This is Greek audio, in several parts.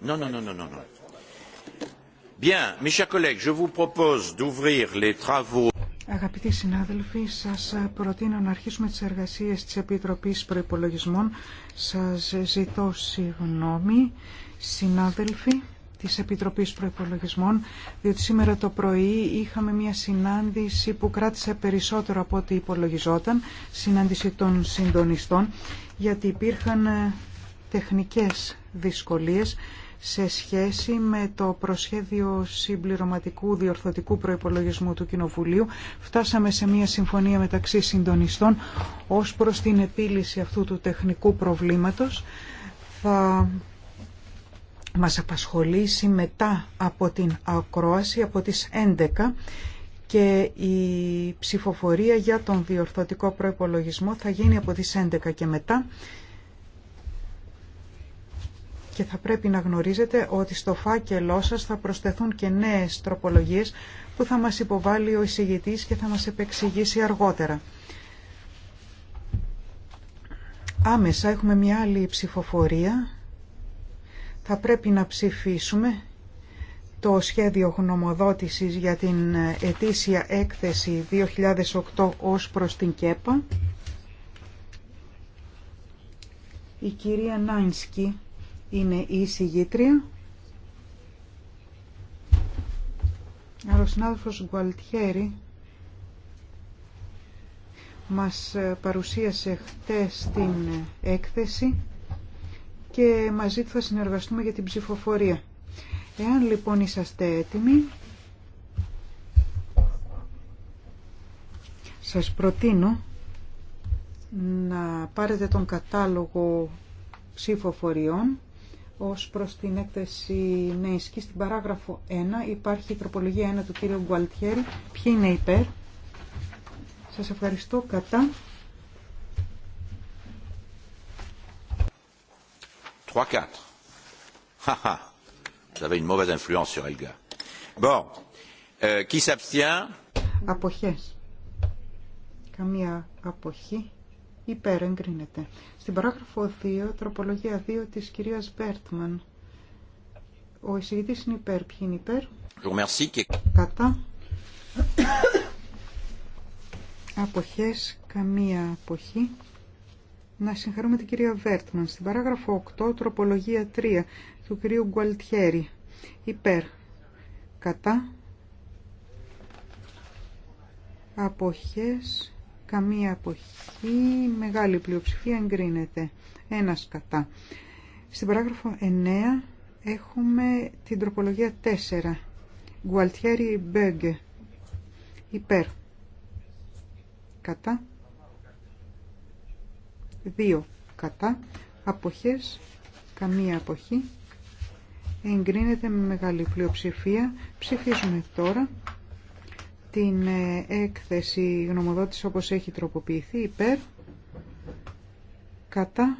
Non, non, non, non, non. Bien, mes chers collègues, je vous propose d'ouvrir les travaux. Αγαπητοί συνάδελφοι, σας προτείνω να αρχίσουμε τις εργασίες της Επιτροπής Προϋπολογισμών. Σας ζητώ συγγνώμη, συνάδελφοι της Επιτροπής Προϋπολογισμών, διότι σήμερα το πρωί είχαμε μια συνάντηση που κράτησε περισσότερο από ό,τι υπολογιζόταν, συνάντηση των συντονιστών, γιατί υπήρχαν τεχνικές δυσκολίες σε σχέση με το προσχέδιο συμπληρωματικού διορθωτικού προϋπολογισμού του Κοινοβουλίου φτάσαμε σε μια συμφωνία μεταξύ συντονιστών ως προς την επίλυση αυτού του τεχνικού προβλήματος. Θα μας απασχολήσει μετά από την ακρόαση από τις 11 και η ψηφοφορία για τον διορθωτικό προϋπολογισμό θα γίνει από τις 11 και μετά και θα πρέπει να γνωρίζετε ότι στο φάκελό σας θα προσθεθούν και νέες τροπολογίες που θα μας υποβάλει ο εισηγητής και θα μας επεξηγήσει αργότερα. Άμεσα έχουμε μια άλλη ψηφοφορία. Θα πρέπει να ψηφίσουμε το σχέδιο γνωμοδότησης για την ετήσια έκθεση 2008 ως προς την ΚΕΠΑ. Η κυρία Νάινσκι είναι η συγγήτρια. ο συνάδελφος Γκουαλτιέρη μας παρουσίασε χτες την έκθεση και μαζί του θα συνεργαστούμε για την ψηφοφορία. Εάν λοιπόν είσαστε έτοιμοι, σας προτείνω να πάρετε τον κατάλογο ψηφοφοριών ως προς την έκθεση Νέισκη, στην παράγραφο 1 υπάρχει η τροπολογία 1 του κύριου Γκουαλτιέρη. Ποιοι είναι υπέρ. Σας ευχαριστώ. Κατά. 3-4. J'avais une mauvaise influence sur Bon. Euh, Αποχές. Καμία αποχή υπέρ εγκρίνεται. Στην παράγραφο 2, τροπολογία 2 της κυρίας Μπέρτμαν. Ο εισηγητής είναι υπέρ. Ποιοι είναι υπέρ? Κατά. Αποχές, καμία αποχή. Να συγχαρούμε την κυρία Βέρτμαν. Στην παράγραφο 8, τροπολογία 3 του κυρίου Γκουαλτιέρη. Υπέρ. Κατά. Αποχές Καμία αποχή, μεγάλη πλειοψηφία εγκρίνεται. Ένας κατά. Στην παράγραφο 9 έχουμε την τροπολογία 4. Γουαλτιέρι Μπέγκε. Υπέρ. Κατά. 2 κατά. Αποχές. Καμία αποχή. Εγκρίνεται με μεγάλη πλειοψηφία. Ψηφίζουμε τώρα την ε, έκθεση γνωμοδότης όπως έχει τροποποιηθεί υπέρ κατά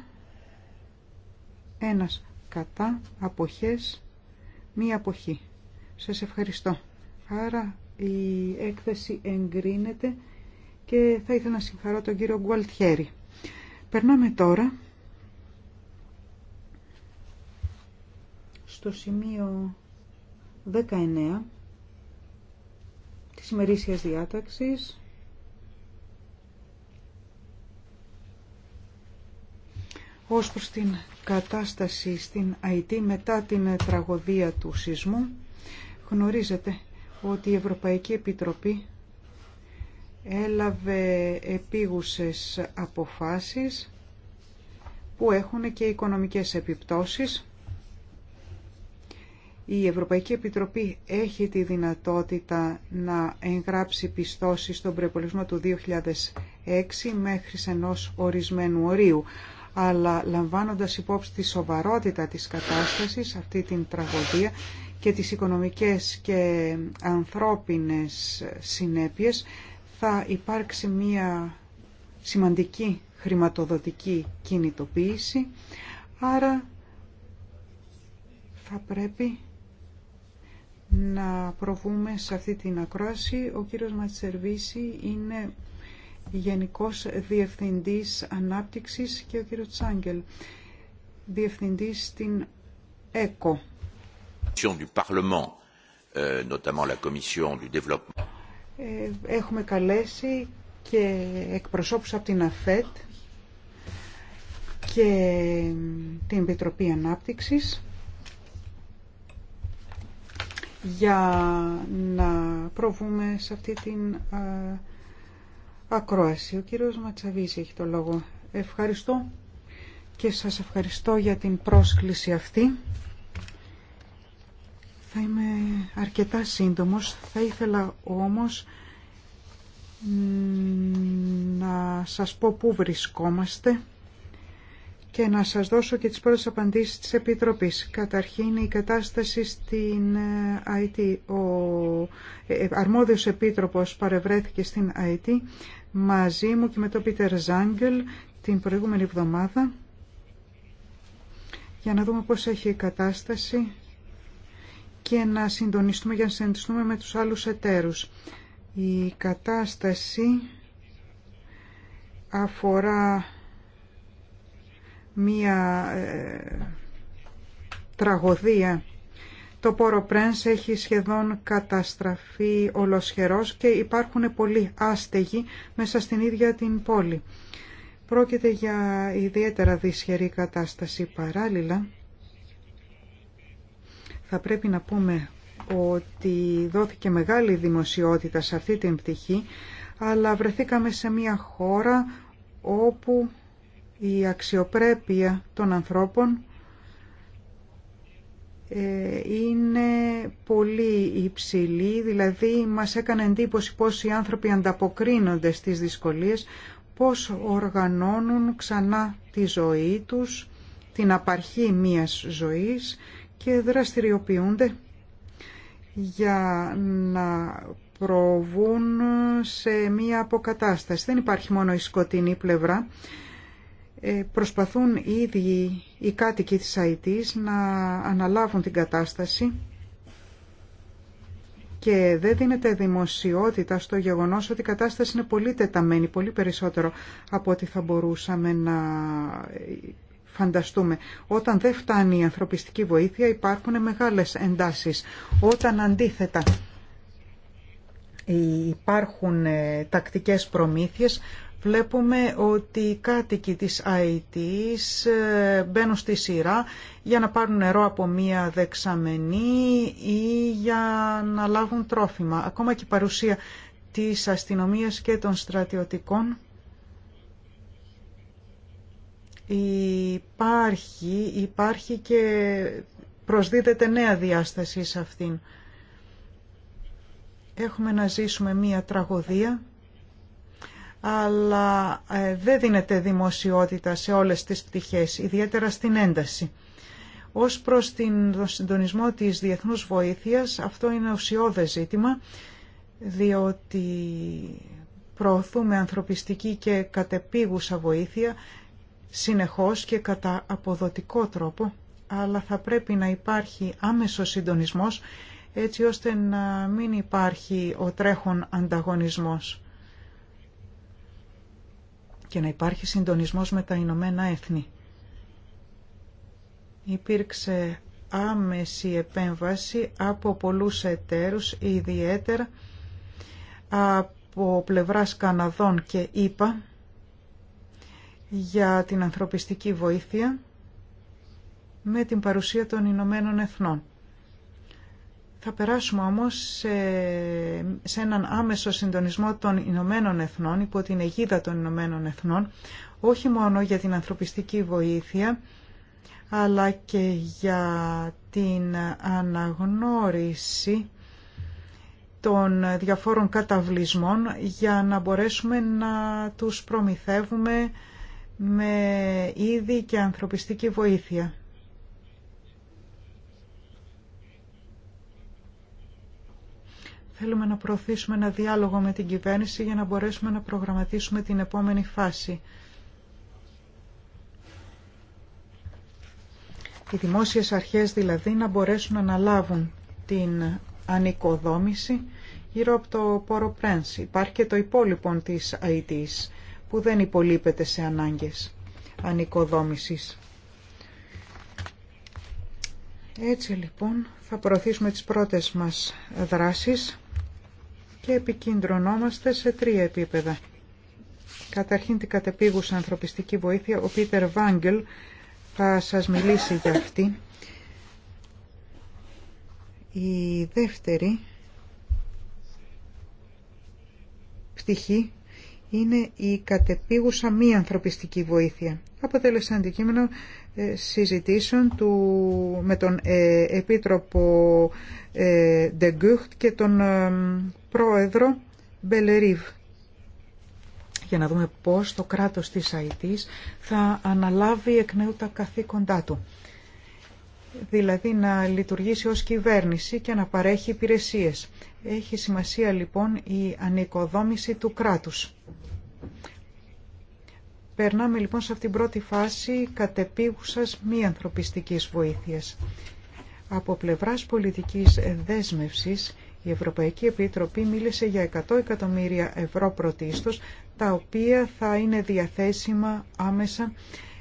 ένας κατά αποχές μία αποχή. Σας ευχαριστώ. Άρα η έκθεση εγκρίνεται και θα ήθελα να συγχαρώ τον κύριο Γκουαλτιέρη. Περνάμε τώρα στο σημείο 19 της ημερήσιας διάταξης. ως προς την κατάσταση στην Αϊτή μετά την τραγωδία του σεισμού. Γνωρίζετε ότι η Ευρωπαϊκή Επιτροπή έλαβε επίγουσες αποφάσεις που έχουν και οικονομικές επιπτώσεις η Ευρωπαϊκή Επιτροπή έχει τη δυνατότητα να εγγράψει πιστώσεις στον προπολογισμό του 2006 μέχρι ενό ορισμένου ορίου. Αλλά λαμβάνοντας υπόψη τη σοβαρότητα της κατάστασης, αυτή την τραγωδία και τις οικονομικές και ανθρώπινες συνέπειες, θα υπάρξει μία σημαντική χρηματοδοτική κινητοποίηση, άρα θα πρέπει να προβούμε σε αυτή την ακρόαση. Ο κύριος Ματσερβίση είναι Γενικός Διευθυντής Ανάπτυξης και ο κύριος Τσάγκελ, Διευθυντής στην ΕΚΟ. Euh, ε, έχουμε καλέσει και εκπροσώπους από την ΑΦΕΤ και την Επιτροπή Ανάπτυξης για να προβούμε σε αυτή την ακρόαση. Ο κύριος Ματσαβής έχει το λόγο. Ευχαριστώ και σας ευχαριστώ για την πρόσκληση αυτή. Θα είμαι αρκετά σύντομος. Θα ήθελα όμως να σας πω πού βρισκόμαστε και να σας δώσω και τις πρώτες απαντήσεις της Επιτροπής. Καταρχήν η κατάσταση στην ε, IT. Ο ε, ε, αρμόδιος επίτροπος παρευρέθηκε στην IT μαζί μου και με τον Πίτερ Ζάγκελ την προηγούμενη εβδομάδα για να δούμε πώς έχει η κατάσταση και να συντονιστούμε για να συντονιστούμε με τους άλλους εταίρους. Η κατάσταση αφορά μία ε, τραγωδία. Το Πόρο Πρένς έχει σχεδόν καταστραφεί ολοσχερός και υπάρχουν πολλοί άστεγοι μέσα στην ίδια την πόλη. Πρόκειται για ιδιαίτερα δυσχερή κατάσταση παράλληλα. Θα πρέπει να πούμε ότι δόθηκε μεγάλη δημοσιότητα σε αυτή την πτυχή, αλλά βρεθήκαμε σε μια χώρα όπου η αξιοπρέπεια των ανθρώπων ε, είναι πολύ υψηλή, δηλαδή μας έκανε εντύπωση πώς οι άνθρωποι ανταποκρίνονται στις δυσκολίες, πώς οργανώνουν ξανά τη ζωή τους, την απαρχή μιας ζωής και δραστηριοποιούνται για να προβούν σε μία αποκατάσταση. Δεν υπάρχει μόνο η σκοτεινή πλευρά, ε, προσπαθούν οι ίδιοι οι κάτοικοι της ΑΕΤΗΣ να αναλάβουν την κατάσταση και δεν δίνεται δημοσιότητα στο γεγονός ότι η κατάσταση είναι πολύ τεταμένη, πολύ περισσότερο από ό,τι θα μπορούσαμε να φανταστούμε. Όταν δεν φτάνει η ανθρωπιστική βοήθεια υπάρχουν μεγάλες εντάσεις. Όταν αντίθετα ε, υπάρχουν ε, τακτικές προμήθειες Βλέπουμε ότι οι κάτοικοι της ΑΕΤΙΣ ε, μπαίνουν στη σειρά για να πάρουν νερό από μία δεξαμενή ή για να λάβουν τρόφιμα. Ακόμα και η παρουσία της αστυνομίας και των στρατιωτικών υπάρχει, υπάρχει και προσδίδεται νέα διάσταση σε αυτήν. Έχουμε να ζήσουμε μία τραγωδία αλλά ε, δεν δίνεται δημοσιότητα σε όλες τις πτυχές, ιδιαίτερα στην ένταση. Ως προς την, τον συντονισμό της διεθνούς βοήθειας, αυτό είναι ουσιώδες ζήτημα, διότι προωθούμε ανθρωπιστική και κατεπίγουσα βοήθεια συνεχώς και κατά αποδοτικό τρόπο, αλλά θα πρέπει να υπάρχει άμεσος συντονισμός έτσι ώστε να μην υπάρχει ο τρέχον ανταγωνισμός και να υπάρχει συντονισμός με τα Ηνωμένα Έθνη. Υπήρξε άμεση επέμβαση από πολλούς εταίρους, ιδιαίτερα από πλευράς Καναδών και Ήπα, για την ανθρωπιστική βοήθεια με την παρουσία των Ηνωμένων Εθνών. Θα περάσουμε όμως σε, έναν άμεσο συντονισμό των Ηνωμένων Εθνών, υπό την αιγίδα των Ηνωμένων Εθνών, όχι μόνο για την ανθρωπιστική βοήθεια, αλλά και για την αναγνώριση των διαφόρων καταβλισμών για να μπορέσουμε να τους προμηθεύουμε με είδη και ανθρωπιστική βοήθεια. Θέλουμε να προωθήσουμε ένα διάλογο με την κυβέρνηση για να μπορέσουμε να προγραμματίσουμε την επόμενη φάση. Οι δημόσιες αρχές δηλαδή να μπορέσουν να αναλάβουν την ανοικοδόμηση γύρω από το πόρο Πρένς. Υπάρχει και το υπόλοιπο της ΑΕΤΙΣ που δεν υπολείπεται σε ανάγκες ανοικοδόμησης. Έτσι λοιπόν θα προωθήσουμε τις πρώτες μας δράσεις και επικεντρωνόμαστε σε τρία επίπεδα. Καταρχήν την κατεπίγουσα ανθρωπιστική βοήθεια, ο Πίτερ Βάγγελ θα σας μιλήσει για αυτή. Η δεύτερη πτυχή είναι η κατεπίγουσα μη ανθρωπιστική βοήθεια. Αποτέλεσε αντικείμενο ε, συζητήσεων με τον ε, Επίτροπο ε, Ντεγκούχτ και τον ε, Πρόεδρο Μπελερίβ για να δούμε πώς το κράτος της ΑΕΤΙΣ θα αναλάβει εκ νέου τα καθήκοντά του. Δηλαδή να λειτουργήσει ως κυβέρνηση και να παρέχει υπηρεσίες. Έχει σημασία λοιπόν η ανοικοδόμηση του κράτους. Περνάμε λοιπόν σε αυτήν την πρώτη φάση κατεπίγουσας μη ανθρωπιστικής βοήθειας. Από πλευράς πολιτικής δέσμευσης, η Ευρωπαϊκή Επιτροπή μίλησε για 100 εκατομμύρια ευρώ πρωτίστως, τα οποία θα είναι διαθέσιμα άμεσα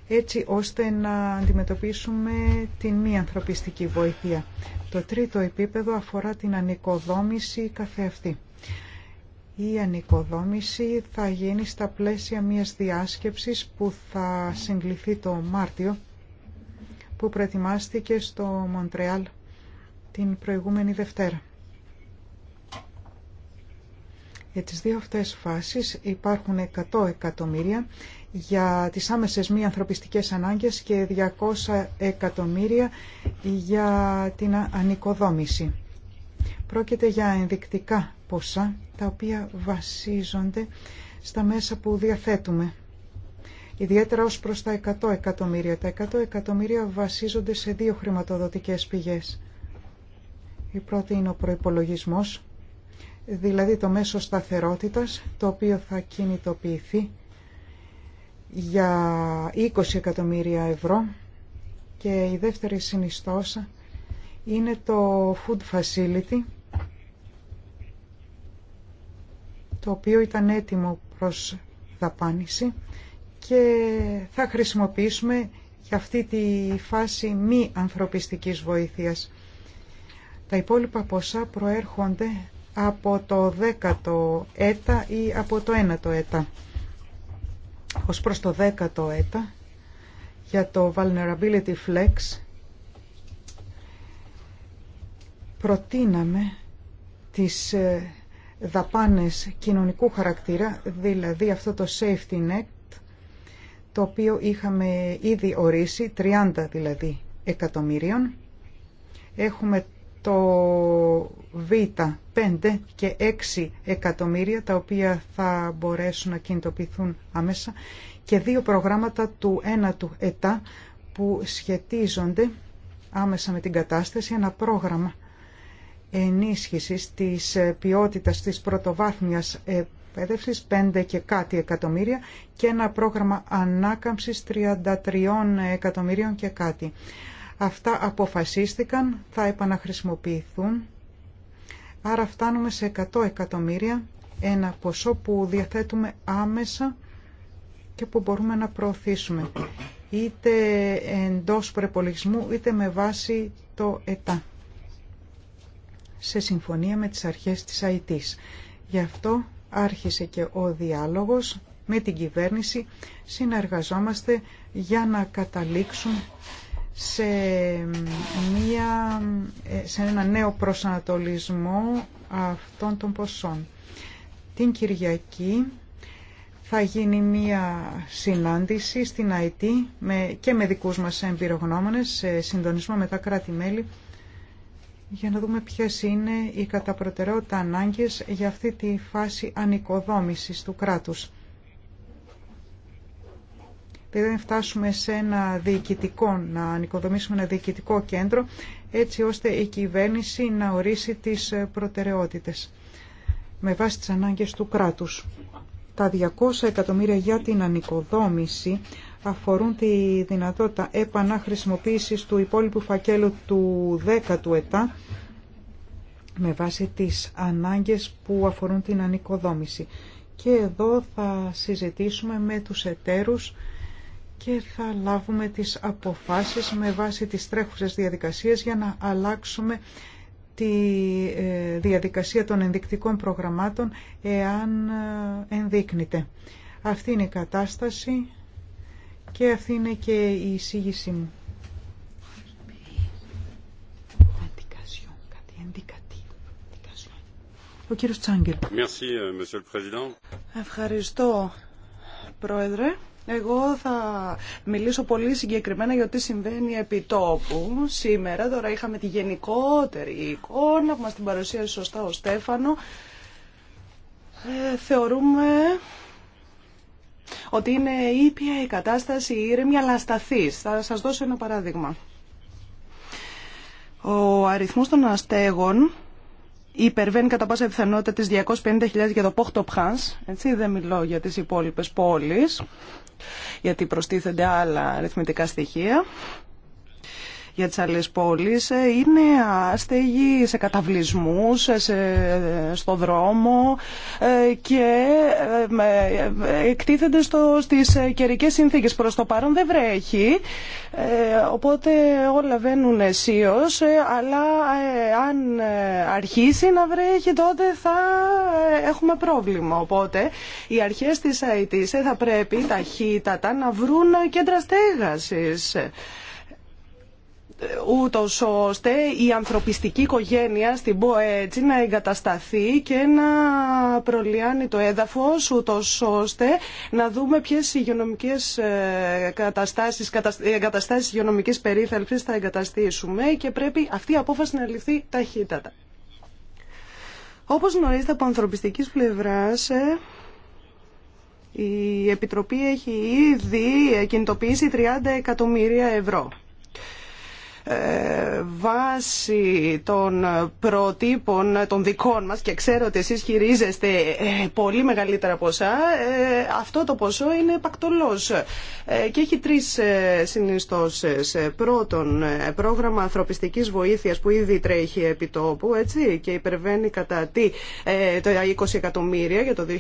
έτσι ώστε να αντιμετωπίσουμε την μη ανθρωπιστική βοήθεια. Το τρίτο επίπεδο αφορά την ανοικοδόμηση καθεαυτή. Η ανοικοδόμηση θα γίνει στα πλαίσια μιας διάσκεψης που θα συγκληθεί το Μάρτιο που προετοιμάστηκε στο Μοντρεάλ την προηγούμενη Δευτέρα. Για τις δύο αυτές φάσεις υπάρχουν 100 εκατομμύρια για τις άμεσες μη ανθρωπιστικές ανάγκες και 200 εκατομμύρια για την ανοικοδόμηση. Πρόκειται για ενδεικτικά ποσά, τα οποία βασίζονται στα μέσα που διαθέτουμε. Ιδιαίτερα ως προς τα 100 εκατομμύρια. Τα 100 εκατομμύρια βασίζονται σε δύο χρηματοδοτικές πηγές. Η πρώτη είναι ο προϋπολογισμός, δηλαδή το μέσο σταθερότητας, το οποίο θα κινητοποιηθεί για 20 εκατομμύρια ευρώ και η δεύτερη συνιστόσα είναι το Food Facility, το οποίο ήταν έτοιμο προς δαπάνηση και θα χρησιμοποιήσουμε για αυτή τη φάση μη ανθρωπιστικής βοήθειας. Τα υπόλοιπα ποσά προέρχονται από το 10ο έτα ή από το 1ο έτα. Ως προς το 10ο έτα, για το Vulnerability Flex, προτείναμε τις ε, δαπάνες κοινωνικού χαρακτήρα, δηλαδή αυτό το safety net, το οποίο είχαμε ήδη ορίσει, 30 δηλαδή εκατομμύριων. Έχουμε το Β5 και 6 εκατομμύρια, τα οποία θα μπορέσουν να κινητοποιηθούν άμεσα, και δύο προγράμματα του 1 του ΕΤΑ που σχετίζονται άμεσα με την κατάσταση, ένα πρόγραμμα ενίσχυσης της ε, ποιότητας της πρωτοβάθμιας εκπαίδευσης 5 και κάτι εκατομμύρια και ένα πρόγραμμα ανάκαμψης 33 εκατομμυρίων και κάτι. Αυτά αποφασίστηκαν, θα επαναχρησιμοποιηθούν, άρα φτάνουμε σε 100 εκατομμύρια, ένα ποσό που διαθέτουμε άμεσα και που μπορούμε να προωθήσουμε είτε εντός προπολογισμού είτε με βάση το ΕΤΑ σε συμφωνία με τις αρχές της ΑΙΤΙΣ. Γι' αυτό άρχισε και ο διάλογος με την κυβέρνηση. Συνεργαζόμαστε για να καταλήξουν σε, μια, ε, σε ένα νέο προσανατολισμό αυτών των ποσών. Την Κυριακή θα γίνει μία συνάντηση στην ΑΕΤ με, και με δικούς μας εμπειρογνώμονες σε συντονισμό με τα κράτη-μέλη για να δούμε ποιες είναι οι κατά προτεραιότητα ανάγκες για αυτή τη φάση ανοικοδόμησης του κράτους. Δηλαδή, δεν να φτάσουμε σε ένα διοικητικό, να ανοικοδομήσουμε ένα διοικητικό κέντρο έτσι ώστε η κυβέρνηση να ορίσει τις προτεραιότητες με βάση τις ανάγκες του κράτους. Τα 200 εκατομμύρια για την ανοικοδόμηση αφορούν τη δυνατότητα επαναχρησιμοποίησης του υπόλοιπου φακέλου του 10ου ΕΤΑ με βάση τις ανάγκες που αφορούν την ανοικοδόμηση. Και εδώ θα συζητήσουμε με τους εταίρους και θα λάβουμε τις αποφάσεις με βάση τις τρέχουσες διαδικασίες για να αλλάξουμε τη ε, διαδικασία των ενδεικτικών προγραμμάτων εάν ε, ενδείκνεται. Αυτή είναι η κατάσταση. Και αυτή είναι και η εισήγησή μου. Ο κύριος euh, Ευχαριστώ, Πρόεδρε. Εγώ θα μιλήσω πολύ συγκεκριμένα για τι συμβαίνει επί τόπου σήμερα. Τώρα είχαμε τη γενικότερη εικόνα που μας την παρουσίασε σωστά ο Στέφανο. Ε, θεωρούμε ότι είναι ήπια η κατάσταση ήρεμη αλλά ασταθής. Θα σας δώσω ένα παράδειγμα. Ο αριθμός των αστέγων υπερβαίνει κατά πάσα πιθανότητα τις 250.000 για το Πόχτο Πχάνς, έτσι δεν μιλώ για τις υπόλοιπες πόλεις, γιατί προστίθενται άλλα αριθμητικά στοιχεία για τις άλλες πόλεις ε, είναι άστεγοι σε καταβλισμούς, ε, σε, στο δρόμο ε, και εκτίθενται στο, στις καιρικές συνθήκες. Προς το παρόν δεν βρέχει, οπότε όλα βαίνουν αισίως, αλλά αν αρχίσει να βρέχει τότε θα έχουμε πρόβλημα. Οπότε οι αρχές της ΑΕΤ θα πρέπει ταχύτατα να βρουν κέντρα στέγασης ούτω ώστε η ανθρωπιστική οικογένεια στην ΠΟΕΤΣ να εγκατασταθεί και να προλιάνει το έδαφος ούτω ώστε να δούμε ποιες υγειονομικές ε, καταστάσεις, ε, εγκαταστάσεις υγειονομική περίθαλψης θα εγκαταστήσουμε και πρέπει αυτή η απόφαση να ληφθεί ταχύτατα. Όπως γνωρίζετε από ανθρωπιστικής πλευράς, ε, η Επιτροπή έχει ήδη κινητοποιήσει 30 εκατομμύρια ευρώ βάσει των προτύπων των δικών μας και ξέρω ότι εσείς χειρίζεστε ε, πολύ μεγαλύτερα ποσά, ε, αυτό το ποσό είναι πακτολός ε, και έχει τρεις συνιστώσεις. Πρώτον, πρόγραμμα ανθρωπιστικής βοήθειας που ήδη τρέχει επί τόπου έτσι, και υπερβαίνει κατά τι το 20 εκατομμύρια για το 2009-2010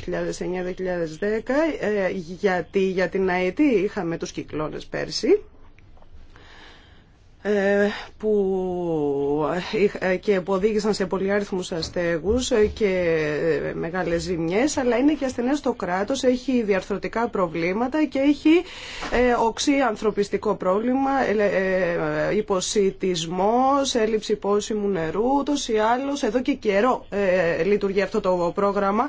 γιατί για την ΑΕΤ είχαμε τους κυκλώνες πέρσι ε, που, ε, και που οδήγησαν σε πολυάριθμους αστέγους και μεγάλες ζημιές αλλά είναι και ασθενές το κράτος, έχει διαρθρωτικά προβλήματα και έχει ε, οξύ ανθρωπιστικό πρόβλημα, υποσυτισμός, έλλειψη πόσιμου νερού, ούτως ή άλλως εδώ και καιρό λειτουργεί αυτό το πρόγραμμα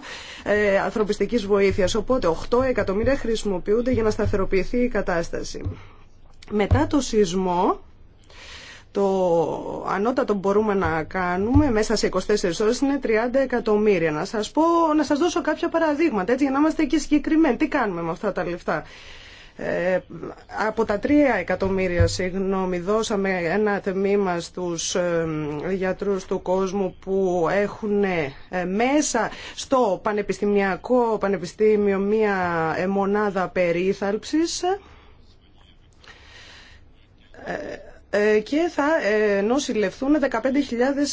ανθρωπιστικής βοήθειας οπότε 8 εκατομμύρια χρησιμοποιούνται για να σταθεροποιηθεί η κατάσταση. Μετά το σεισμό το ανώτατο που μπορούμε να κάνουμε μέσα σε 24 ώρες είναι 30 εκατομμύρια. Να σας, πω, να σας δώσω κάποια παραδείγματα, έτσι για να είμαστε και συγκεκριμένοι. Τι κάνουμε με αυτά τα λεφτά. Ε, από τα 3 εκατομμύρια συγγνώμη δώσαμε ένα τμήμα στους ε, γιατρούς του κόσμου που έχουν ε, μέσα στο πανεπιστημιακό πανεπιστήμιο μία ε, μονάδα περίθαλψης ε, ε, και θα ε, νοσηλευθούν 15.000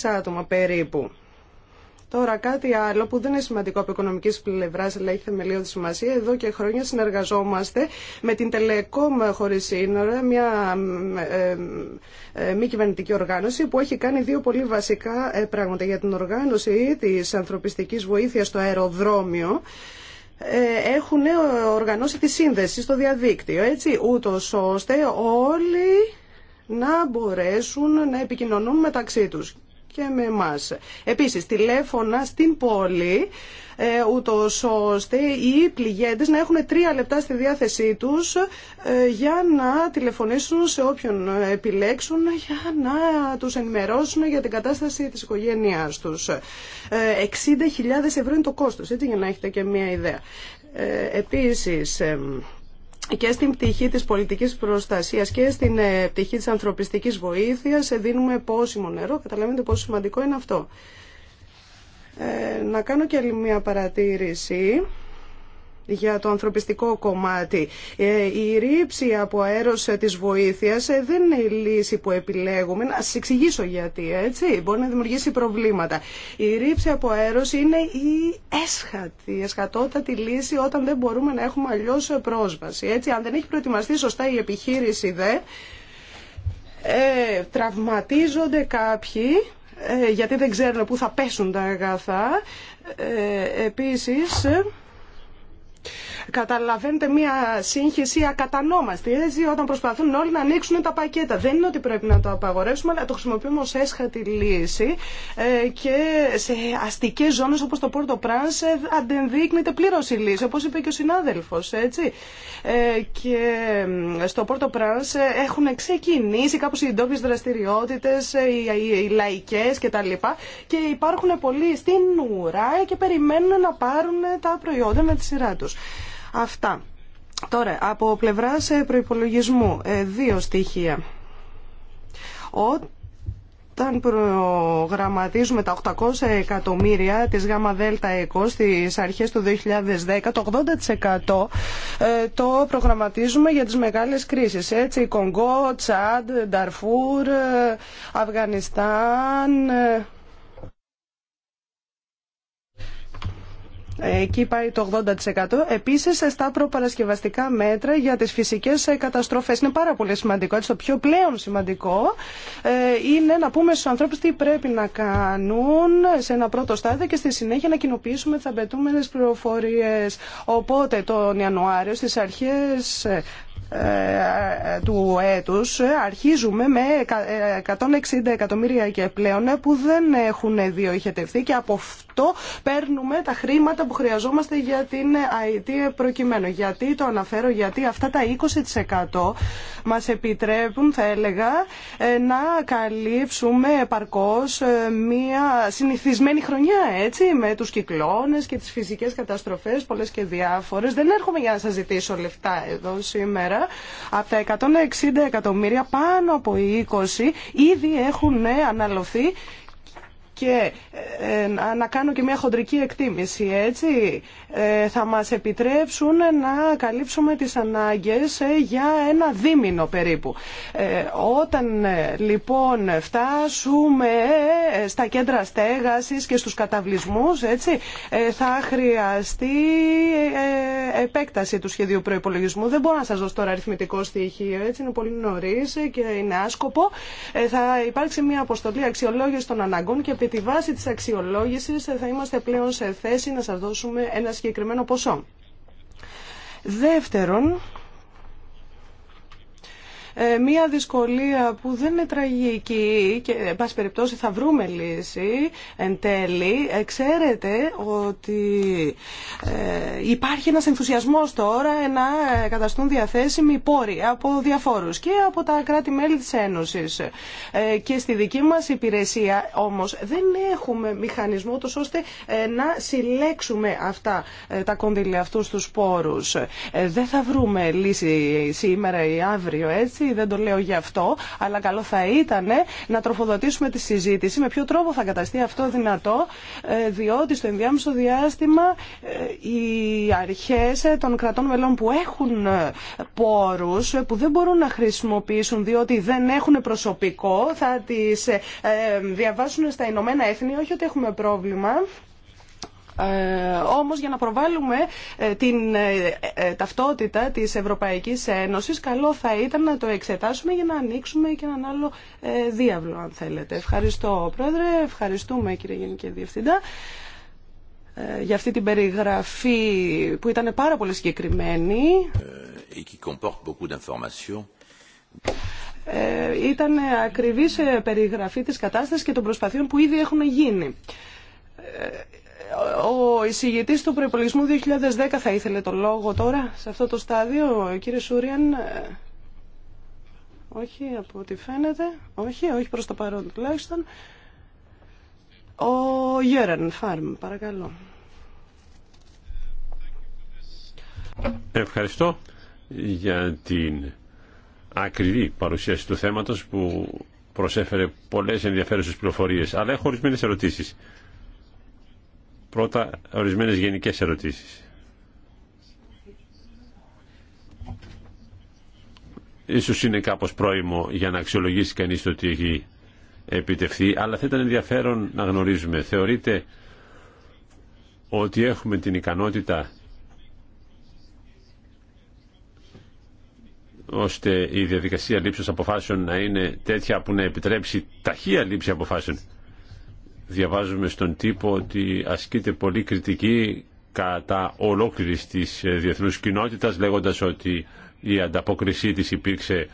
άτομα περίπου. Τώρα κάτι άλλο που δεν είναι σημαντικό από οικονομική πλευρά αλλά έχει θεμελιώδη σημασία. Εδώ και χρόνια συνεργαζόμαστε με την Telecom χωρί σύνορα, μια ε, μη κυβερνητική οργάνωση που έχει κάνει δύο πολύ βασικά πράγματα για την οργάνωση τη ανθρωπιστική βοήθεια στο αεροδρόμιο έχουν οργανώσει τη σύνδεση στο διαδίκτυο, έτσι, ούτως ώστε όλοι να μπορέσουν να επικοινωνούν μεταξύ τους και με εμάς. Επίσης, τηλέφωνα στην πόλη, ε, ούτως ώστε οι πληγέντες να έχουν τρία λεπτά στη διάθεσή τους ε, για να τηλεφωνήσουν σε όποιον επιλέξουν για να τους ενημερώσουν για την κατάσταση της οικογένειάς τους. 60.000 ε, ευρώ είναι το κόστος, έτσι για να έχετε και μια ιδέα. Ε, επίσης, και στην πτυχή της πολιτικής προστασίας και στην ε, πτυχή της ανθρωπιστικής βοήθειας ε, δίνουμε πόσιμο νερό. Καταλαβαίνετε πόσο σημαντικό είναι αυτό. Ε, να κάνω και άλλη μια παρατήρηση για το ανθρωπιστικό κομμάτι. Ε, η ρήψη από αέρος ε, της βοήθειας ε, δεν είναι η λύση που επιλέγουμε. Να σας εξηγήσω γιατί, έτσι. Μπορεί να δημιουργήσει προβλήματα. Η ρήψη από αέρος είναι η έσχατη, η εσχατότατη λύση όταν δεν μπορούμε να έχουμε αλλιώ πρόσβαση. Έτσι, αν δεν έχει προετοιμαστεί σωστά η επιχείρηση δε, ε, τραυματίζονται κάποιοι γιατί δεν ξέρουν πού θα πέσουν τα αγαθά. Ε, επίσης, Καταλαβαίνετε μια σύγχυση ακατανόμαστη έτσι, όταν προσπαθούν όλοι να ανοίξουν τα πακέτα. Δεν είναι ότι πρέπει να το απαγορεύσουμε, αλλά το χρησιμοποιούμε ως έσχατη λύση ε, και σε αστικές ζώνες όπως το Πόρτο Πράνς ε, αντενδείκνεται πλήρως η λύση, όπως είπε και ο συνάδελφος. Έτσι. Ε, και στο Πόρτο Πράνς έχουν ξεκινήσει κάπως οι ντόπιες δραστηριότητες, οι, λαϊκές κτλ. Και υπάρχουν πολλοί στην ουρά και περιμένουν να πάρουν τα προϊόντα με τη σειρά του. Αυτά. Τώρα, από πλευράς ε, προϋπολογισμού, ε, δύο στοιχεία. Όταν προγραμματίζουμε τα 800 εκατομμύρια της ΓΔ ΕΚΟ στις αρχές του 2010, το 80% ε, το προγραμματίζουμε για τις μεγάλες κρίσεις. Έτσι, Κονγκό, Τσάντ, Νταρφούρ, Αφγανιστάν, Εκεί πάει το 80%. Επίση, στα προπαρασκευαστικά μέτρα για τι φυσικέ καταστροφέ. Είναι πάρα πολύ σημαντικό. Έτσι, το πιο πλέον σημαντικό ε, είναι να πούμε στου ανθρώπου τι πρέπει να κάνουν σε ένα πρώτο στάδιο και στη συνέχεια να κοινοποιήσουμε τι απαιτούμενε πληροφορίε. Οπότε, τον Ιανουάριο, στι αρχέ ε, ε, του έτους αρχίζουμε με 160 εκατομμύρια και πλέον που δεν έχουν διοχετευθεί και από παίρνουμε τα χρήματα που χρειαζόμαστε για την ΑΕΤ προκειμένου. Γιατί το αναφέρω, γιατί αυτά τα 20% μας επιτρέπουν, θα έλεγα, ε, να καλύψουμε επαρκώς ε, μια συνηθισμένη χρονιά, έτσι, με τους κυκλώνες και τις φυσικές καταστροφές, πολλές και διάφορες. Δεν έρχομαι για να σας ζητήσω λεφτά εδώ σήμερα. Από τα 160 εκατομμύρια, πάνω από 20 ήδη έχουν ναι, αναλωθεί και ε, ε, να κάνω και μια χοντρική εκτίμηση, έτσι, ε, θα μας επιτρέψουν να καλύψουμε τις ανάγκες για ένα δίμηνο περίπου. Όταν λοιπόν φτάσουμε στα κέντρα στέγασης και στους καταβλισμούς, έτσι, θα χρειαστεί επέκταση του σχεδίου προϋπολογισμού. Δεν μπορώ να σας δώσω τώρα αριθμητικό στοιχείο, έτσι, είναι πολύ νωρίς και είναι άσκοπο. Θα υπάρξει μια αποστολή αξιολόγηση των αναγκών και επί τη βάση της αξιολόγησης θα είμαστε πλέον σε θέση να σας δώσουμε ένα συγκεκριμένο ποσό. Δεύτερον, ε, μία δυσκολία που δεν είναι τραγική και, εν πάση περιπτώσει, θα βρούμε λύση εν τέλει. Ε, ξέρετε ότι ε, υπάρχει ένας ενθουσιασμός τώρα να καταστούν διαθέσιμοι πόροι από διαφόρους και από τα κράτη-μέλη της Ένωσης. Και στη δική μας υπηρεσία, όμως, δεν έχουμε μηχανισμό ώστε να συλλέξουμε αυτά τα κονδύλια αυτούς τους πόρους. Δεν θα βρούμε λύση σήμερα ή αύριο, έτσι δεν το λέω για αυτό, αλλά καλό θα ήταν να τροφοδοτήσουμε τη συζήτηση. Με ποιο τρόπο θα καταστεί αυτό δυνατό, ε, διότι στο ενδιάμεσο διάστημα ε, οι αρχές ε, των κρατών μελών που έχουν πόρους, που δεν μπορούν να χρησιμοποιήσουν διότι δεν έχουν προσωπικό, θα τις διαβάσουν στα Ηνωμένα Έθνη, όχι ότι έχουμε πρόβλημα. Ε, όμως για να προβάλλουμε ε, την ε, ταυτότητα της Ευρωπαϊκής Ένωσης καλό θα ήταν να το εξετάσουμε για να ανοίξουμε και έναν άλλο διάβλο αν θέλετε. Ευχαριστώ Πρόεδρε, ευχαριστούμε κύριε Γενική Διευθυντά για αυτή την περιγραφή που ήταν πάρα πολύ συγκεκριμένη. Ε, ήταν ακριβής περιγραφή της κατάστασης και των προσπαθειών που ήδη έχουν γίνει. Ο εισηγητής του προϋπολογισμού 2010 θα ήθελε το λόγο τώρα, σε αυτό το στάδιο, κύριε Σούριαν. Ε, όχι, από ό,τι φαίνεται. Όχι, όχι προς το παρόν τουλάχιστον. Ο Γέραν Φάρμ, παρακαλώ. Ευχαριστώ για την ακριβή παρουσίαση του θέματος που προσέφερε πολλές ενδιαφέρουσες πληροφορίες. Αλλά έχω ορισμένες ερωτήσεις. Πρώτα, ορισμένες γενικές ερωτήσεις. Ίσως είναι κάπως πρόημο για να αξιολογήσει κανείς το τι έχει επιτευθεί, αλλά θα ήταν ενδιαφέρον να γνωρίζουμε. Θεωρείτε ότι έχουμε την ικανότητα ώστε η διαδικασία λήψης αποφάσεων να είναι τέτοια που να επιτρέψει ταχεία λήψη αποφάσεων διαβάζουμε στον τύπο ότι ασκείται πολύ κριτική κατά ολόκληρης της διεθνούς κοινότητας λέγοντας ότι η ανταπόκρισή της υπήρξε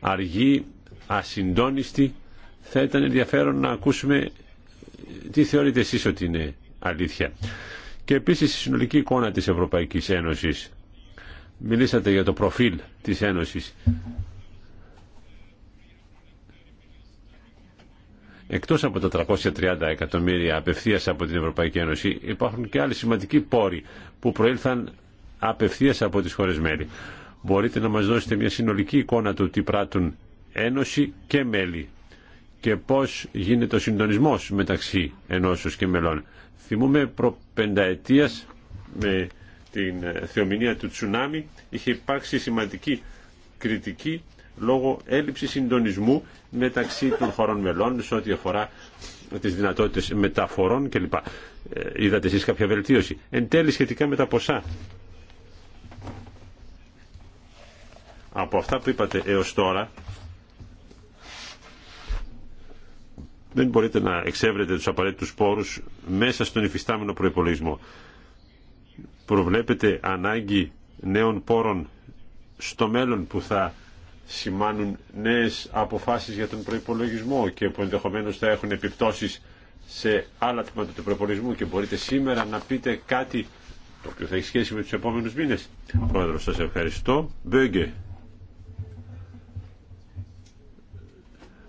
αργή, ασυντόνιστη. Θα ήταν ενδιαφέρον να ακούσουμε τι θεωρείτε εσείς ότι είναι αλήθεια. Και επίσης η συνολική εικόνα της Ευρωπαϊκής Ένωσης. Μιλήσατε για το προφίλ της Ένωσης. Εκτός από τα 330 εκατομμύρια απευθείας από την Ευρωπαϊκή Ένωση υπάρχουν και άλλοι σημαντικοί πόροι που προήλθαν απευθείας από τις χώρες μέλη. Μπορείτε να μας δώσετε μια συνολική εικόνα του τι πράττουν Ένωση και μέλη και πώς γίνεται ο συντονισμός μεταξύ ενώσεως και μελών. Θυμούμε προπενταετίας με την ε, θεομηνία του τσουνάμι είχε υπάρξει σημαντική κριτική λόγω έλλειψη συντονισμού μεταξύ των χωρών μελών σε ό,τι αφορά τι δυνατότητε μεταφορών κλπ. Ε, είδατε εσεί κάποια βελτίωση. Εν τέλει σχετικά με τα ποσά. Από αυτά που είπατε έως τώρα δεν μπορείτε να εξεύρετε τους απαραίτητους πόρους μέσα στον υφιστάμενο προϋπολογισμό. Προβλέπετε ανάγκη νέων πόρων στο μέλλον που θα σημάνουν νέες αποφάσεις για τον προϋπολογισμό και που ενδεχομένως θα έχουν επιπτώσεις σε άλλα τμήματα του προϋπολογισμού και μπορείτε σήμερα να πείτε κάτι το οποίο θα έχει σχέση με τους επόμενους μήνες. Πρόεδρο, σας ευχαριστώ. Μπέγκε.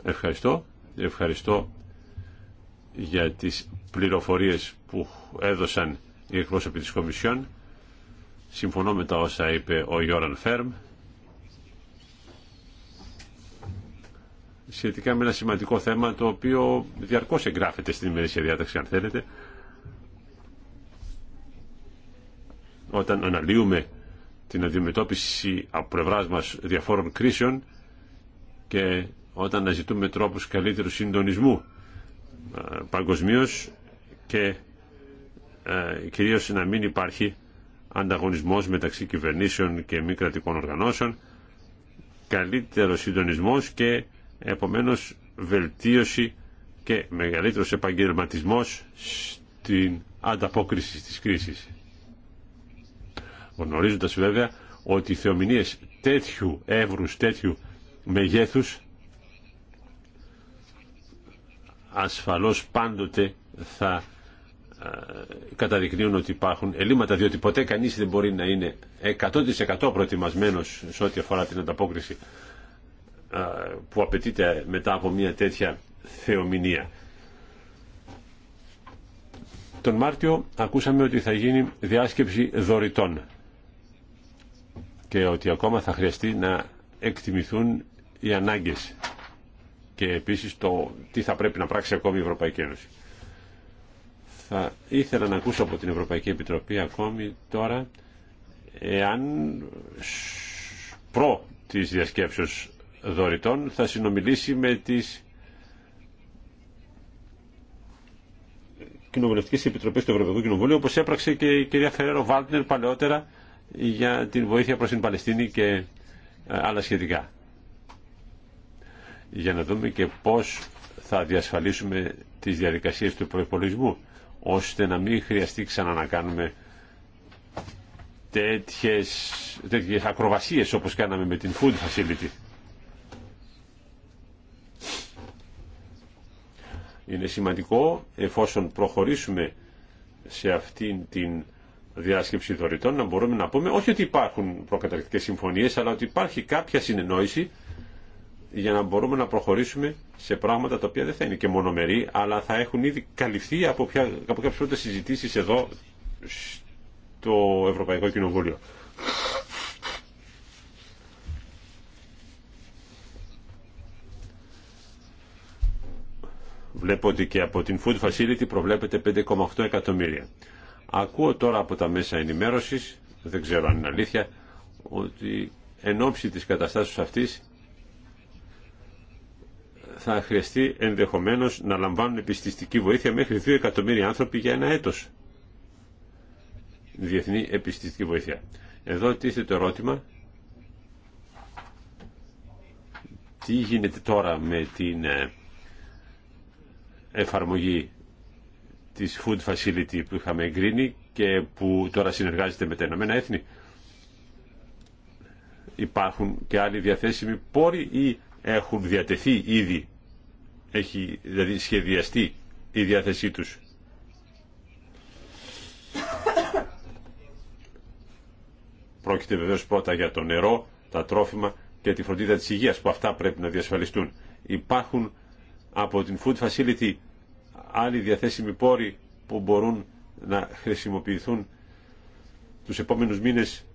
Ευχαριστώ. Ευχαριστώ για τις πληροφορίες που έδωσαν οι εκπρόσωποι της Κομισιόν. Συμφωνώ με τα όσα είπε ο Γιώραν Φέρμ σχετικά με ένα σημαντικό θέμα το οποίο διαρκώς εγγράφεται στην ημερήσια διάταξη αν θέλετε όταν αναλύουμε την αντιμετώπιση από πλευρά μα διαφόρων κρίσεων και όταν αναζητούμε τρόπους καλύτερου συντονισμού ε, παγκοσμίω και ε, κυρίως να μην υπάρχει ανταγωνισμός μεταξύ κυβερνήσεων και μη κρατικών οργανώσεων καλύτερο συντονισμός και Επομένως, βελτίωση και μεγαλύτερος επαγγελματισμός στην ανταπόκριση της κρίσης. Γνωρίζοντας βέβαια ότι οι θεομηνίες τέτοιου εύρους, τέτοιου μεγέθους ασφαλώς πάντοτε θα ε, καταδεικνύουν ότι υπάρχουν ελλείμματα διότι ποτέ κανείς δεν μπορεί να είναι 100% προετοιμασμένος σε ό,τι αφορά την ανταπόκριση που απαιτείται μετά από μια τέτοια θεομηνία. Τον Μάρτιο ακούσαμε ότι θα γίνει διάσκεψη δωρητών και ότι ακόμα θα χρειαστεί να εκτιμηθούν οι ανάγκες και επίσης το τι θα πρέπει να πράξει ακόμη η Ευρωπαϊκή Ένωση. Θα ήθελα να ακούσω από την Ευρωπαϊκή Επιτροπή ακόμη τώρα εάν προ της διασκέψεως δωρητών θα συνομιλήσει με τις κοινοβουλευτικέ επιτροπέ του Ευρωπαϊκού Κοινοβουλίου, όπω έπραξε και η κυρία Φεραίρο Βάλτνερ παλαιότερα για την βοήθεια προ την Παλαιστίνη και ε, άλλα σχετικά. Για να δούμε και πώ θα διασφαλίσουμε τι διαδικασίε του προπολογισμού, ώστε να μην χρειαστεί ξανά να κάνουμε τέτοιες, τέτοιες ακροβασίες όπως κάναμε με την Food Facility. Είναι σημαντικό εφόσον προχωρήσουμε σε αυτήν την διάσκεψη δωρητών να μπορούμε να πούμε όχι ότι υπάρχουν προκαταρκτικές συμφωνίες αλλά ότι υπάρχει κάποια συνεννόηση για να μπορούμε να προχωρήσουμε σε πράγματα τα οποία δεν θα είναι και μονομερή αλλά θα έχουν ήδη καλυφθεί από, ποια, από κάποιες πρώτες συζητήσεις εδώ στο Ευρωπαϊκό Κοινοβούλιο. Βλέπω ότι και από την Food Facility προβλέπεται 5,8 εκατομμύρια. Ακούω τώρα από τα μέσα ενημέρωσης, δεν ξέρω αν είναι αλήθεια, ότι εν ώψη της καταστάσεως αυτής θα χρειαστεί ενδεχομένως να λαμβάνουν επιστηστική βοήθεια μέχρι 2 εκατομμύρια άνθρωποι για ένα έτος. Διεθνή επιστηστική βοήθεια. Εδώ τίθεται το ερώτημα τι γίνεται τώρα με την ε, εφαρμογή της Food Facility που είχαμε εγκρίνει και που τώρα συνεργάζεται με τα Ηνωμένα Έθνη. Υπάρχουν και άλλοι διαθέσιμοι πόροι ή έχουν διατεθεί ήδη, έχει δηλαδή σχεδιαστεί η διάθεσή τους. Πρόκειται βεβαίω πρώτα για το νερό, τα τρόφιμα και τη φροντίδα της υγείας που αυτά πρέπει να διασφαλιστούν. Υπάρχουν από την Food Facility άλλοι διαθέσιμοι πόροι που μπορούν να χρησιμοποιηθούν τους επόμενους μήνες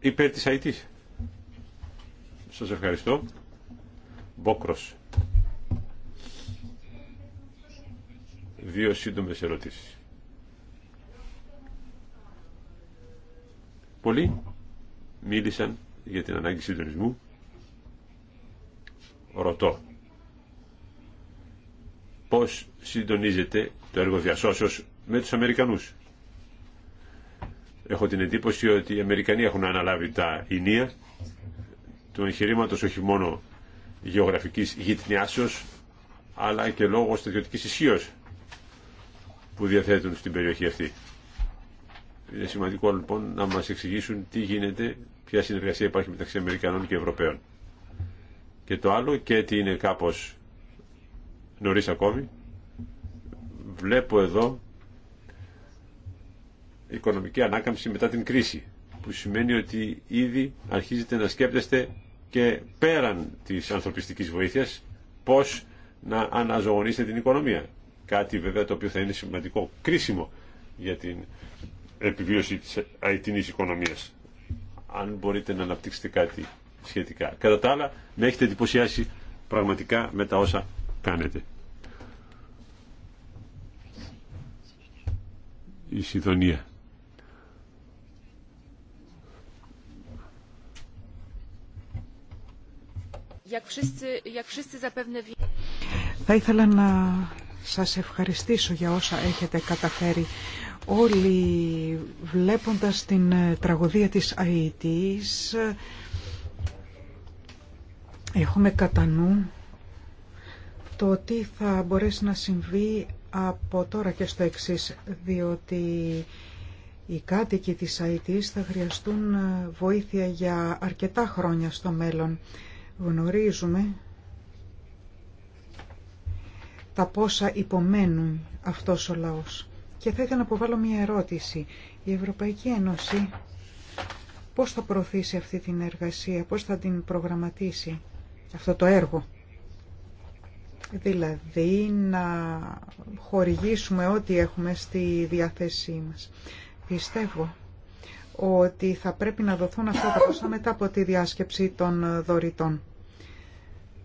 υπέρ της IT. Σας ευχαριστώ. Μπόκρος. Δύο σύντομες ερωτήσεις. Πολλοί μίλησαν για την ανάγκη συντονισμού. Ρωτώ πώς συντονίζεται το έργο διασώσεως με τους Αμερικανούς. Έχω την εντύπωση ότι οι Αμερικανοί έχουν αναλάβει τα ηνία του εγχειρήματο όχι μόνο γεωγραφικής γυτνιάσεως αλλά και λόγω στρατιωτικής ισχύω που διαθέτουν στην περιοχή αυτή. Είναι σημαντικό λοιπόν να μας εξηγήσουν τι γίνεται, ποια συνεργασία υπάρχει μεταξύ Αμερικανών και Ευρωπαίων. Και το άλλο και τι είναι κάπως νωρίς ακόμη. Βλέπω εδώ οικονομική ανάκαμψη μετά την κρίση, που σημαίνει ότι ήδη αρχίζετε να σκέπτεστε και πέραν της ανθρωπιστικής βοήθειας πώς να αναζωογονήσετε την οικονομία. Κάτι βέβαια το οποίο θα είναι σημαντικό, κρίσιμο για την επιβίωση της αιτινής οικονομίας. Αν μπορείτε να αναπτύξετε κάτι σχετικά. Κατά τα άλλα, με έχετε εντυπωσιάσει πραγματικά με τα όσα κάνετε. η Σιδονία. Θα ήθελα να σας ευχαριστήσω για όσα έχετε καταφέρει όλοι βλέποντας την ε, τραγωδία της ΑΕΤΙΣ ε, έχουμε κατά νου το τι θα μπορέσει να συμβεί από τώρα και στο εξή, διότι οι κάτοικοι της ΑΕΤΙΣ θα χρειαστούν ε, βοήθεια για αρκετά χρόνια στο μέλλον. Γνωρίζουμε τα πόσα υπομένουν αυτός ο λαός. Και θα ήθελα να αποβάλω μια ερώτηση. Η Ευρωπαϊκή Ένωση πώς θα προωθήσει αυτή την εργασία, πώς θα την προγραμματίσει αυτό το έργο δηλαδή να χορηγήσουμε ό,τι έχουμε στη διάθεσή μας. Πιστεύω ότι θα πρέπει να δοθούν αυτά τα ποσά μετά από τη διάσκεψη των δωρητών.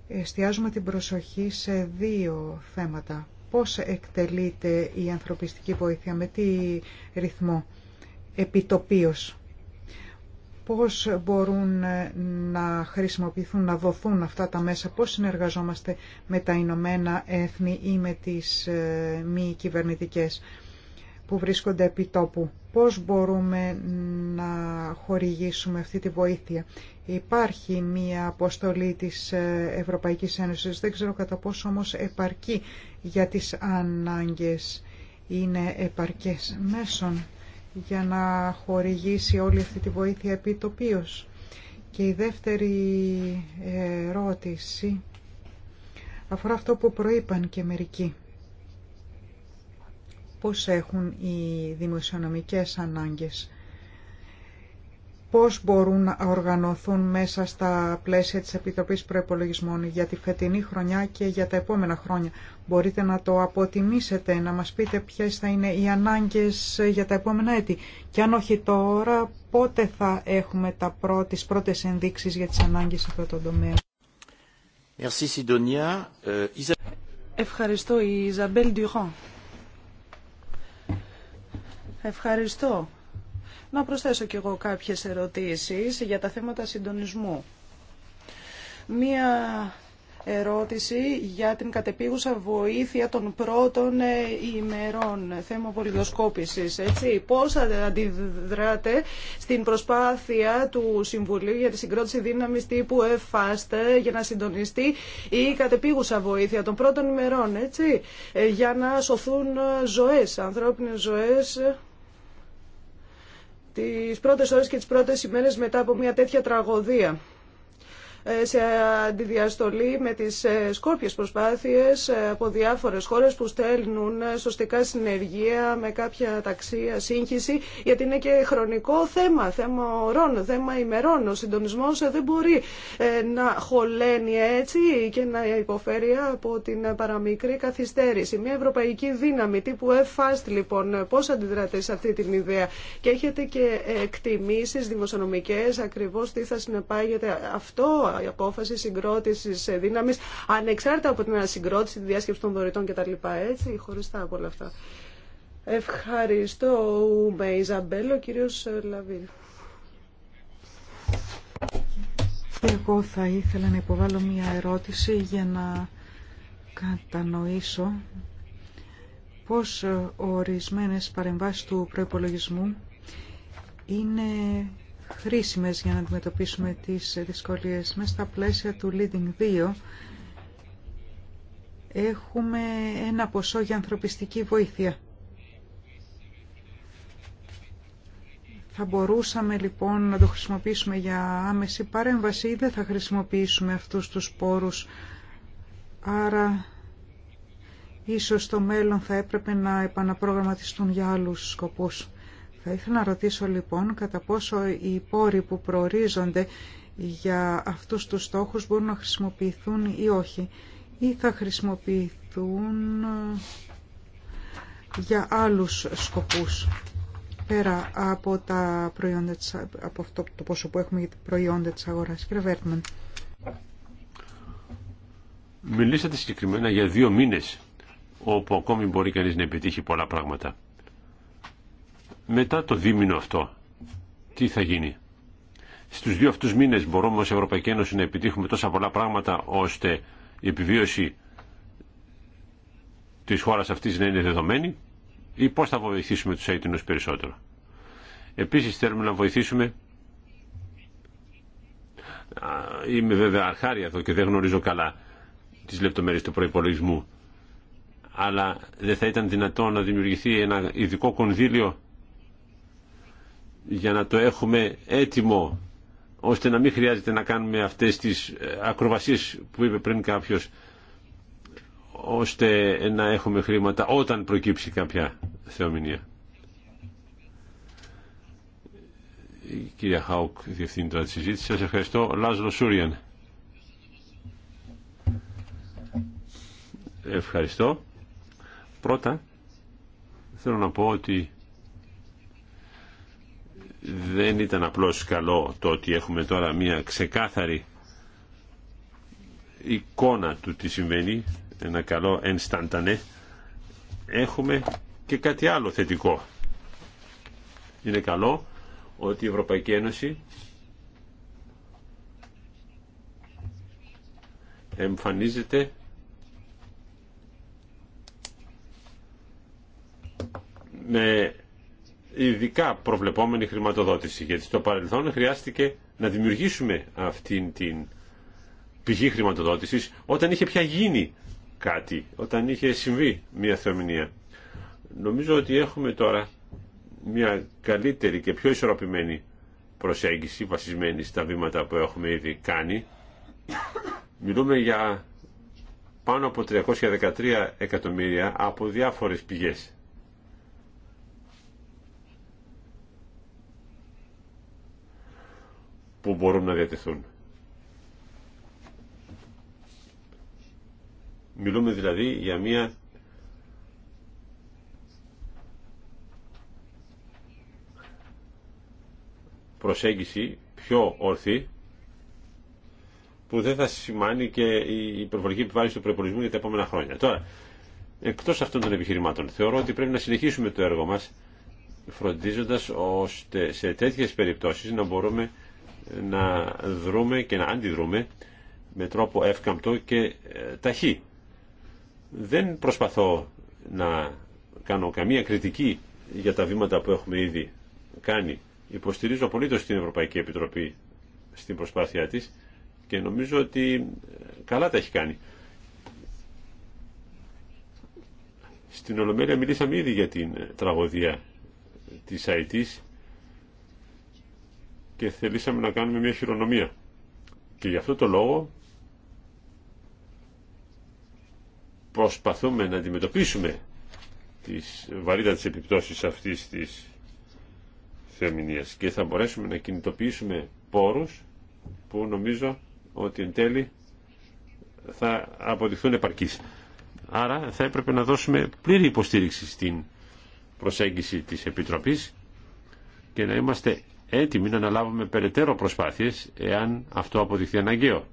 Εστιάζουμε την προσοχή σε δύο θέματα. Πώς εκτελείται η ανθρωπιστική βοήθεια, με τι ρυθμό, επιτοπίως πώς μπορούν ε, να χρησιμοποιηθούν, να δοθούν αυτά τα μέσα, πώς συνεργαζόμαστε με τα Ηνωμένα Έθνη ή με τις ε, μη κυβερνητικές που βρίσκονται επί τόπου. Πώς μπορούμε να χορηγήσουμε αυτή τη βοήθεια. Υπάρχει μία αποστολή της ε, Ευρωπαϊκής Ένωσης, δεν ξέρω κατά πόσο όμως επαρκεί για τις ανάγκες είναι επαρκές μέσων για να χορηγήσει όλη αυτή τη βοήθεια επί επιτοπίως. Και η δεύτερη ερώτηση αφορά αυτό που προείπαν και μερικοί. Πώς έχουν οι δημοσιονομικές ανάγκες πώς μπορούν να οργανωθούν μέσα στα πλαίσια της Επιτροπής Προϋπολογισμών για τη φετινή χρονιά και για τα επόμενα χρόνια. Μπορείτε να το αποτιμήσετε, να μας πείτε ποιες θα είναι οι ανάγκες για τα επόμενα έτη. Και αν όχι τώρα, πότε θα έχουμε τα πρώτη, τις πρώτες ενδείξεις για τις ανάγκες σε αυτό το τομέα. Ε, Ευχαριστώ, Ιζαμπέλ Ευχαριστώ να προσθέσω κι εγώ κάποιες ερωτήσεις για τα θέματα συντονισμού. Μία ερώτηση για την κατεπίγουσα βοήθεια των πρώτων ε, ημερών, θέμα πολυδοσκόπησης, έτσι. Πώς αντιδράτε στην προσπάθεια του Συμβουλίου για τη συγκρότηση δύναμης τύπου ΕΦΑΣΤ για να συντονιστεί η κατεπίγουσα βοήθεια των πρώτων ημερών, έτσι, ε, για να σωθούν ζωές, ανθρώπινες ζωές τις πρώτες ώρες και τις πρώτες ημέρες μετά από μια τέτοια τραγωδία. Ε, σε αντιδιαστολή με τις ε, σκόρπιες προσπάθειες ε, από διάφορες χώρες που στέλνουν σωστικά συνεργεία με κάποια ταξία σύγχυση γιατί είναι και χρονικό θέμα, θέμα ωρών, θέμα ημερών. Ο συντονισμός δεν μπορεί να χωλένει έτσι και να υποφέρει από την παραμικρή καθυστέρηση. Μια ευρωπαϊκή δύναμη τύπου Fast λοιπόν, πώς αντιδράτε σε αυτή την ιδέα και έχετε και εκτιμήσεις δημοσιονομικές ακριβώς τι θα συνεπάγεται αυτό η απόφαση συγκρότηση δύναμη ανεξάρτητα από την ανασυγκρότηση, τη διάσκεψη των δωρητών κτλ. Έτσι, χωριστά από όλα αυτά. Ευχαριστώ, με Ιζαμπέλο, κύριος ε, Λαβίρ. Εγώ θα ήθελα να υποβάλω μία ερώτηση για να κατανοήσω πώς ε, ορισμένες παρεμβάσεις του προϋπολογισμού είναι χρήσιμες για να αντιμετωπίσουμε τις δυσκολίες. Μέσα στα πλαίσια του Leading 2 έχουμε ένα ποσό για ανθρωπιστική βοήθεια. Θα μπορούσαμε λοιπόν να το χρησιμοποιήσουμε για άμεση παρέμβαση ή δεν θα χρησιμοποιήσουμε αυτούς τους πόρους. Άρα ίσως στο μέλλον θα έπρεπε να επαναπρογραμματιστούν για άλλους σκοπούς. Θα ήθελα να ρωτήσω λοιπόν κατά πόσο οι πόροι που προορίζονται για αυτούς τους στόχους μπορούν να χρησιμοποιηθούν ή όχι ή θα χρησιμοποιηθούν ε, για άλλους σκοπούς πέρα από, τα προϊόντα από αυτό το πόσο που έχουμε για τα προϊόντα της αγοράς. Κύριε Βέρτμαν. Μιλήσατε συγκεκριμένα για δύο μήνες όπου ακόμη μπορεί κανείς να επιτύχει πολλά πράγματα. Μετά το δίμηνο αυτό, τι θα γίνει. Στους δύο αυτούς μήνες μπορούμε ως Ευρωπαϊκή Ένωση να επιτύχουμε τόσα πολλά πράγματα ώστε η επιβίωση της χώρας αυτής να είναι δεδομένη ή πώς θα βοηθήσουμε τους Αίτινους περισσότερο. Επίσης θέλουμε να βοηθήσουμε είμαι βέβαια αρχάρια εδώ και δεν γνωρίζω καλά τις λεπτομέρειες του προϋπολογισμού αλλά δεν θα ήταν δυνατό να δημιουργηθεί ένα ειδικό κονδύλιο για να το έχουμε έτοιμο ώστε να μην χρειάζεται να κάνουμε αυτές τις ε, ακροβασίες που είπε πριν κάποιος ώστε να έχουμε χρήματα όταν προκύψει κάποια θεομηνία. Η κυρία Χάουκ διευθύνει τώρα τη συζήτηση. Σας ευχαριστώ. Λάζλο Σούριαν. Ευχαριστώ. Πρώτα θέλω να πω ότι δεν ήταν απλώς καλό το ότι έχουμε τώρα μια ξεκάθαρη εικόνα του τι συμβαίνει, ένα καλό ενσταντανέ, έχουμε και κάτι άλλο θετικό. Είναι καλό ότι η Ευρωπαϊκή Ένωση εμφανίζεται με ειδικά προβλεπόμενη χρηματοδότηση. Γιατί στο παρελθόν χρειάστηκε να δημιουργήσουμε αυτήν την πηγή χρηματοδότησης όταν είχε πια γίνει κάτι, όταν είχε συμβεί μια θεομηνία. Νομίζω ότι έχουμε τώρα μια καλύτερη και πιο ισορροπημένη προσέγγιση βασισμένη στα βήματα που έχουμε ήδη κάνει. Μιλούμε για πάνω από 313 εκατομμύρια από διάφορες πηγές. που μπορούν να διατεθούν. Μιλούμε δηλαδή για μια προσέγγιση πιο όρθη που δεν θα σημάνει και η υπερβολική επιβάλληση του προπολογισμού για τα επόμενα χρόνια. Τώρα, εκτός αυτών των επιχειρημάτων, θεωρώ ότι πρέπει να συνεχίσουμε το έργο μας φροντίζοντας ώστε σε τέτοιες περιπτώσεις να μπορούμε να δρούμε και να αντιδρούμε με τρόπο εύκαμπτο και ε, ταχύ. Δεν προσπαθώ να κάνω καμία κριτική για τα βήματα που έχουμε ήδη κάνει. Υποστηρίζω το την Ευρωπαϊκή Επιτροπή στην προσπάθειά της και νομίζω ότι ε, καλά τα έχει κάνει. Στην Ολομέλεια μιλήσαμε ήδη για την τραγωδία της ΑΕΤΗΣ και θελήσαμε να κάνουμε μια χειρονομία. Και γι' αυτό το λόγο προσπαθούμε να αντιμετωπίσουμε τις βαρύτητα της επιπτώσεις αυτής της θεομηνίας και θα μπορέσουμε να κινητοποιήσουμε πόρους που νομίζω ότι εν τέλει θα αποδειχθούν επαρκείς. Άρα θα έπρεπε να δώσουμε πλήρη υποστήριξη στην προσέγγιση της Επιτροπής και να είμαστε έτοιμοι να αναλάβουμε περαιτέρω προσπάθειες εάν αυτό αποδειχθεί αναγκαίο.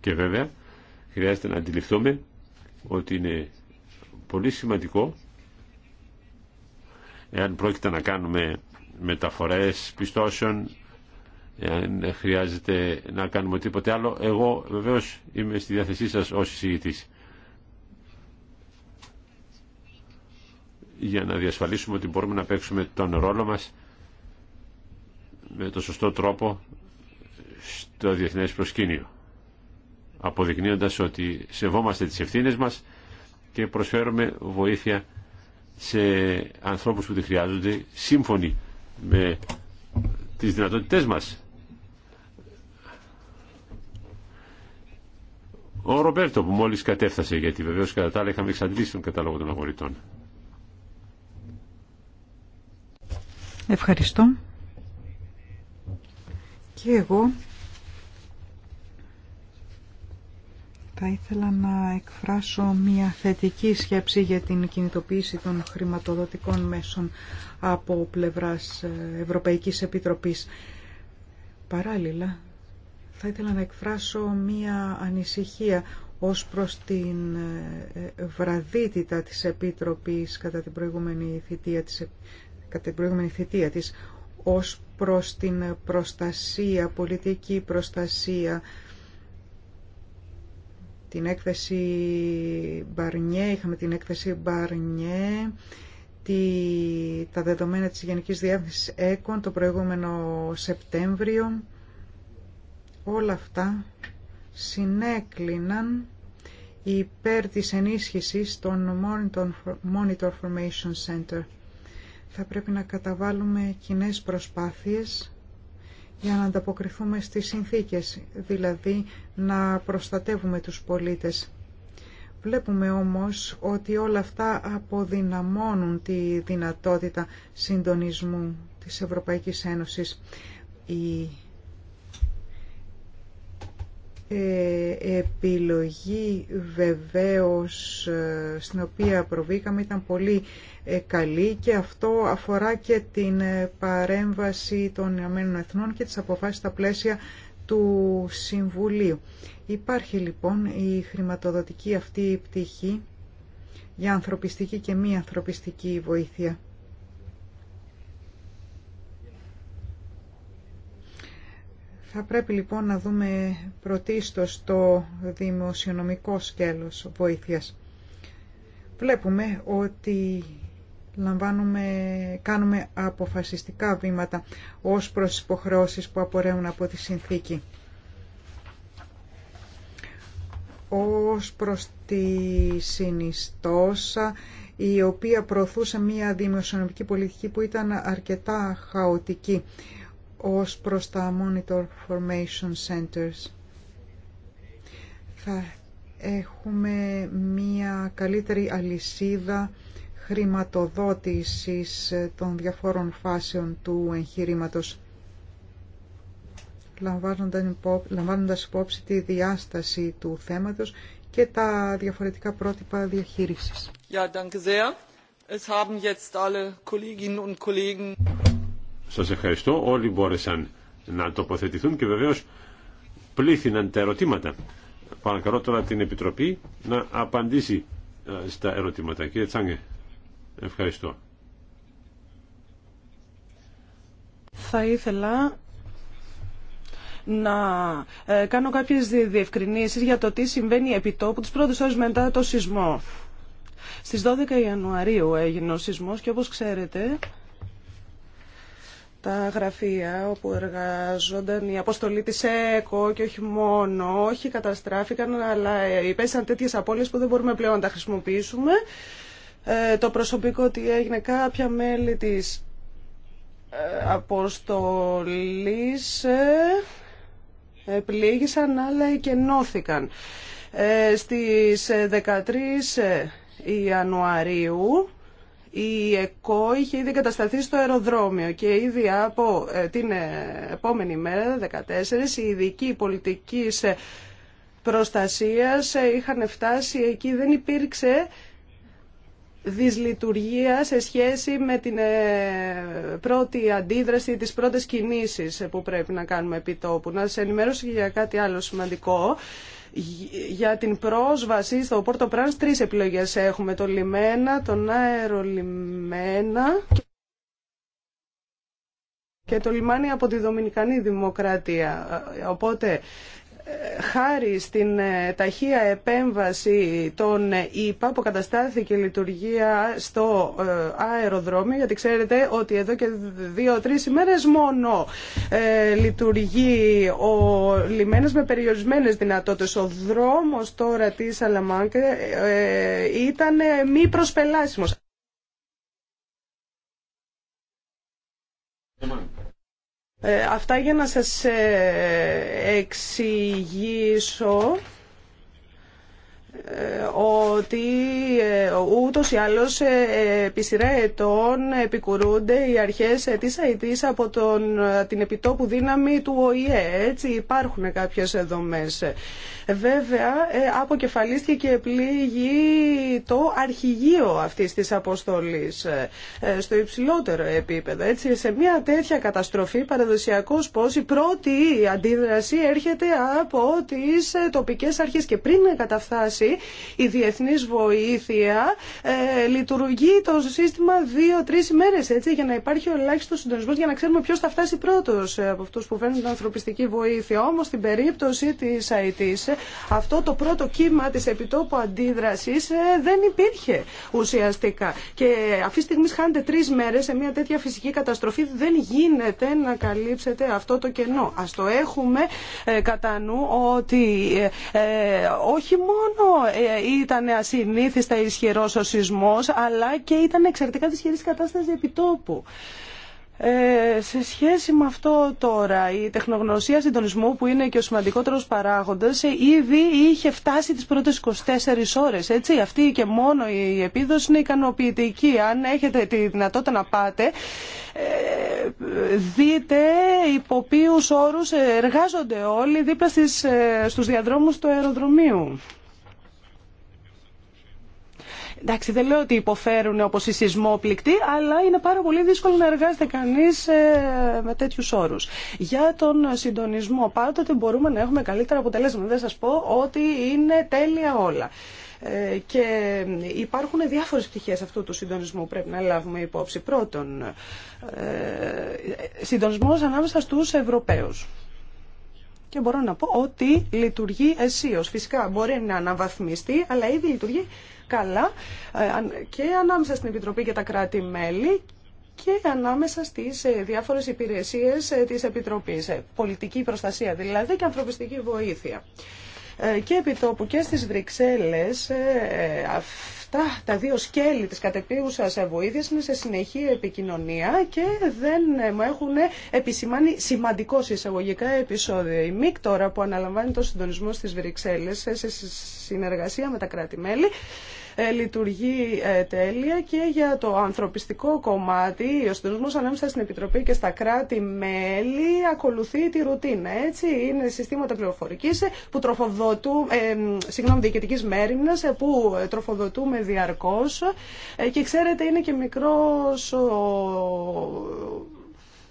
Και βέβαια χρειάζεται να αντιληφθούμε ότι είναι πολύ σημαντικό εάν πρόκειται να κάνουμε μεταφορές πιστώσεων εάν χρειάζεται να κάνουμε τίποτε άλλο εγώ βεβαίως είμαι στη διάθεσή σας ως εισηγητής για να διασφαλίσουμε ότι μπορούμε να παίξουμε τον ρόλο μας με το σωστό τρόπο στο διεθνές προσκήνιο αποδεικνύοντας ότι σεβόμαστε τις ευθύνες μας και προσφέρουμε βοήθεια σε ανθρώπους που τη χρειάζονται σύμφωνοι με τις δυνατότητές μας. Ο Ρομπέρτο που μόλις κατέφτασε γιατί βεβαίως κατά τα άλλα είχαμε εξαντλήσει τον κατάλογο των αγορητών. Ευχαριστώ. Και εγώ θα ήθελα να εκφράσω μια θετική σκέψη για την κινητοποίηση των χρηματοδοτικών μέσων από πλευράς ε, Ευρωπαϊκής Επιτροπής. Παράλληλα, θα ήθελα να εκφράσω μία ανησυχία ως προς την ε, ε, βραδύτητα της Επίτροπης κατά την προηγούμενη θητεία της κατά την προηγούμενη θητεία της ως προς την προστασία, πολιτική προστασία, την έκθεση Μπαρνιέ, είχαμε την έκθεση Μπαρνιέ, τη, τα δεδομένα της Γενικής Διεύθυνσης ΕΚΟΝ το προηγούμενο Σεπτέμβριο. Όλα αυτά συνέκλειναν υπέρ της ενίσχυσης των Monitor Formation Center θα πρέπει να καταβάλουμε κοινέ προσπάθειες για να ανταποκριθούμε στις συνθήκες, δηλαδή να προστατεύουμε τους πολίτες. Βλέπουμε όμως ότι όλα αυτά αποδυναμώνουν τη δυνατότητα συντονισμού της Ευρωπαϊκής Ένωσης. Ε, επιλογή βεβαίως ε, στην οποία προβήκαμε ήταν πολύ ε, καλή και αυτό αφορά και την παρέμβαση των Ηνωμένων Εθνών και τις αποφάσεις στα πλαίσια του Συμβουλίου. Υπάρχει λοιπόν η χρηματοδοτική αυτή πτυχή για ανθρωπιστική και μη ανθρωπιστική βοήθεια. Θα πρέπει λοιπόν να δούμε πρωτίστως το δημοσιονομικό σκέλος βοήθειας. Βλέπουμε ότι λαμβάνουμε, κάνουμε αποφασιστικά βήματα ως προς τις υποχρεώσεις που απορρέουν από τη συνθήκη. Ως προς τη συνιστόσα, η οποία προωθούσε μία δημοσιονομική πολιτική που ήταν αρκετά χαοτική ως προς τα Monitor Formation Centers. Θα έχουμε μία καλύτερη αλυσίδα χρηματοδότησης των διαφόρων φάσεων του εγχειρήματος λαμβάνοντας υπόψη τη διάσταση του θέματος και τα διαφορετικά πρότυπα διαχείρισης. Σας ευχαριστώ. Όλοι μπόρεσαν να τοποθετηθούν και βεβαίως πλήθυναν τα ερωτήματα. Παρακαλώ τώρα την Επιτροπή να απαντήσει ε, στα ερωτήματα. Κύριε Τσάγκε, ευχαριστώ. Θα ήθελα να ε, κάνω κάποιες διευκρινήσεις για το τι συμβαίνει επί τόπου τις πρώτες ώρες μετά το σεισμό. Στις 12 Ιανουαρίου έγινε ο σεισμός και όπως ξέρετε τα γραφεία όπου εργάζονταν η αποστολή της ΕΚΟ και όχι μόνο, όχι καταστράφηκαν, αλλά υπέσαν τέτοιες απώλειες που δεν μπορούμε πλέον να τα χρησιμοποιήσουμε. Ε, το προσωπικό ότι έγινε κάποια μέλη της ε, αποστολής ε, πλήγησαν αλλά εκενώθηκαν. στις 13 Ιανουαρίου η ΕΚΟ είχε ήδη κατασταθεί στο αεροδρόμιο και ήδη από ε, την ε, επόμενη μέρα, 14, οι ειδικοί πολιτικής ε, προστασίας είχαν φτάσει εκεί. Δεν υπήρξε δυσλειτουργία σε σχέση με την πρώτη αντίδραση, τις πρώτες κινήσεις που πρέπει να κάνουμε επί τόπου. Να σε ενημερώσω για κάτι άλλο σημαντικό. Για την πρόσβαση στο Πόρτο Πράνς τρεις επιλογές έχουμε. Το λιμένα, τον αερολιμένα και το λιμάνι από τη Δομινικανή Δημοκρατία. Ε, οπότε χάρη στην ε, ταχεία επέμβαση των ε, ΙΠΑ που καταστάθηκε η λειτουργία στο ε, αεροδρόμιο γιατί ξέρετε ότι εδώ και δύο-τρεις ημέρες μόνο λειτουργεί ο λιμένας με περιορισμένες δυνατότητες. Ο δρόμος τώρα της ε, ήταν μη προσπελάσιμος. Ε, αυτά για να σας ε, εξηγήσω ότι ε, ούτως ή άλλως ε, επί σειρά ετών επικουρούνται οι αρχές της ΑΕΤ από τον, την επιτόπου δύναμη του ΟΗΕ. Έτσι υπάρχουν κάποιες δομές. Βέβαια ε, αποκεφαλίστηκε και πλήγει το αρχηγείο αυτής της αποστολής στο υψηλότερο επίπεδο. Έτσι, σε μια τέτοια καταστροφή παραδοσιακός πως η πρώτη αντίδραση έρχεται από τις τοπικές αρχές και πριν καταφτάσει η διεθνής βοήθεια ε, λειτουργεί το συστημα δυο δύο-τρει ημέρε έτσι για να υπάρχει ο ελάχιστο συντονισμό για να ξέρουμε ποιο θα φτάσει πρώτος ε, από αυτού που φέρνουν την ανθρωπιστική βοήθεια. Όμω στην περίπτωση της ΑΕΤ αυτό το πρώτο κύμα τη επιτόπου αντίδραση ε, δεν υπήρχε ουσιαστικά και αυτή τη στιγμή χάνεται τρει μέρε σε μια τέτοια φυσική καταστροφή δεν γίνεται να καλύψετε αυτό το κενό. Α το έχουμε ε, κατά νου ότι ε, όχι μόνο ε, ήταν ασυνήθιστα ισχυρό ο σεισμό, αλλά και ήταν εξαιρετικά δυσχερή κατάσταση επιτόπου. Ε, σε σχέση με αυτό τώρα, η τεχνογνωσία συντονισμού που είναι και ο σημαντικότερος παράγοντας ε, ήδη είχε φτάσει τις πρώτες 24 ώρες. Έτσι, αυτή και μόνο η επίδοση είναι ικανοποιητική. Αν έχετε τη δυνατότητα να πάτε, δείτε υπό ποιους όρους εργάζονται όλοι δίπλα στους διαδρόμους του αεροδρομίου εντάξει δεν λέω ότι υποφέρουν όπως οι σεισμόπληκτοι, αλλά είναι πάρα πολύ δύσκολο να εργάζεται κανείς ε, με τέτοιους όρους. Για τον συντονισμό πάντοτε μπορούμε να έχουμε καλύτερα αποτελέσματα. Δεν σας πω ότι είναι τέλεια όλα ε, και υπάρχουν διάφορες πτυχέ αυτού του συντονισμού που πρέπει να λάβουμε υπόψη. Πρώτον, ε, Συντονισμό ανάμεσα στου Ευρωπαίου και μπορώ να πω ότι λειτουργεί αισίως. Φυσικά μπορεί να αναβαθμιστεί, αλλά ήδη λειτουργεί καλά ε, και ανάμεσα στην Επιτροπή και τα κράτη-μέλη και ανάμεσα στις ε, διάφορες υπηρεσίες ε, της Επιτροπής. Πολιτική προστασία δηλαδή και ανθρωπιστική βοήθεια. Ε, και επί που και στις Βρυξέλλες ε, αυτά τα δύο σκέλη της κατεπίουσας βοήθειας είναι σε συνεχή επικοινωνία και δεν μου έχουν επισημάνει σημαντικό εισαγωγικά επεισόδιο. Η ΜΙΚ τώρα που αναλαμβάνει το συντονισμό στις Βρυξέλλες ε, σε συνεργασία με τα κράτη-μέλη ε, λειτουργεί ε, τέλεια και για το ανθρωπιστικό κομμάτι ο συντονισμός ανάμεσα στην Επιτροπή και στα κράτη-μέλη ακολουθεί τη ρουτίνα. Έτσι είναι συστήματα πληροφορικής ε, που τροφοδοτούν, ε, συγγνώμη, διοικητικής που τροφοδοτούμε διαρκώς και ξέρετε είναι και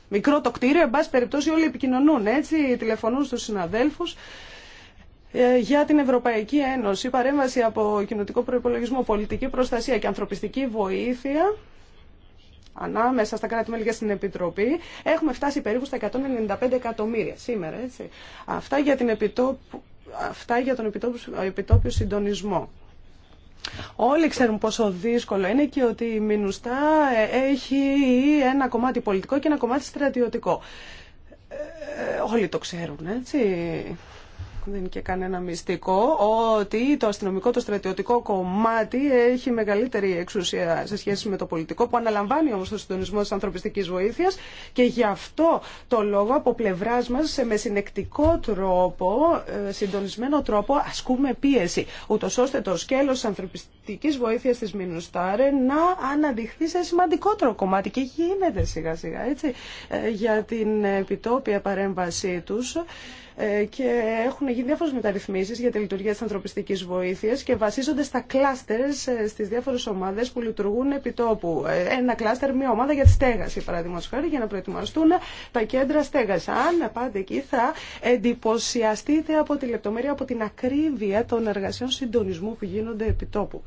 μικρό το κτίριο, εν πάση περιπτώσει όλοι επικοινωνούν έτσι, τηλεφωνούν στους συναδέλφους ε, για την Ευρωπαϊκή Ένωση, παρέμβαση από κοινοτικό προϋπολογισμό, πολιτική προστασία και ανθρωπιστική βοήθεια ανάμεσα στα κράτη-μέλη και στην Επιτροπή, έχουμε φτάσει περίπου στα 195 εκατομμύρια σήμερα. Έτσι. Αυτά, για την αυτά για τον επιτόπιο, επιτόπιο συντονισμό. Όλοι ξέρουν πόσο δύσκολο είναι και ότι η Μινουστά ε, έχει ένα κομμάτι πολιτικό και ένα κομμάτι στρατιωτικό. Ε, όλοι το ξέρουν, έτσι δεν είναι και κανένα μυστικό ότι το αστυνομικό, το στρατιωτικό κομμάτι έχει μεγαλύτερη εξουσία σε σχέση με το πολιτικό που αναλαμβάνει όμως το συντονισμό της ανθρωπιστικής βοήθειας και γι' αυτό το λόγο από πλευρά μα με συνεκτικό τρόπο, ε, συντονισμένο τρόπο ασκούμε πίεση ούτω ώστε το σκέλο τη ανθρωπιστική βοήθεια τη Μινουστάρε να αναδειχθεί σε σημαντικότερο κομμάτι και γίνεται σιγά σιγά έτσι, ε, για την επιτόπια παρέμβασή τους ε, και έχουν γίνει διάφορε μεταρρυθμίσει για τη λειτουργία τη ανθρωπιστική βοήθεια και βασίζονται στα κλάστερ ε, στι διάφορε ομάδε που λειτουργούν επί τόπου. Ε, ένα κλάστερ, μια ομάδα για τη στέγαση, παραδείγματο χάρη, για να προετοιμαστούν τα κέντρα στέγαση. Αν πάτε εκεί, θα εντυπωσιαστείτε από τη λεπτομέρεια, από την ακρίβεια των εργασιών συντονισμού που γίνονται επί τόπου.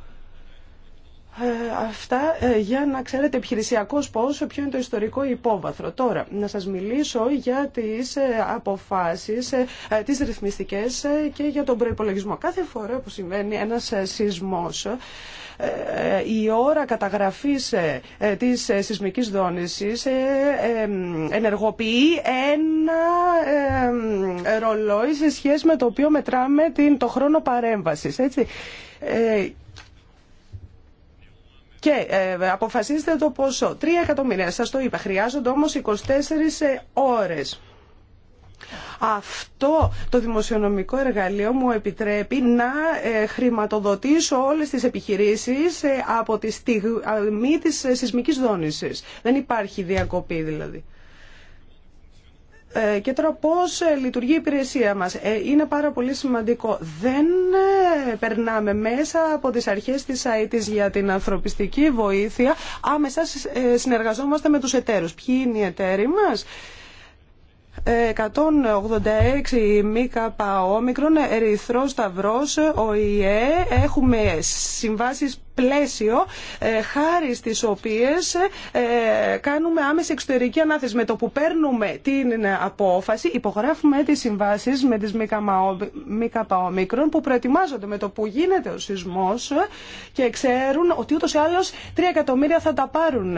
Ε, αυτά ε, για να ξέρετε επιχειρησιακό πόσο ποιο είναι το ιστορικό υπόβαθρο. Τώρα, να σας μιλήσω για τις ε, αποφάσεις, τις ρυθμιστικές και για τον προϋπολογισμό. Κάθε φορά που συμβαίνει ένας σεισμός, η ώρα καταγραφής της σεισμικής δόνησης ενεργοποιεί ένα ρολόι σε σχέση με το οποίο μετράμε το χρόνο παρέμβασης. Έτσι και ε, το ποσό. 3 εκατομμύρια, σας το είπα. Χρειάζονται όμως 24 ε, ώρες. Αυτό το δημοσιονομικό εργαλείο μου επιτρέπει να ε, χρηματοδοτήσω όλες τις επιχειρήσεις ε, από τη στιγμή της σεισμικής δόνησης. Δεν υπάρχει διακοπή δηλαδή. Ε, και τώρα πώς ε, λειτουργεί η υπηρεσία μας. Ε, είναι πάρα πολύ σημαντικό. Δεν περνάμε μέσα από τις αρχές της ΑΕΤΙΣ για την ανθρωπιστική βοήθεια. Άμεσα συνεργαζόμαστε με τους εταίρους. Ποιοι είναι οι εταίροι μας. 186 ΜΚΟ, Ερυθρό Σταυρό, ΟΗΕ. Έχουμε συμβάσεις πλαίσιο ε, χάρη στις οποίες ε, κάνουμε άμεση εξωτερική ανάθεση. Με το που παίρνουμε την ε, απόφαση υπογράφουμε τις συμβάσεις με τις ΜΚΟ που προετοιμάζονται με το που γίνεται ο σεισμός και ξέρουν ότι ούτως ή άλλως 3 εκατομμύρια θα τα πάρουν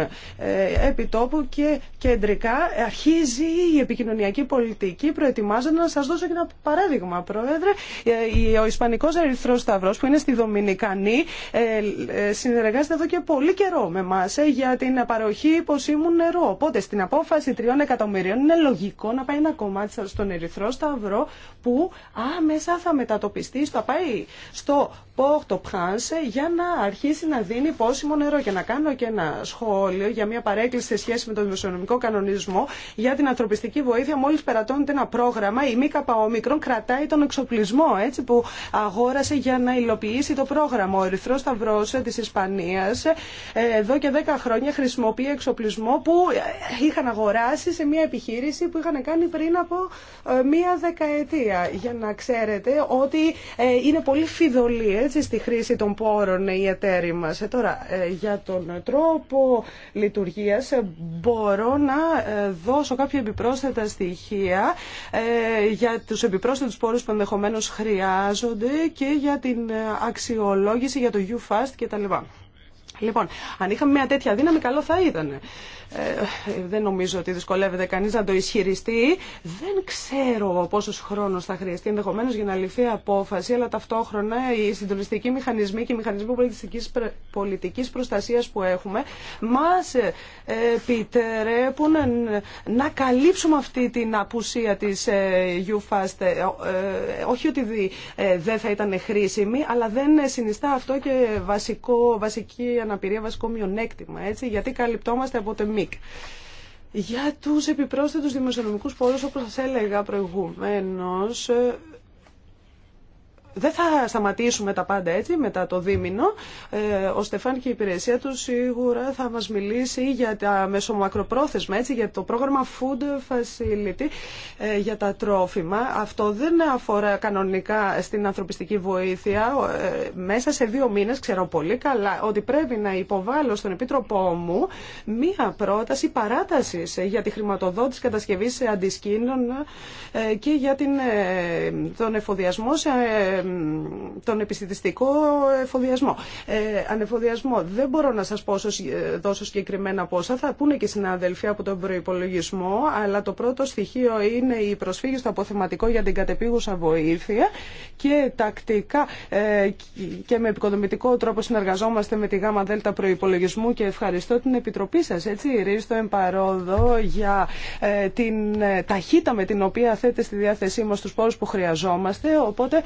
επιτόπου και κεντρικά. Αρχίζει η επικοινωνιακή πολιτική, προετοιμάζονται να σας δώσω και ένα παράδειγμα, Πρόεδρε. Ο Ισπανικός Ερυθρός Σταυρός που είναι στη Δομινικανή ε, συνεργάζεται εδώ και πολύ καιρό με εμά ε, για την παροχή υποσύμου νερού Οπότε στην απόφαση τριών εκατομμυρίων είναι λογικό να πάει ένα κομμάτι στον Ερυθρό Σταυρό που άμεσα θα μετατοπιστεί, στο πάει στο Πόχτο Πχάνσε για να αρχίσει να δίνει πόσιμο νερό. Και να κάνω και ένα σχόλιο για μια παρέκκληση σε σχέση με τον δημοσιονομικό κανονισμό για την ανθρωπιστική βοήθεια. Μόλι περατώνεται ένα πρόγραμμα, η ΜΚΟ κρατάει τον εξοπλισμό έτσι, που αγόρασε για να υλοποιήσει το πρόγραμμα. Ο Ερυθρό Σταυρό της Ισπανίας ε, εδώ και 10 χρόνια χρησιμοποιεί εξοπλισμό που ε, είχαν αγοράσει σε μια επιχείρηση που είχαν κάνει πριν από ε, μια δεκαετία. Για να ξέρετε ότι είναι πολύ φιδωλή έτσι, στη χρήση των πόρων η εταίροι μας. Τώρα, για τον τρόπο λειτουργίας μπορώ να δώσω κάποια επιπρόσθετα στοιχεία για τους επιπρόσθετους πόρους που ενδεχομένως χρειάζονται και για την αξιολόγηση για το UFAST και κτλ. Λοιπόν, αν είχαμε μια τέτοια δύναμη, καλό θα ήταν. Ε, δεν νομίζω ότι δυσκολεύεται κανεί να το ισχυριστεί. Δεν ξέρω πόσο χρόνο θα χρειαστεί ενδεχομένω για να ληφθεί απόφαση, αλλά ταυτόχρονα οι συντονιστικοί μηχανισμοί και οι μηχανισμοί πολιτική προστασία που έχουμε μα επιτρέπουν να καλύψουμε αυτή την απουσία τη ε, UFAST. Ε, ε, όχι ότι δεν θα ήταν χρήσιμη, αλλά δεν συνιστά αυτό και βασικό, βασική αναπηρία βασικό μειονέκτημα, έτσι, γιατί καλυπτόμαστε από το ΜΙΚ. Για τους επιπρόσθετους δημοσιονομικούς πόρους, όπως σας έλεγα προηγουμένως, δεν θα σταματήσουμε τα πάντα έτσι μετά το δίμηνο. Ε, ο Στεφάν και η υπηρεσία του σίγουρα θα μας μιλήσει για τα μεσομακροπρόθεσμα, έτσι, για το πρόγραμμα Food Facility, ε, για τα τρόφιμα. Αυτό δεν αφορά κανονικά στην ανθρωπιστική βοήθεια. Ε, μέσα σε δύο μήνες ξέρω πολύ καλά ότι πρέπει να υποβάλω στον Επίτροπό μου μία πρόταση παράτασης για τη χρηματοδότηση κατασκευής αντισκήνων και για την, τον εφοδιασμό σε τον επιστημιστικό εφοδιασμό. Ε, ανεφοδιασμό. Δεν μπορώ να σας πω, ε, δώσω συγκεκριμένα πόσα, θα πούνε και συναδελφοί από τον προϋπολογισμό, αλλά το πρώτο στοιχείο είναι η προσφύγη στο αποθεματικό για την κατεπίγουσα βοήθεια και τακτικά ε, και με επικοδομητικό τρόπο συνεργαζόμαστε με τη ΓΑΜΑ ΔΕΛΤΑ προϋπολογισμού και ευχαριστώ την Επιτροπή σας, έτσι, Ρίστο Εμπαρόδο, για την ταχύτητα με την οποία θέτε στη διάθεσή μα του πόρου που χρειαζόμαστε, οπότε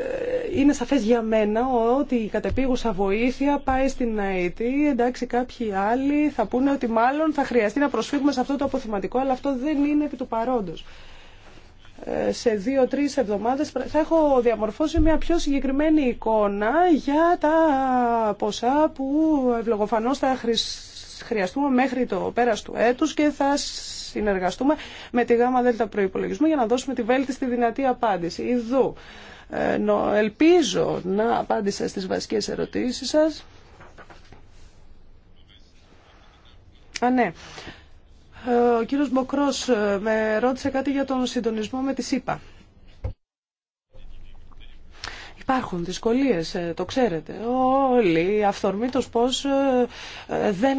ε, είναι σαφές για μένα ότι η κατεπίγουσα βοήθεια πάει στην ΑΕΤ. Εντάξει, κάποιοι άλλοι θα πούνε ότι μάλλον θα χρειαστεί να προσφύγουμε σε αυτό το αποθυματικό, αλλά αυτό δεν είναι επί του παρόντος. Ε, σε δυο τρει εβδομάδε θα έχω διαμορφώσει μια πιο συγκεκριμένη εικόνα για τα ποσά που ευλογοφανώ θα χρειαστούμε μέχρι το πέρας του έτους και θα συνεργαστούμε με τη ΓΔ προπολογισμού για να δώσουμε τη βέλτιστη δυνατή απάντηση. Ιδού ελπίζω να απάντησα στις βασικές ερωτήσεις σας. Α, ναι. Ε, ο κύριος Μποκρός ε, με ρώτησε κάτι για τον συντονισμό με τη ΣΥΠΑ. Υπάρχουν δυσκολίες, ε, το ξέρετε. Όλοι αυθορμήτως πώς ε, δεν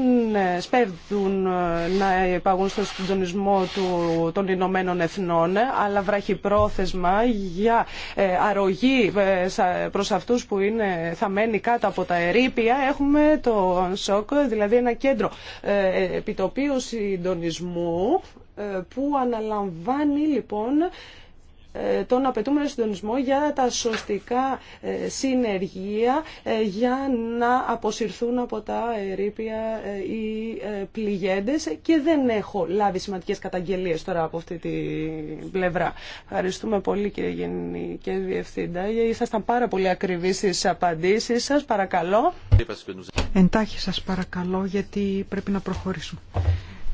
σπέβδουν ε, να υπαγούν στο συντονισμό του, των Ηνωμένων Εθνών, αλλά βραχυπρόθεσμα για αρρωγή προς αυτούς που είναι θαμένοι κάτω από τα ερήπια. Έχουμε το ΣΟΚ, δηλαδή ένα κέντρο επιτοπίου συντονισμού που αναλαμβάνει λοιπόν ε, τον απαιτούμενο συντονισμό για τα σωστικά ε, συνεργεία ε, για να αποσυρθούν από τα ερήπια οι πληγέντες και δεν έχω λάβει σημαντικές καταγγελίες τώρα από αυτή την πλευρά. Ευχαριστούμε πολύ κύριε Γενική Διευθύντα. Ήσασταν πάρα πολύ ακριβείς στις απαντήσεις σας. Παρακαλώ. Εντάχει σας παρακαλώ γιατί πρέπει να προχωρήσουμε.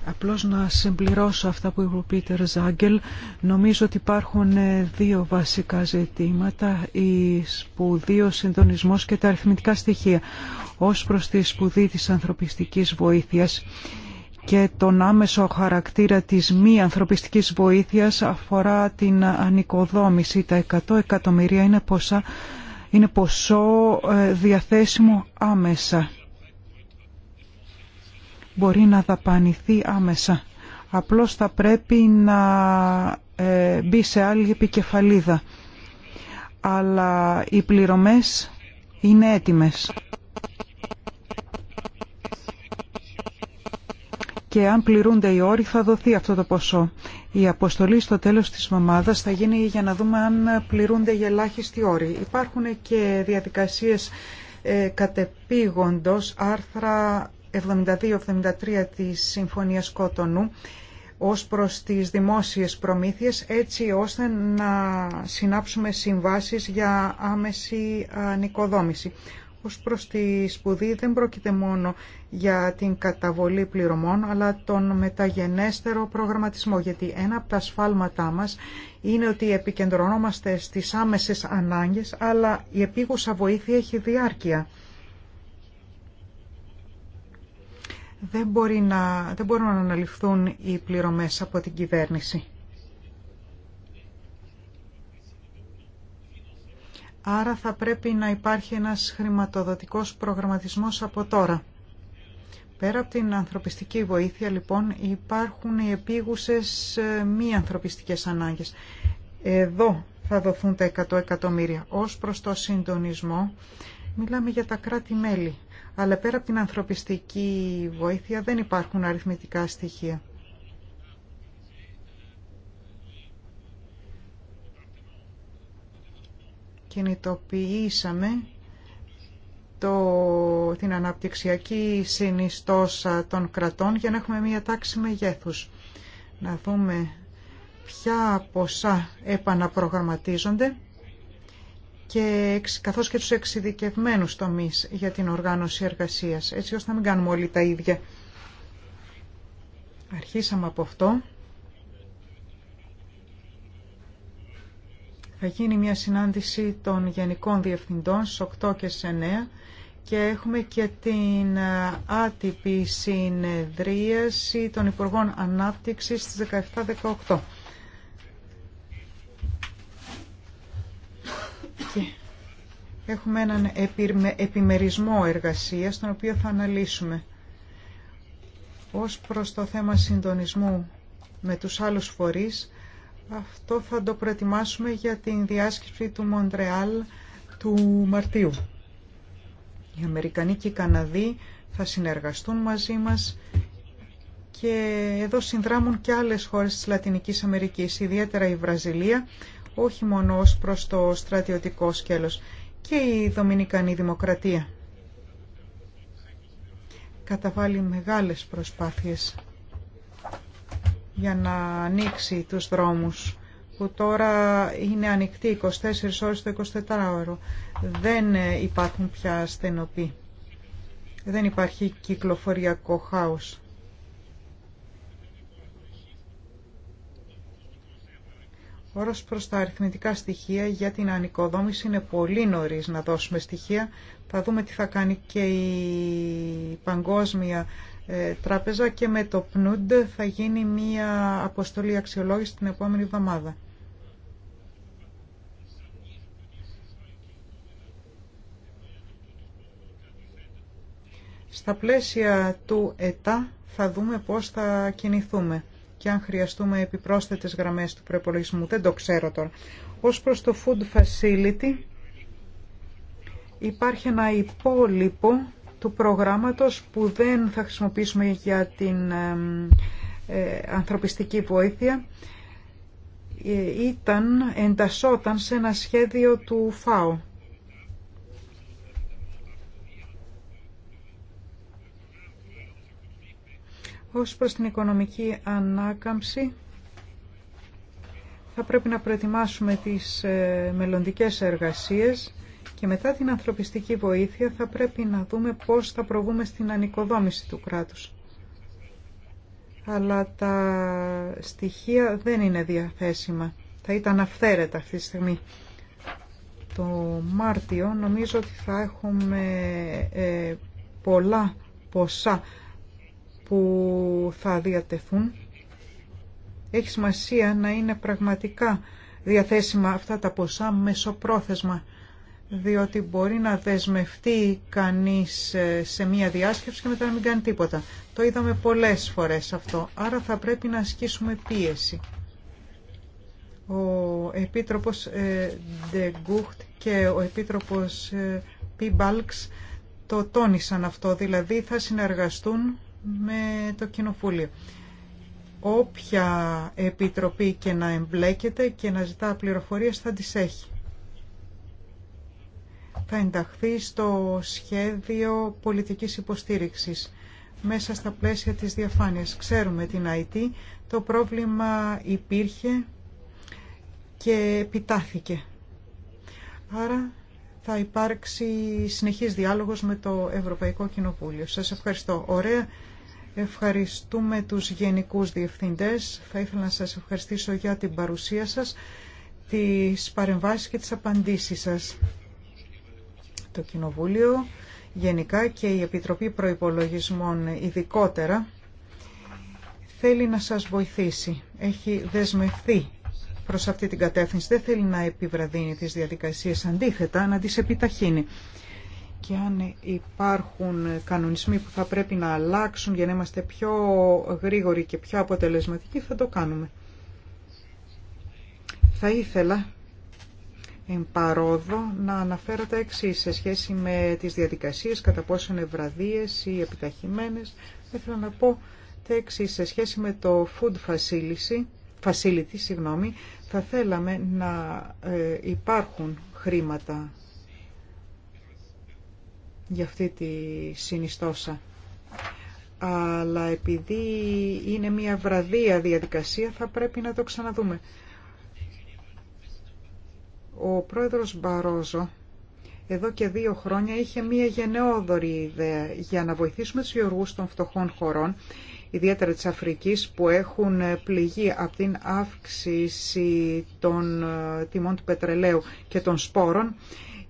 Απλώς να συμπληρώσω αυτά που είπε ο Πίτερ Ζάγκελ. Νομίζω ότι υπάρχουν ε, δύο βασικά ζητήματα, η σπουδή, ο συντονισμός και τα αριθμητικά στοιχεία. Ως προς τη σπουδή της ανθρωπιστικής βοήθειας και τον άμεσο χαρακτήρα της μη ανθρωπιστικής βοήθειας αφορά την ανοικοδόμηση. Τα 100 εκατομμυρία είναι, είναι ποσό ε, διαθέσιμο άμεσα μπορεί να δαπανηθεί άμεσα. Απλώς θα πρέπει να ε, μπει σε άλλη επικεφαλίδα. Αλλά οι πληρωμές είναι έτοιμες. Και αν πληρούνται οι όροι θα δοθεί αυτό το ποσό. Η αποστολή στο τέλος της μαμάδας θα γίνει για να δούμε αν πληρούνται οι ελάχιστοι όροι. Υπάρχουν και διαδικασίες ε, κατεπήγοντος άρθρα 72-73 της Συμφωνίας Κότονου ως προς τις δημόσιες προμήθειες έτσι ώστε να συνάψουμε συμβάσεις για άμεση νοικοδόμηση. Ως προς τη σπουδή δεν πρόκειται μόνο για την καταβολή πληρωμών αλλά τον μεταγενέστερο προγραμματισμό γιατί ένα από τα σφάλματά μας είναι ότι επικεντρωνόμαστε στις άμεσες ανάγκες αλλά η επίγουσα βοήθεια έχει διάρκεια δεν, μπορεί να, δεν μπορούν να αναλυφθούν οι πληρωμές από την κυβέρνηση. Άρα θα πρέπει να υπάρχει ένας χρηματοδοτικός προγραμματισμός από τώρα. Πέρα από την ανθρωπιστική βοήθεια, λοιπόν, υπάρχουν οι επίγουσες ε, μη ανθρωπιστικές ανάγκες. Εδώ θα δοθούν τα 100 εκατομμύρια. Ως προς το συντονισμό, μιλάμε για τα κράτη-μέλη αλλά πέρα από την ανθρωπιστική βοήθεια δεν υπάρχουν αριθμητικά στοιχεία. Κινητοποιήσαμε το, την αναπτυξιακή συνιστόσα των κρατών για να έχουμε μία τάξη μεγέθους. Να δούμε ποια ποσά επαναπρογραμματίζονται και, καθώς και τους εξειδικευμένους τομείς για την οργάνωση εργασίας, έτσι ώστε να μην κάνουμε όλοι τα ίδια. Αρχίσαμε από αυτό. Θα γίνει μια συνάντηση των Γενικών Διευθυντών στις 8 και στις 9 και έχουμε και την ε, άτυπη συνεδρίαση των Υπουργών Ανάπτυξης στις 17-18. Έχουμε έναν επιμερισμό εργασίας, τον οποίο θα αναλύσουμε. Ως προς το θέμα συντονισμού με τους άλλους φορείς, αυτό θα το προετοιμάσουμε για την διάσκεψη του Μοντρεάλ του Μαρτίου. Οι Αμερικανοί και οι Καναδοί θα συνεργαστούν μαζί μας και εδώ συνδράμουν και άλλες χώρες της Λατινικής Αμερικής, ιδιαίτερα η Βραζιλία, όχι μόνο ως προς το στρατιωτικό σκέλος και η Δομινικανή Δημοκρατία καταβάλει μεγάλες προσπάθειες για να ανοίξει τους δρόμους που τώρα είναι ανοιχτοί 24 ώρες το 24ωρο. Δεν ε, υπάρχουν πια στενοποί. Δεν υπάρχει κυκλοφοριακό χάος. ώρας προς τα αριθμητικά στοιχεία για την ανοικοδόμηση είναι πολύ νωρίς να δώσουμε στοιχεία. Θα δούμε τι θα κάνει και η Παγκόσμια ε, Τράπεζα και με το ΠΝΟΥΝΤ θα γίνει μία αποστολή αξιολόγηση την επόμενη εβδομάδα. Στα πλαίσια του ΕΤΑ θα δούμε πώς θα κινηθούμε και αν χρειαστούμε επιπρόσθετες γραμμές του προπολογισμού. Δεν το ξέρω τώρα. Ως προς το Food Facility υπάρχει ένα υπόλοιπο του προγράμματος που δεν θα χρησιμοποιήσουμε για την ε, ανθρωπιστική βοήθεια ε, ήταν, εντασσόταν σε ένα σχέδιο του ΦΑΟ. Ως προς την οικονομική ανάκαμψη, θα πρέπει να προετοιμάσουμε τις ε, μελλοντικές εργασίες και μετά την ανθρωπιστική βοήθεια θα πρέπει να δούμε πώς θα προβούμε στην ανοικοδόμηση του κράτους. Αλλά τα στοιχεία δεν είναι διαθέσιμα. Θα ήταν αυθαίρετα αυτή τη στιγμή. Το Μάρτιο νομίζω ότι θα έχουμε ε, πολλά ποσά που θα διατεθούν. Έχει σημασία να είναι πραγματικά διαθέσιμα αυτά τα ποσά μεσοπρόθεσμα, διότι μπορεί να δεσμευτεί κανείς ε, σε μία διάσκεψη και μετά να μην κάνει τίποτα. Το είδαμε πολλές φορές αυτό, άρα θα πρέπει να ασκήσουμε πίεση. Ο Επίτροπος Ντεγκούχτ και ο Επίτροπος Πιμπάλξ ε, το τόνισαν αυτό, δηλαδή θα συνεργαστούν με το Κοινοβούλιο. Όποια επιτροπή και να εμπλέκεται και να ζητά πληροφορίες θα τις έχει. Θα ενταχθεί στο σχέδιο πολιτικής υποστήριξης μέσα στα πλαίσια της διαφάνειας. Ξέρουμε την IT, το πρόβλημα υπήρχε και επιτάθηκε. Άρα θα υπάρξει συνεχής διάλογος με το Ευρωπαϊκό Κοινοβούλιο. Σας ευχαριστώ. Ωραία. Ευχαριστούμε τους γενικούς διευθυντές. Θα ήθελα να σας ευχαριστήσω για την παρουσία σας, τις παρεμβάσεις και τις απαντήσεις σας. Το Κοινοβούλιο γενικά και η Επιτροπή Προϋπολογισμών ειδικότερα θέλει να σας βοηθήσει. Έχει δεσμευθεί προς αυτή την κατεύθυνση. Δεν θέλει να επιβραδύνει τις διαδικασίες, αντίθετα να τις επιταχύνει και αν υπάρχουν κανονισμοί που θα πρέπει να αλλάξουν για να είμαστε πιο γρήγοροι και πιο αποτελεσματικοί θα το κάνουμε. Θα ήθελα εν παρόδο να αναφέρω τα εξή σε σχέση με τις διαδικασίες κατά πόσο είναι βραδίες ή επιταχυμένες. Θα ήθελα να πω τα εξή σε σχέση με το food facility, facility συγγνώμη, θα θέλαμε να ε, υπάρχουν χρήματα για αυτή τη συνιστόσα. Αλλά επειδή είναι μια βραδία διαδικασία θα πρέπει να το ξαναδούμε. Ο πρόεδρος Μπαρόζο εδώ και δύο χρόνια είχε μία γενναιόδορη ιδέα για να βοηθήσουμε τους γεωργούς των φτωχών χωρών, ιδιαίτερα της Αφρικής, που έχουν πληγεί από την αύξηση των ε, τιμών του πετρελαίου και των σπόρων.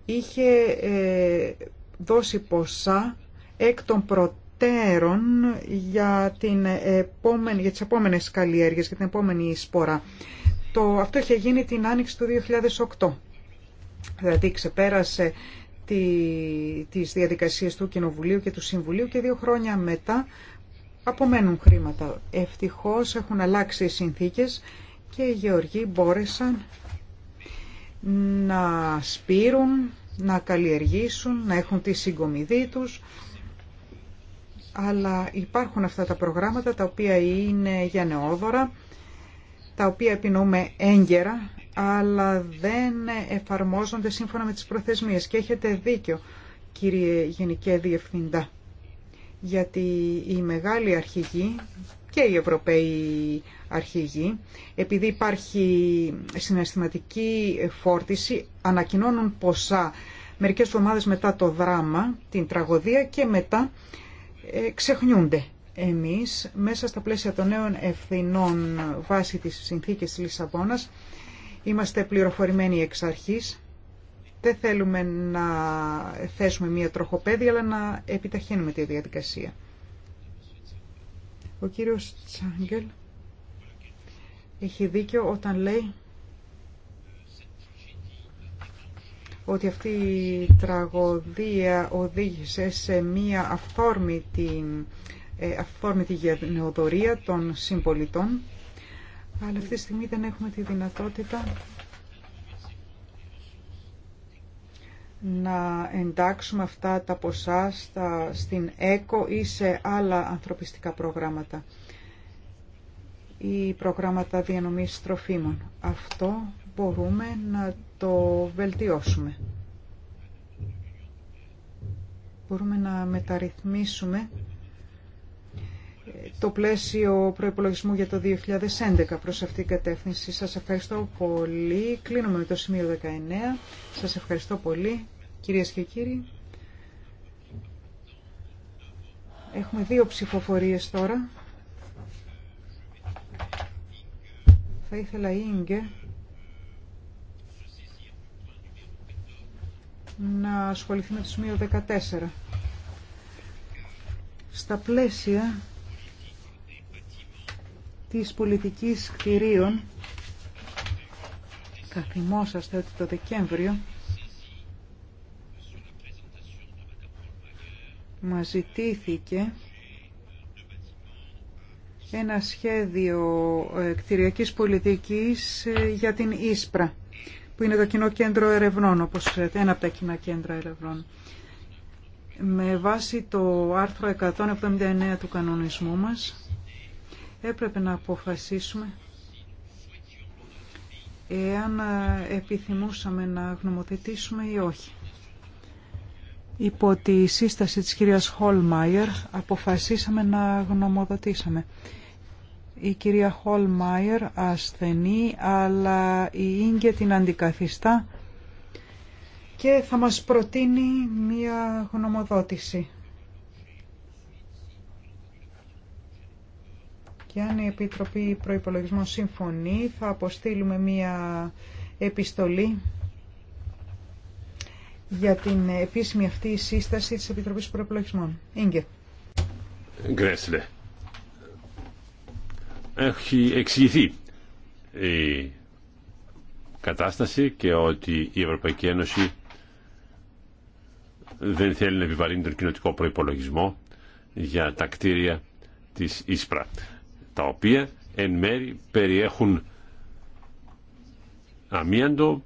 Είχε ε, δώσει ποσά εκ των προτέρων για, την επόμενη, για τις επόμενες καλλιέργειες, για την επόμενη σπορά. Το, αυτό είχε γίνει την άνοιξη του 2008. Δηλαδή ξεπέρασε τη, τις διαδικασίες του Κοινοβουλίου και του Συμβουλίου και δύο χρόνια μετά απομένουν χρήματα. Ευτυχώς έχουν αλλάξει οι συνθήκες και οι γεωργοί μπόρεσαν να σπείρουν να καλλιεργήσουν, να έχουν τη συγκομιδή τους, αλλά υπάρχουν αυτά τα προγράμματα τα οποία είναι για νεόδωρα, τα οποία επινοούμε έγκαιρα, αλλά δεν εφαρμόζονται σύμφωνα με τις προθεσμίες. Και έχετε δίκιο, κύριε Γενικέ Διευθυντά, γιατί η μεγάλη αρχηγοί και οι Ευρωπαίοι αρχηγοί, επειδή υπάρχει συναισθηματική φόρτιση, ανακοινώνουν ποσά μερικές ομάδες μετά το δράμα, την τραγωδία και μετά ε, ξεχνιούνται. Εμείς, μέσα στα πλαίσια των νέων ευθυνών βάσει της συνθήκης της Λισαβόνας, είμαστε πληροφορημένοι εξ αρχής. Δεν θέλουμε να θέσουμε μία τροχοπέδη, αλλά να επιταχύνουμε τη διαδικασία. Ο κύριος Τσάγκελ έχει δίκιο όταν λέει ότι αυτή η τραγωδία οδήγησε σε μία αυθόρμητη, ε, αυθόρμητη γενεοδορία των συμπολιτών αλλά αυτή τη στιγμή δεν έχουμε τη δυνατότητα να εντάξουμε αυτά τα ποσά στα, στην ΕΚΟ ή σε άλλα ανθρωπιστικά προγράμματα ή προγράμματα διανομής τροφίμων. Αυτό μπορούμε να το βελτιώσουμε. Μπορούμε να μεταρρυθμίσουμε το πλαίσιο προϋπολογισμού για το 2011 προς αυτήν την κατεύθυνση. Σας ευχαριστώ πολύ. Κλείνουμε με το σημείο 19. Σας ευχαριστώ πολύ, κυρίες και κύριοι. Έχουμε δύο ψηφοφορίες τώρα. Θα ήθελα, Ίγκε, να ασχοληθεί με το σημείο 14. Στα πλαίσια της πολιτικής κτηρίων θα θυμόσαστε ότι το Δεκέμβριο μας ζητήθηκε ένα σχέδιο ε, κτηριακής πολιτικής ε, για την Ίσπρα που είναι το κοινό κέντρο ερευνών, όπως ξέρετε, ένα από τα κοινά κέντρα ερευνών. Με βάση το άρθρο 179 του κανονισμού μας, έπρεπε να αποφασίσουμε εάν ε, επιθυμούσαμε να γνωμοθετήσουμε ή όχι. Υπό τη σύσταση της κυρίας Χολμάιερ αποφασίσαμε να γνωμοδοτήσαμε. Η κυρία Χολμάιερ ασθενεί, αλλά η κυρια χολμαιερ ασθενη αλλα η ιγκε την αντικαθιστά και θα μας προτείνει μία γνωμοδότηση. Για αν η Επιτροπή Προϋπολογισμών σύμφωνη, θα αποστείλουμε μία επιστολή για την επίσημη αυτή σύσταση της Επιτροπής Προϋπολογισμών. Ίγκε. Γκρέσλε. Έχει εξηγηθεί η κατάσταση και ότι η Ευρωπαϊκή Ένωση δεν θέλει να επιβαρύνει τον κοινοτικό προϋπολογισμό για τα κτίρια της Ίσπρα τα οποία εν μέρη περιέχουν αμίαντο,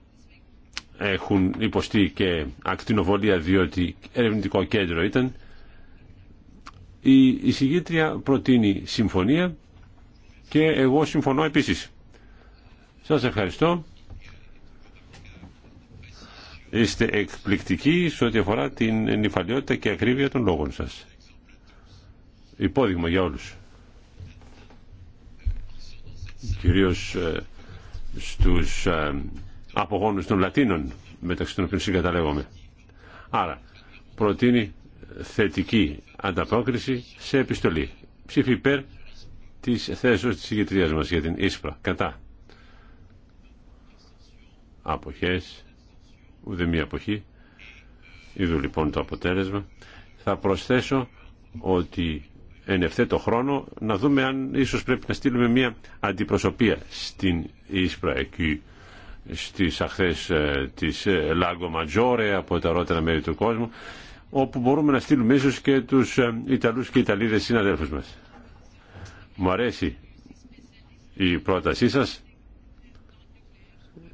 έχουν υποστεί και ακτινοβολία διότι ερευνητικό κέντρο ήταν. Η εισηγήτρια προτείνει συμφωνία και εγώ συμφωνώ επίσης. Σας ευχαριστώ. Είστε εκπληκτικοί σε ό,τι αφορά την νυφαλιότητα και ακρίβεια των λόγων σας. Υπόδειγμα για όλους κυρίως ε, στους ε, απογόνους των Λατίνων μεταξύ των οποίων συγκαταλέγομαι. Άρα προτείνει θετική ανταπόκριση σε επιστολή. Ψήφι υπέρ της θέσεως της ηγετρίας μας για την Ίσπρα. Κατά. Αποχές. Ούτε μία αποχή. Είδω λοιπόν το αποτέλεσμα. Θα προσθέσω ότι εν ευθέτω χρόνο να δούμε αν ίσως πρέπει να στείλουμε μια αντιπροσωπεία στην Ίσπρα εκεί στις αχθές ε, της Λάγκο Ματζόρε από τα ρότερα μέρη του κόσμου όπου μπορούμε να στείλουμε ίσως και τους ε, Ιταλούς και Ιταλίδες συναδέλφους μας. Μου αρέσει η πρότασή σας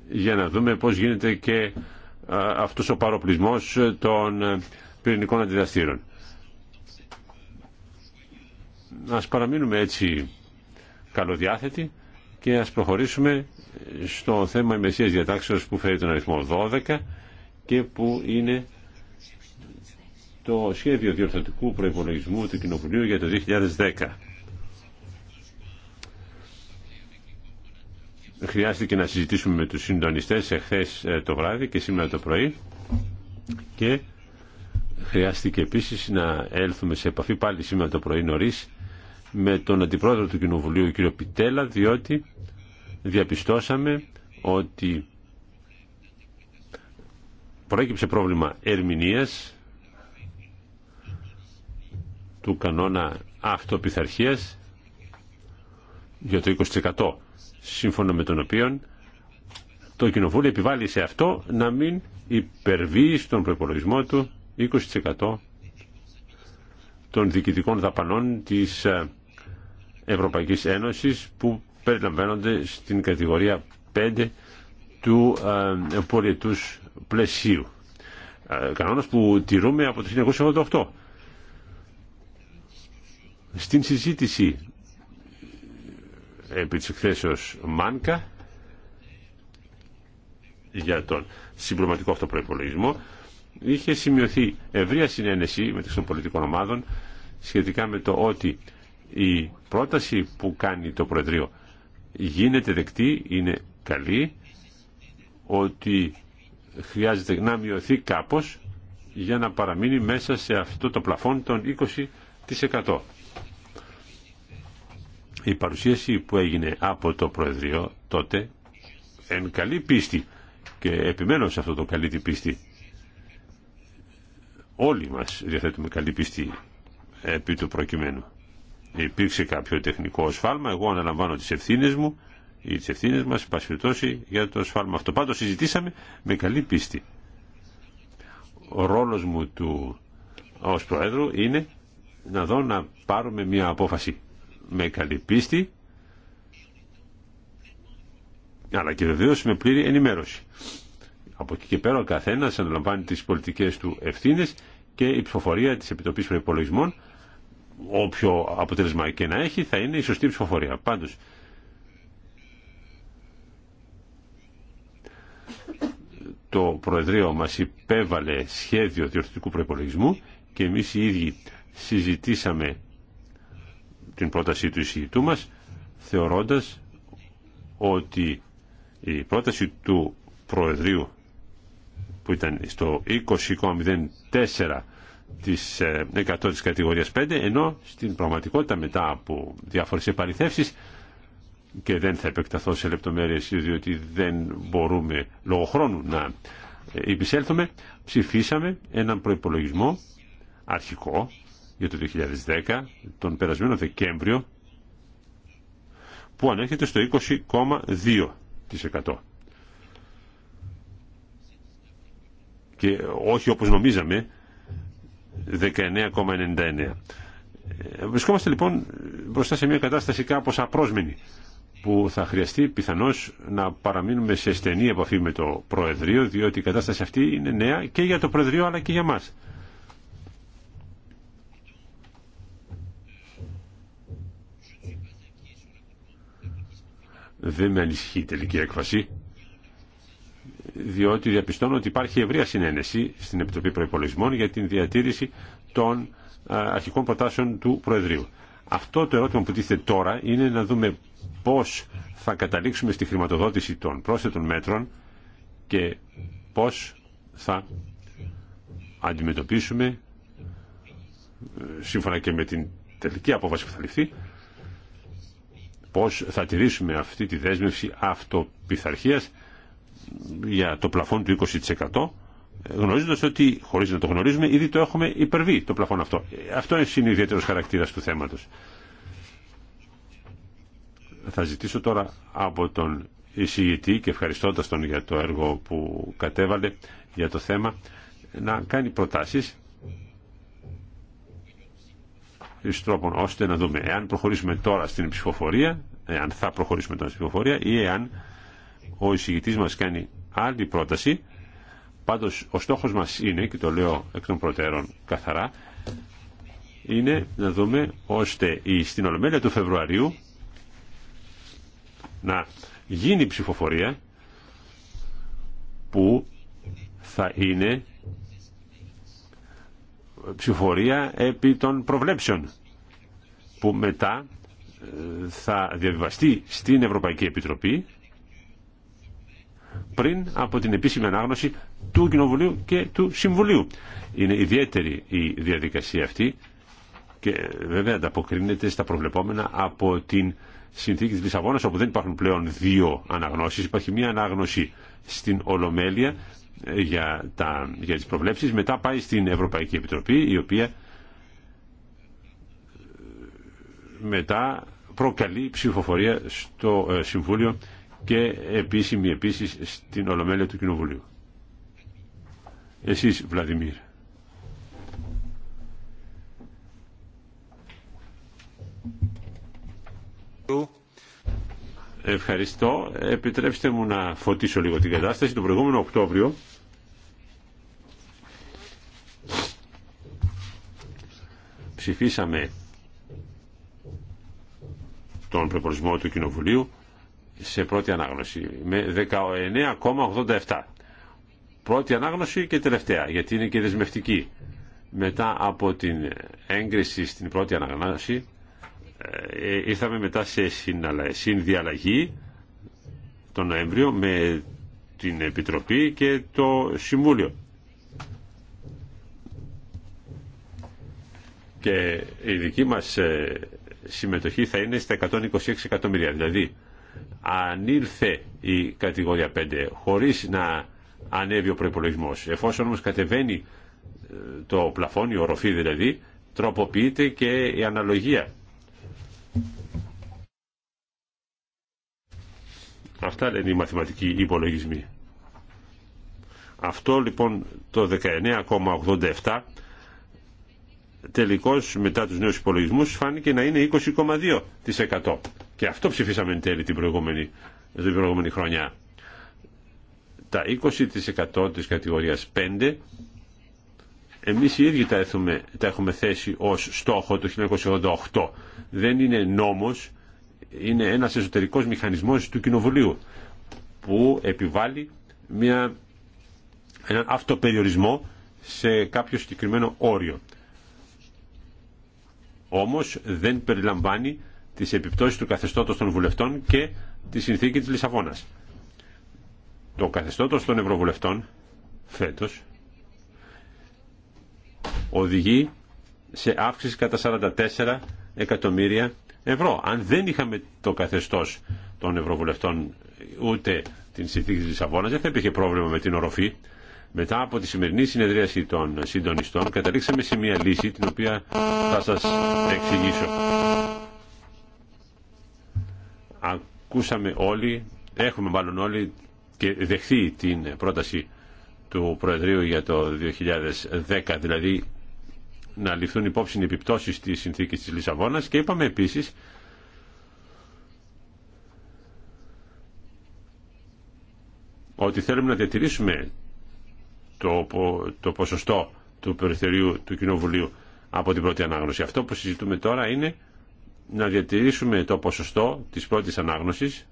για να δούμε πώς γίνεται και ε, αυτός ο παροπλισμός των πυρηνικών αντιδραστήρων ας παραμείνουμε έτσι καλοδιάθετοι και ας προχωρήσουμε στο θέμα ημεσίας διατάξεως που φέρει τον αριθμό 12 και που είναι το σχέδιο διορθωτικού προϋπολογισμού του Κοινοβουλίου για το 2010. Χρειάστηκε να συζητήσουμε με τους συντονιστές εχθές ε, το βράδυ και σήμερα το πρωί και χρειάστηκε επίσης να έλθουμε σε επαφή πάλι σήμερα το πρωί νωρίς με τον Αντιπρόεδρο του Κοινοβουλίου, κύριο Πιτέλα, διότι διαπιστώσαμε ότι προέκυψε πρόβλημα ερμηνείας του κανόνα αυτοπιθαρχίας για το 20% σύμφωνα με τον οποίο το Κοινοβούλιο επιβάλλει σε αυτό να μην υπερβεί στον προπολογισμό του 20% των διοικητικών δαπανών της ε, Ευρωπαϊκής Ένωσης που περιλαμβάνονται στην κατηγορία 5 του ε, πολιετούς πλαισίου. Ε, που τηρούμε από το 1988. Στην συζήτηση επί της εκθέσεως Μάνκα για τον συμπληρωματικό αυτό είχε σημειωθεί ευρεία συνένεση μεταξύ των πολιτικών ομάδων σχετικά με το ότι η πρόταση που κάνει το Προεδρείο γίνεται δεκτή, είναι καλή, ότι χρειάζεται να μειωθεί κάπως για να παραμείνει μέσα σε αυτό το πλαφόν των 20%. Η παρουσίαση που έγινε από το Προεδρείο τότε εν καλή πίστη και επιμένω σε αυτό το καλή την πίστη όλοι μας διαθέτουμε καλή πίστη επί του προκειμένου υπήρξε κάποιο τεχνικό σφάλμα, εγώ αναλαμβάνω τις ευθύνες μου ή τις ευθύνες μας, περιπτώσει, για το σφάλμα αυτό. Πάντω συζητήσαμε με καλή πίστη. Ο ρόλος μου του ως Προέδρου είναι να δω να πάρουμε μια απόφαση με καλή πίστη αλλά και βεβαίω με πλήρη ενημέρωση. Από εκεί και πέρα ο καθένας αναλαμβάνει τις πολιτικές του ευθύνες και η ψηφοφορία της Επιτροπής Προϋπολογισμών όποιο αποτέλεσμα και να έχει θα είναι η σωστή ψηφοφορία. Πάντως, το Προεδρείο μας υπέβαλε σχέδιο διορθωτικού προϋπολογισμού και εμείς οι ίδιοι συζητήσαμε την πρόταση του εισηγητού μας θεωρώντας ότι η πρόταση του Προεδρείου που ήταν στο 20,04 της 100 ε, της κατηγορίας 5 ενώ στην πραγματικότητα μετά από διάφορες επαληθεύσεις και δεν θα επεκταθώ σε λεπτομέρειες διότι δεν μπορούμε λόγω χρόνου να ε, επισέλθουμε ψηφίσαμε έναν προϋπολογισμό αρχικό για το 2010 τον περασμένο Δεκέμβριο που ανέρχεται στο 20,2% και όχι όπως νομίζαμε 19,99. Βρισκόμαστε λοιπόν μπροστά σε μια κατάσταση κάπως απρόσμενη που θα χρειαστεί πιθανώς να παραμείνουμε σε στενή επαφή με το Προεδρείο διότι η κατάσταση αυτή είναι νέα και για το Προεδρείο αλλά και για μας. Δεν με ανησυχεί η τελική έκφαση διότι διαπιστώνω ότι υπάρχει ευρία συνένεση στην Επιτροπή Προπολογισμών για την διατήρηση των αρχικών προτάσεων του Προεδρείου. Αυτό το ερώτημα που τίθεται τώρα είναι να δούμε πώς θα καταλήξουμε στη χρηματοδότηση των πρόσθετων μέτρων και πώς θα αντιμετωπίσουμε ε, σύμφωνα και με την τελική απόφαση που θα ληφθεί πώς θα τηρήσουμε αυτή τη δέσμευση αυτοπιθαρχίας για το πλαφόν του 20% γνωρίζοντα ότι, χωρί να το γνωρίζουμε, ήδη το έχουμε υπερβεί το πλαφόν αυτό. Αυτό είναι ο ιδιαίτερο χαρακτήρα του θέματο. Θα ζητήσω τώρα από τον εισηγητή και ευχαριστώντα τον για το έργο που κατέβαλε για το θέμα να κάνει προτάσει εις τρόπον ώστε να δούμε εάν προχωρήσουμε τώρα στην ψηφοφορία, εάν θα προχωρήσουμε τώρα στην ψηφοφορία ή εάν ο εισηγητή μα κάνει άλλη πρόταση. Πάντως ο στόχος μας είναι, και το λέω εκ των προτέρων καθαρά, είναι να δούμε ώστε στην Ολομέλεια του Φεβρουαρίου να γίνει ψηφοφορία που θα είναι ψηφοφορία επί των προβλέψεων που μετά ε, θα διαβιβαστεί στην Ευρωπαϊκή Επιτροπή πριν από την επίσημη ανάγνωση του Κοινοβουλίου και του Συμβουλίου. Είναι ιδιαίτερη η διαδικασία αυτή και βέβαια ανταποκρίνεται στα προβλεπόμενα από την συνθήκη της Λισαβόνας όπου δεν υπάρχουν πλέον δύο αναγνώσεις. Υπάρχει μία ανάγνωση στην Ολομέλεια ε, για, τα, για τις προβλέψεις. Μετά πάει στην Ευρωπαϊκή Επιτροπή η οποία ε, μετά προκαλεί ψηφοφορία στο ε, Συμβούλιο και επίσημη επίσης στην Ολομέλεια του Κοινοβουλίου. Εσείς, Βλαδιμίρ. Ευχαριστώ. Επιτρέψτε μου να φωτίσω λίγο την κατάσταση. Τον προηγούμενο Οκτώβριο ψηφίσαμε τον προπολισμό του Κοινοβουλίου σε πρώτη ανάγνωση με 19,87 πρώτη ανάγνωση και τελευταία γιατί είναι και δεσμευτική μετά από την έγκριση στην πρώτη αναγνώση ε, ε, ήρθαμε μετά σε συνδιαλλαγή τον Νοέμβριο με την Επιτροπή και το Συμβούλιο. Και η δική μας ε, συμμετοχή θα είναι στα 126 εκατομμύρια, δηλαδή ήρθε η κατηγορία 5 χωρίς να ανέβει ο προπολογισμό. Εφόσον όμως κατεβαίνει ε, το πλαφόν, η οροφή δηλαδή, τροποποιείται και η αναλογία. Αυτά λένε οι μαθηματικοί υπολογισμοί. Αυτό λοιπόν το 19,87 τελικώς μετά τους νέους υπολογισμούς φάνηκε να είναι 20,2%. Και αυτό ψηφίσαμε εν τέλει την προηγούμενη, την προηγούμενη χρονιά. Τα 20% της κατηγορίας 5 εμείς οι ίδιοι τα έχουμε, τα έχουμε θέσει ως στόχο το 1988. Δεν είναι νόμος, είναι ένας εσωτερικός μηχανισμός του Κοινοβουλίου που επιβάλλει μια, έναν αυτοπεριορισμό σε κάποιο συγκεκριμένο όριο. Όμως δεν περιλαμβάνει τι επιπτώσεις του καθεστώτος των βουλευτών και τη συνθήκη της Λισαβόνα. Το καθεστώτος των ευρωβουλευτών φέτος οδηγεί σε αύξηση κατά 44 εκατομμύρια ευρώ. Αν δεν είχαμε το καθεστώς των ευρωβουλευτών ούτε την συνθήκη της Λισαβόνα, δεν θα υπήρχε πρόβλημα με την οροφή. Μετά από τη σημερινή συνεδρίαση των συντονιστών καταλήξαμε σε μια λύση την οποία θα σας εξηγήσω ακούσαμε όλοι, έχουμε μάλλον όλοι και δεχθεί την πρόταση του Προεδρείου για το 2010, δηλαδή να ληφθούν υπόψη οι επιπτώσεις της συνθήκης της Λισαβόνας και είπαμε επίσης ότι θέλουμε να διατηρήσουμε το, το ποσοστό του περιφερειού του Κοινοβουλίου από την πρώτη ανάγνωση. Αυτό που συζητούμε τώρα είναι να διατηρήσουμε το ποσοστό της πρώτης ανάγνωσης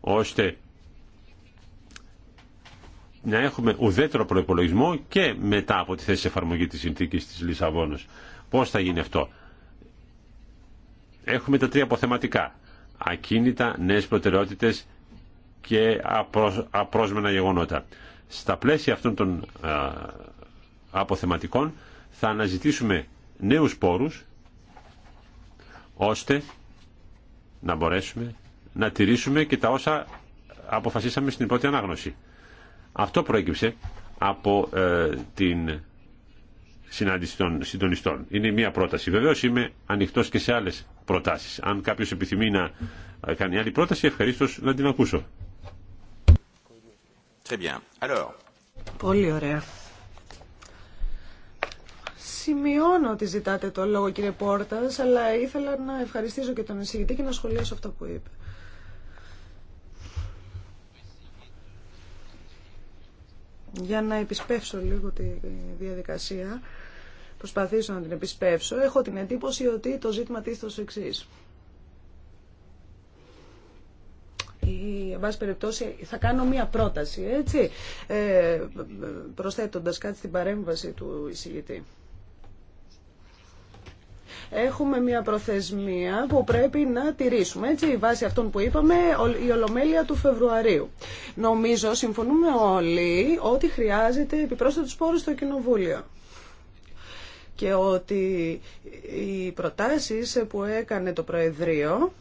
ώστε να έχουμε ουδέτερο προπολογισμό και μετά από τη θέση εφαρμογή της συνθήκης της Λισαβόνος. Πώς θα γίνει αυτό. Έχουμε τα τρία αποθεματικά. Ακίνητα, νέες προτεραιότητες και απρόσμενα γεγονότα. Στα πλαίσια αυτών των αποθεματικών θα αναζητήσουμε νέους πόρους ώστε να μπορέσουμε να τηρήσουμε και τα όσα αποφασίσαμε στην πρώτη ανάγνωση. Αυτό προέκυψε από ε, την συνάντηση των συντονιστών. Είναι μία πρόταση. Βεβαίω είμαι ανοιχτό και σε άλλε προτάσει. Αν κάποιο επιθυμεί να ε, κάνει άλλη πρόταση, ευχαρίστω να την ακούσω. Πολύ ωραία. Σημειώνω ότι ζητάτε το λόγο κύριε Πόρτας, αλλά ήθελα να ευχαριστήσω και τον εισηγητή και να σχολιάσω αυτό που είπε. Για να επισπεύσω λίγο τη διαδικασία, προσπαθήσω να την επισπεύσω, έχω την εντύπωση ότι το ζήτημα τίθος εξή. εν πάση περιπτώσει θα κάνω μία πρόταση, έτσι, ε, προσθέτοντας κάτι στην παρέμβαση του εισηγητή έχουμε μια προθεσμία που πρέπει να τηρήσουμε. Έτσι, η βάση αυτών που είπαμε, η Ολομέλεια του Φεβρουαρίου. Νομίζω, συμφωνούμε όλοι, ότι χρειάζεται επιπρόσθετους πόρους στο Κοινοβούλιο και ότι οι προτάσεις που έκανε το Προεδρείο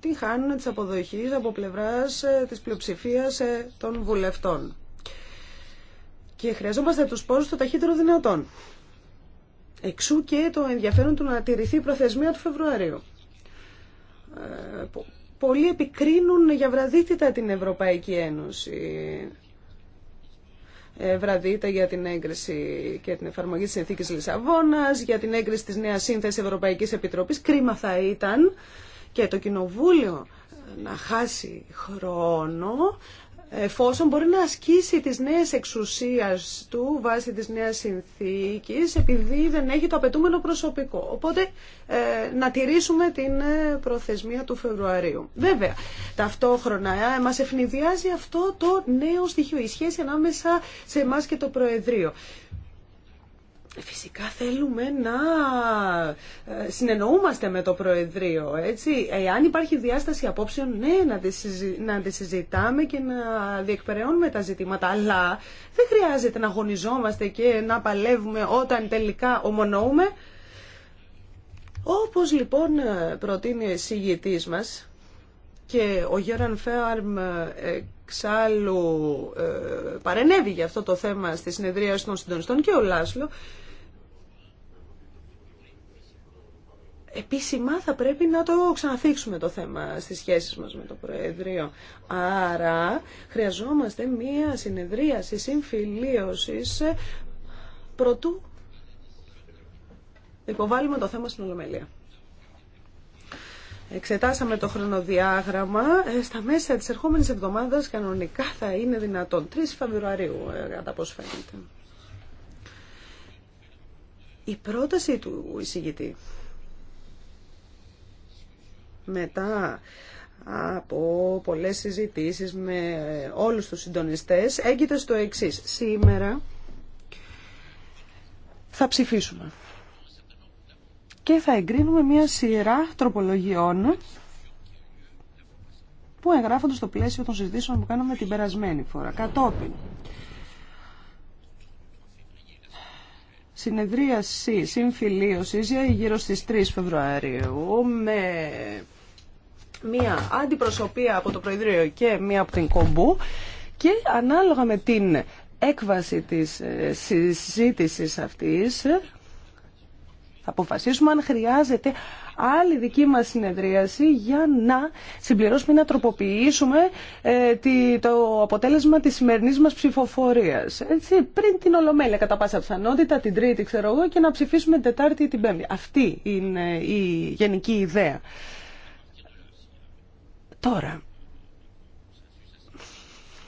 τη χάνουν τις αποδοχής από πλευράς ε, της πλειοψηφίας ε, των βουλευτών. Και χρειαζόμαστε τους πόρους το ταχύτερο δυνατόν. Εξού και το ενδιαφέρον του να τηρηθεί η προθεσμία του Φεβρουαρίου. Ε, πολλοί επικρίνουν για βραδίτητα την Ευρωπαϊκή Ένωση. Ε, βραδύτητα για την έγκριση και την εφαρμογή της συνθήκης Λισαβόνας, για την έγκριση της νέας σύνθεσης Ευρωπαϊκής Επιτροπής. Κρίμα θα ήταν και το Κοινοβούλιο να χάσει χρόνο εφόσον μπορεί να ασκήσει τις νέες εξουσίας του βάσει της νέας συνθήκης επειδή δεν έχει το απαιτούμενο προσωπικό. Οπότε ε, να τηρήσουμε την ε, προθεσμία του Φεβρουαρίου. Βέβαια, ταυτόχρονα ε, μας ευνηδιάζει αυτό το νέο στοιχείο, η σχέση ανάμεσα σε εμά και το Προεδρείο. Φυσικά θέλουμε να ε, συνεννοούμαστε με το Προεδρείο, έτσι. Αν υπάρχει διάσταση απόψεων, ναι, να τη συζητάμε και να διεκπαιρεώνουμε τα ζητήματα. Αλλά δεν χρειάζεται να αγωνιζόμαστε και να παλεύουμε όταν τελικά ομονοούμε. Όπως λοιπόν ε, προτείνει ο συγητής μας και ο Γέραν Φέαρμ ε, εξάλλου παρενέβη για αυτό το θέμα στη συνεδρία των συντονιστών και ο Λάσλο, επίσημα θα πρέπει να το ξαναθίξουμε το θέμα στις σχέσεις μας με το Προεδρείο. Άρα χρειαζόμαστε μία συνεδρίαση συμφιλίωσης προτού υποβάλουμε το θέμα στην Ολομέλεια. Εξετάσαμε το χρονοδιάγραμμα. Ε, στα μέσα της ερχόμενης εβδομάδας κανονικά θα είναι δυνατόν. 3 Φεβρουαρίου, ε, κατά πώς φαίνεται. Η πρόταση του εισηγητή μετά από πολλές συζητήσεις με όλους τους συντονιστές έγκυται στο εξή. Σήμερα θα ψηφίσουμε και θα εγκρίνουμε μια σειρά τροπολογιών που εγγράφονται στο πλαίσιο των συζητήσεων που κάναμε την περασμένη φορά. Κατόπιν συνεδρίαση συμφιλίωσης για γύρω στις 3 Φεβρουαρίου με μία αντιπροσωπεία από το Προεδρείο και μία από την Κομπού και ανάλογα με την έκβαση της ε, συζήτησης αυτής ε, θα αποφασίσουμε αν χρειάζεται άλλη δική μας συνεδρίαση για να συμπληρώσουμε να τροποποιήσουμε ε, το αποτέλεσμα της σημερινής μας ψηφοφορίας. πριν την Ολομέλεια κατά πάσα πιθανότητα, την Τρίτη ξέρω εγώ και να ψηφίσουμε την Τετάρτη ή την Πέμπτη. Αυτή είναι η γενική ιδέα. Τώρα,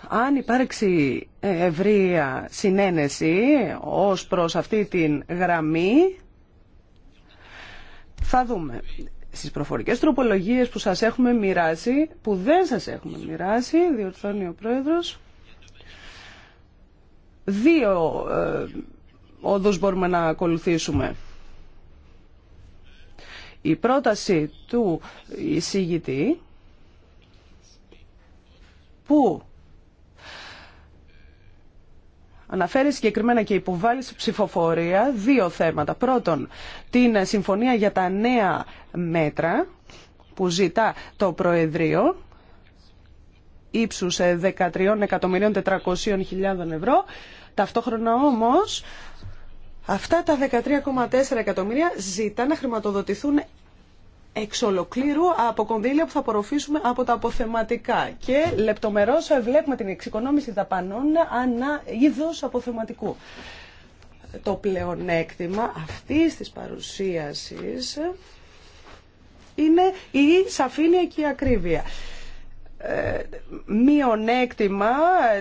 αν υπάρξει ευρεία συνένεση ως προς αυτή την γραμμή, θα δούμε στις προφορικές τροπολογίες που σας έχουμε μοιράσει, που δεν σας έχουμε μοιράσει, διορθώνει ο Πρόεδρος, δύο ε, όδους μπορούμε να ακολουθήσουμε. Η πρόταση του εισηγητή που αναφέρει συγκεκριμένα και υποβάλλει ψηφοφορία δύο θέματα. Πρώτον, την συμφωνία για τα νέα μέτρα που ζητά το Προεδρείο ύψους 13.400.000 ε, ευρώ. Ταυτόχρονα όμως αυτά τα 13,4 εκατομμύρια ζητά να χρηματοδοτηθούν εξ ολοκλήρου από κονδύλια που θα απορροφήσουμε από τα αποθεματικά. Και λεπτομερώ ε, βλέπουμε την εξοικονόμηση δαπανών ανά είδο αποθεματικού. Το πλεονέκτημα αυτή της παρουσίαση είναι η σαφήνεια και η ακρίβεια. Ε, μειονέκτημα,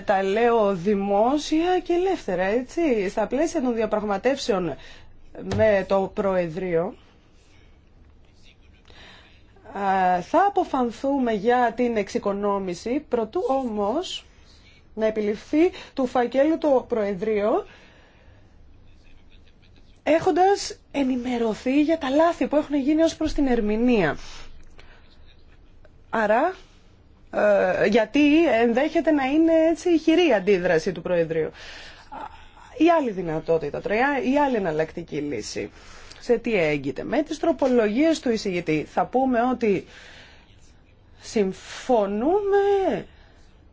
τα λέω δημόσια και ελεύθερα, έτσι. Στα πλαίσια των διαπραγματεύσεων με το Προεδρείο, θα αποφανθούμε για την εξοικονόμηση, προτού όμως να επιληφθεί του φακέλου το Προεδρείο, έχοντας ενημερωθεί για τα λάθη που έχουν γίνει ως προς την ερμηνεία. Άρα, ε, γιατί ενδέχεται να είναι έτσι η χειρή αντίδραση του Προεδρείου. Η άλλη δυνατότητα, η άλλη εναλλακτική λύση σε τι έγκυται. Με τις τροπολογίες του εισηγητή θα πούμε ότι συμφωνούμε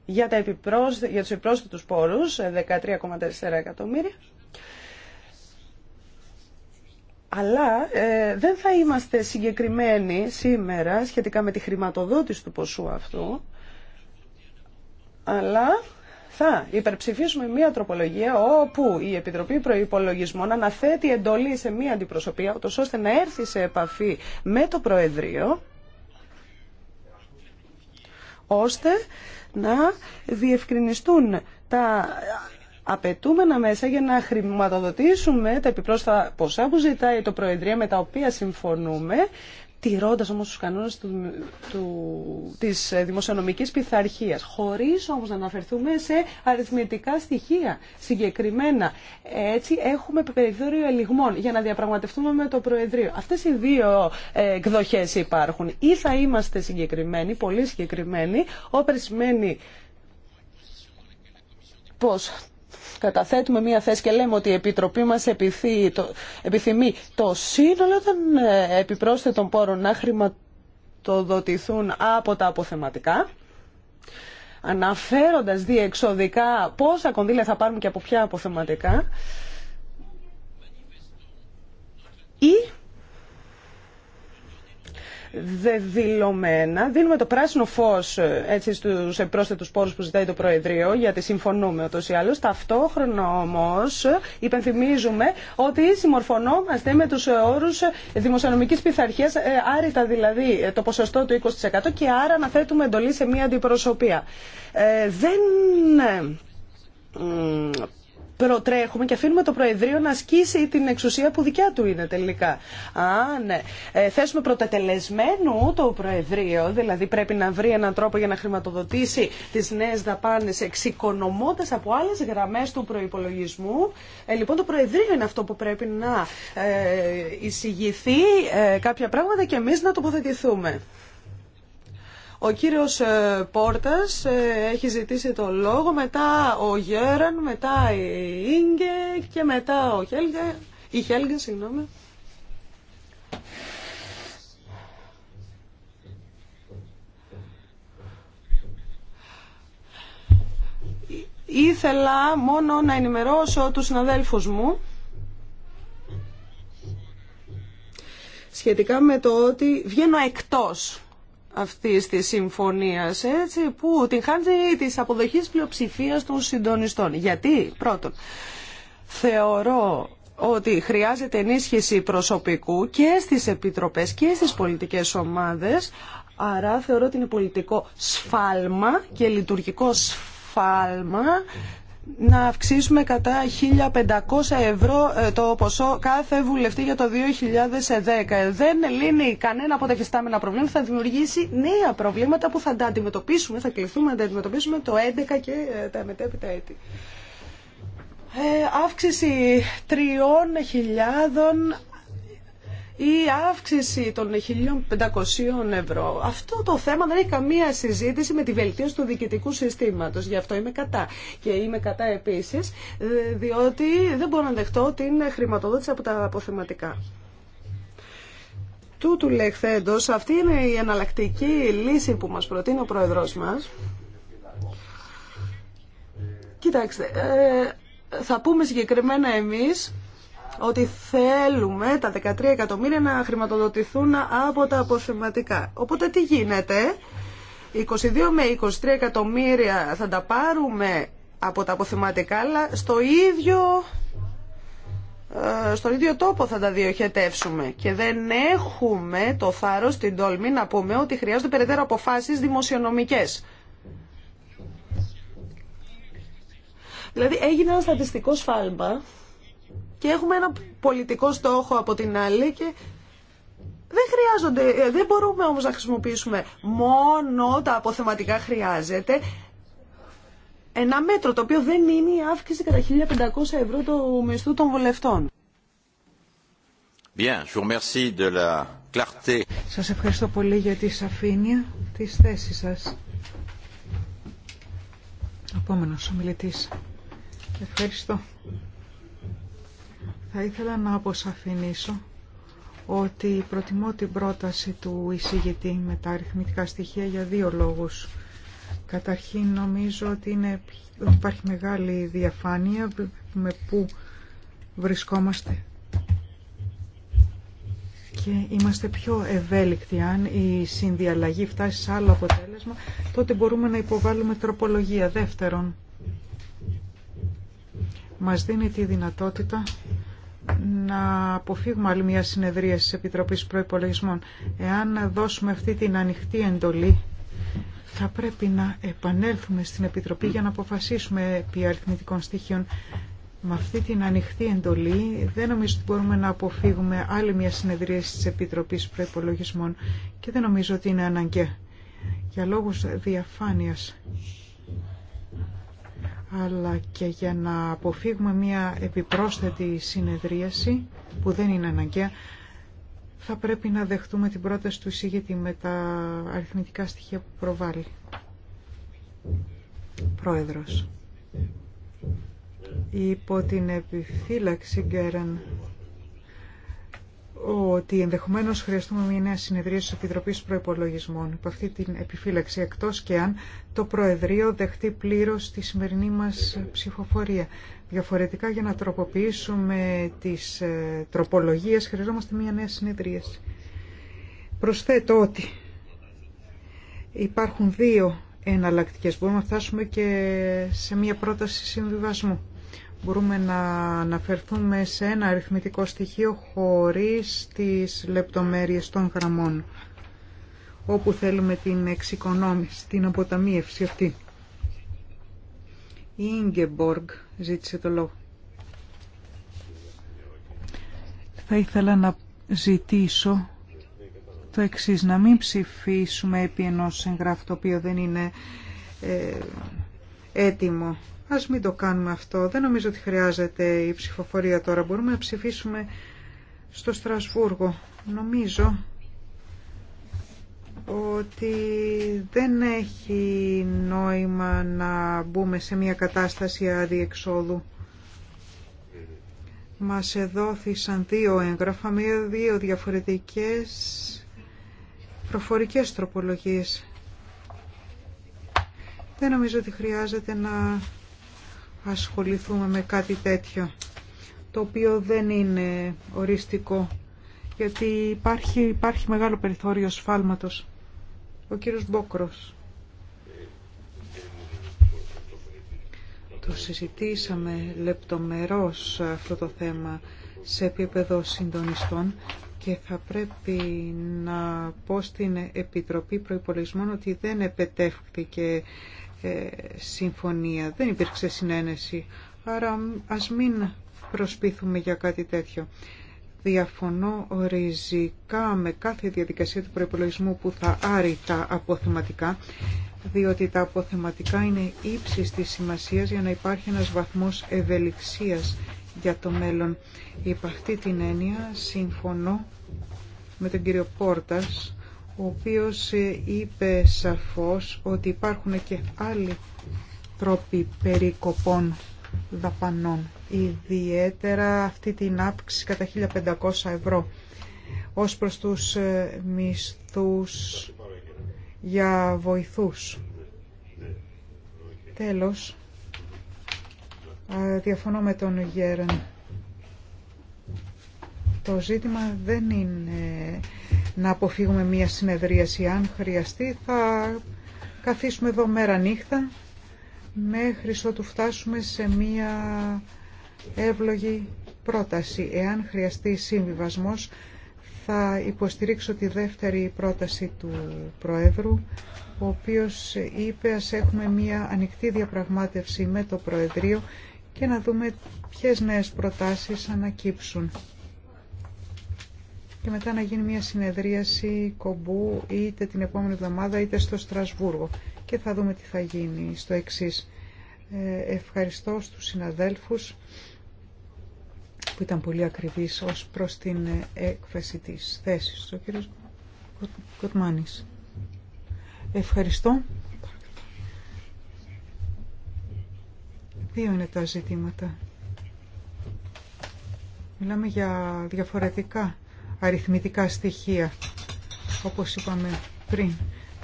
για, τα επιπρόσθε, για τους επιπρόσθετους πόρους, 13,4 ε, εκατομμύρια, αλλά ε, δεν θα είμαστε συγκεκριμένοι σήμερα σχετικά με τη χρηματοδότηση του ποσού αυτού, αλλά θα υπερψηφίσουμε μία τροπολογία όπου η Επιτροπή Προϋπολογισμών αναθέτει εντολή σε μία αντιπροσωπεία, ώστε να έρθει σε επαφή με το Προεδρείο, ώστε να διευκρινιστούν τα απαιτούμενα μέσα για να χρηματοδοτήσουμε τα επιπρόσθετα ποσά που ζητάει το Προεδρείο με τα οποία συμφωνούμε τηρώντας όμως τους κανόνες του, του, της ε, δημοσιονομικής πειθαρχία, χωρίς όμως να αναφερθούμε σε αριθμητικά στοιχεία συγκεκριμένα. Έτσι έχουμε περιθώριο ελιγμών για να διαπραγματευτούμε με το Προεδρείο. Αυτές οι δύο ε, εκδοχές υπάρχουν. Ή θα είμαστε συγκεκριμένοι, πολύ συγκεκριμένοι, όπερ σημαίνει πως καταθέτουμε μία θέση και λέμε ότι η Επιτροπή μας επιθυμεί το, σύνολο των ε, επιπρόσθετων πόρων να χρηματοδοτηθούν από τα αποθεματικά αναφέροντας διεξοδικά πόσα κονδύλια θα πάρουμε και από ποια αποθεματικά ή δεδηλωμένα. Δίνουμε το πράσινο φως ε, στου στους πρόσθετους πόρους που ζητάει το Προεδρείο, γιατί συμφωνούμε ούτω ή άλλω. Ταυτόχρονα όμως υπενθυμίζουμε ότι συμμορφωνόμαστε με τους ε, όρους ε, δημοσιονομικής πειθαρχία. άρρητα δηλαδή το ποσοστό του 20% και άρα να θέτουμε εντολή σε μία αντιπροσωπεία. δεν προτρέχουμε και αφήνουμε το Προεδρείο να ασκήσει την εξουσία που δικιά του είναι τελικά. Αν ναι. ε, θέσουμε πρωτατελεσμένου το Προεδρείο, δηλαδή πρέπει να βρει έναν τρόπο για να χρηματοδοτήσει τι νέε δαπάνε εξοικονομώντα από άλλε γραμμέ του προπολογισμού, ε, λοιπόν το Προεδρείο είναι αυτό που πρέπει να ε, εισηγηθεί ε, κάποια πράγματα και εμεί να τοποθετηθούμε. Ο κύριος ε, Πόρτας ε, έχει ζητήσει το λόγο, μετά ο Γιέραν, μετά η Ίγκε και μετά ο Χέλγε, η Χέλγε, συγγνώμη. Ήθελα μόνο να ενημερώσω τους συναδέλφους μου σχετικά με το ότι βγαίνω εκτός αυτή τη συμφωνίας, έτσι, που την χάνει τη αποδοχή πλειοψηφία των συντονιστών. Γιατί, πρώτον, θεωρώ ότι χρειάζεται ενίσχυση προσωπικού και στις επιτροπές και στις πολιτικές ομάδες, άρα θεωρώ ότι είναι πολιτικό σφάλμα και λειτουργικό σφάλμα να αυξήσουμε κατά 1.500 ευρώ ε, το ποσό κάθε βουλευτή για το 2010. Δεν λύνει κανένα από τα φυστάμενα προβλήματα, θα δημιουργήσει νέα προβλήματα που θα τα αντιμετωπίσουμε, θα κληθούμε να τα αντιμετωπίσουμε το 2011 και ε, τα μετέπειτα έτη. Ε, αύξηση 3.000 η αύξηση των 1.500 ευρώ. Αυτό το θέμα δεν έχει καμία συζήτηση με τη βελτίωση του διοικητικού συστήματος. Γι' αυτό είμαι κατά. Και είμαι κατά επίσης, διότι δεν μπορώ να δεχτώ την χρηματοδότηση από τα αποθεματικά. Τούτου λεχθέντος, αυτή είναι η εναλλακτική λύση που μας προτείνει ο Πρόεδρος μας. Κοιτάξτε, ε, θα πούμε συγκεκριμένα εμείς ότι θέλουμε τα 13 εκατομμύρια να χρηματοδοτηθούν από τα αποθεματικά. Οπότε τι γίνεται, 22 με 23 εκατομμύρια θα τα πάρουμε από τα αποθεματικά, αλλά στο ίδιο, ε, στο ίδιο τόπο θα τα διοχετεύσουμε. Και δεν έχουμε το θάρρος, την τόλμη, να πούμε ότι χρειάζονται περαιτέρω αποφάσεις δημοσιονομικές. Δηλαδή έγινε ένα στατιστικό σφάλμα και έχουμε ένα πολιτικό στόχο από την άλλη και δεν χρειάζονται, ε, δεν μπορούμε όμως να χρησιμοποιήσουμε μόνο τα αποθεματικά χρειάζεται. Ένα μέτρο το οποίο δεν είναι η αύξηση κατά 1500 ευρώ του μισθού των βουλευτών. Bien, je vous remercie de la clarté. Σας ευχαριστώ πολύ για τη σαφήνεια της θέσης σας. Επόμενος ομιλητής. Ευχαριστώ. Θα ήθελα να αποσαφηνίσω ότι προτιμώ την πρόταση του εισηγητή με τα αριθμητικά στοιχεία για δύο λόγους. Καταρχήν νομίζω ότι, υπάρχει μεγάλη διαφάνεια με πού βρισκόμαστε και είμαστε πιο ευέλικτοι. Αν η συνδιαλλαγή φτάσει σε άλλο αποτέλεσμα, τότε μπορούμε να υποβάλουμε τροπολογία. Δεύτερον, μας δίνει τη δυνατότητα να αποφύγουμε άλλη μια συνεδρία της Επιτροπής Προϋπολογισμών. Εάν δώσουμε αυτή την ανοιχτή εντολή, θα πρέπει να επανέλθουμε στην Επιτροπή για να αποφασίσουμε επί αριθμητικών στοιχείων. Με αυτή την ανοιχτή εντολή δεν νομίζω ότι μπορούμε να αποφύγουμε άλλη μια συνεδρία της Επιτροπής Προϋπολογισμών και δεν νομίζω ότι είναι αναγκαία. Για λόγους διαφάνειας αλλά και για να αποφύγουμε μια επιπρόσθετη συνεδρίαση που δεν είναι αναγκαία θα πρέπει να δεχτούμε την πρόταση του εισηγητή με τα αριθμητικά στοιχεία που προβάλλει. Πρόεδρος. Υπό την επιφύλαξη Γκέραν ότι ενδεχομένως χρειαστούμε μια νέα συνεδρία της Επιτροπής Προϋπολογισμών υπό αυτή την επιφύλαξη, εκτός και αν το Προεδρείο δεχτεί πλήρως τη σημερινή μας ψηφοφορία. Διαφορετικά για να τροποποιήσουμε τις ε, τροπολογίες χρειαζόμαστε μια νέα συνεδρία. Προσθέτω ότι υπάρχουν δύο εναλλακτικές. Μπορούμε να φτάσουμε και σε μια πρόταση συμβιβασμού μπορούμε να αναφερθούμε σε ένα αριθμητικό στοιχείο χωρίς τις λεπτομέρειες των γραμμών όπου θέλουμε την εξοικονόμηση, την αποταμίευση αυτή. Η Ingeborg ζήτησε το λόγο. Θα ήθελα να ζητήσω το εξής, να μην ψηφίσουμε επί ενός εγγράφου το οποίο δεν είναι ε, έτοιμο. Ας μην το κάνουμε αυτό. Δεν νομίζω ότι χρειάζεται η ψηφοφορία τώρα. Μπορούμε να ψηφίσουμε στο Στρασβούργο. Νομίζω ότι δεν έχει νόημα να μπούμε σε μια κατάσταση αδιεξόδου. Μας εδόθησαν δύο έγγραφα, δύο διαφορετικές προφορικές τροπολογίες. Δεν νομίζω ότι χρειάζεται να ασχοληθούμε με κάτι τέτοιο, το οποίο δεν είναι οριστικό, γιατί υπάρχει, υπάρχει μεγάλο περιθώριο σφάλματος. Ο κύριος Μπόκρος. Το συζητήσαμε λεπτομερώς αυτό το θέμα σε επίπεδο συντονιστών και θα πρέπει να πω στην Επιτροπή Προϋπολογισμών ότι δεν επετεύχθηκε ε, συμφωνία. Δεν υπήρξε συνένεση. Άρα ας μην προσπίθουμε για κάτι τέτοιο. Διαφωνώ ριζικά με κάθε διαδικασία του προϋπολογισμού που θα άρει τα αποθεματικά, διότι τα αποθεματικά είναι ύψης της σημασίας για να υπάρχει ένας βαθμός ευελιξίας για το μέλλον. Υπ' αυτή την έννοια συμφωνώ με τον κύριο Πόρτας ο οποίος ε, είπε σαφώς ότι υπάρχουν και άλλοι τρόποι περικοπών δαπανών, ιδιαίτερα αυτή την αύξηση κατά 1.500 ευρώ ως προς τους ε, μισθούς για βοηθούς. Τέλος, διαφωνώ με τον Γέρεν το ζήτημα δεν είναι να αποφύγουμε μία συνεδρίαση. Αν χρειαστεί θα καθίσουμε εδώ μέρα νύχτα μέχρι ότου φτάσουμε σε μία εύλογη πρόταση. Εάν χρειαστεί συμβιβασμός θα υποστηρίξω τη δεύτερη πρόταση του Προέδρου ο οποίος είπε ας έχουμε μία ανοιχτή διαπραγμάτευση με το Προεδρείο και να δούμε ποιες νέες προτάσεις ανακύψουν και μετά να γίνει μια συνεδρίαση κομπού είτε την επόμενη εβδομάδα είτε στο Στρασβούργο και θα δούμε τι θα γίνει στο εξής. Ε, ευχαριστώ στους συναδέλφους που ήταν πολύ ακριβείς ως προς την ε, έκφραση της θέσης. του κ. Κοτμάνης. Ευχαριστώ. Δύο είναι τα ζητήματα. Μιλάμε για διαφορετικά αριθμητικά στοιχεία, όπως είπαμε πριν.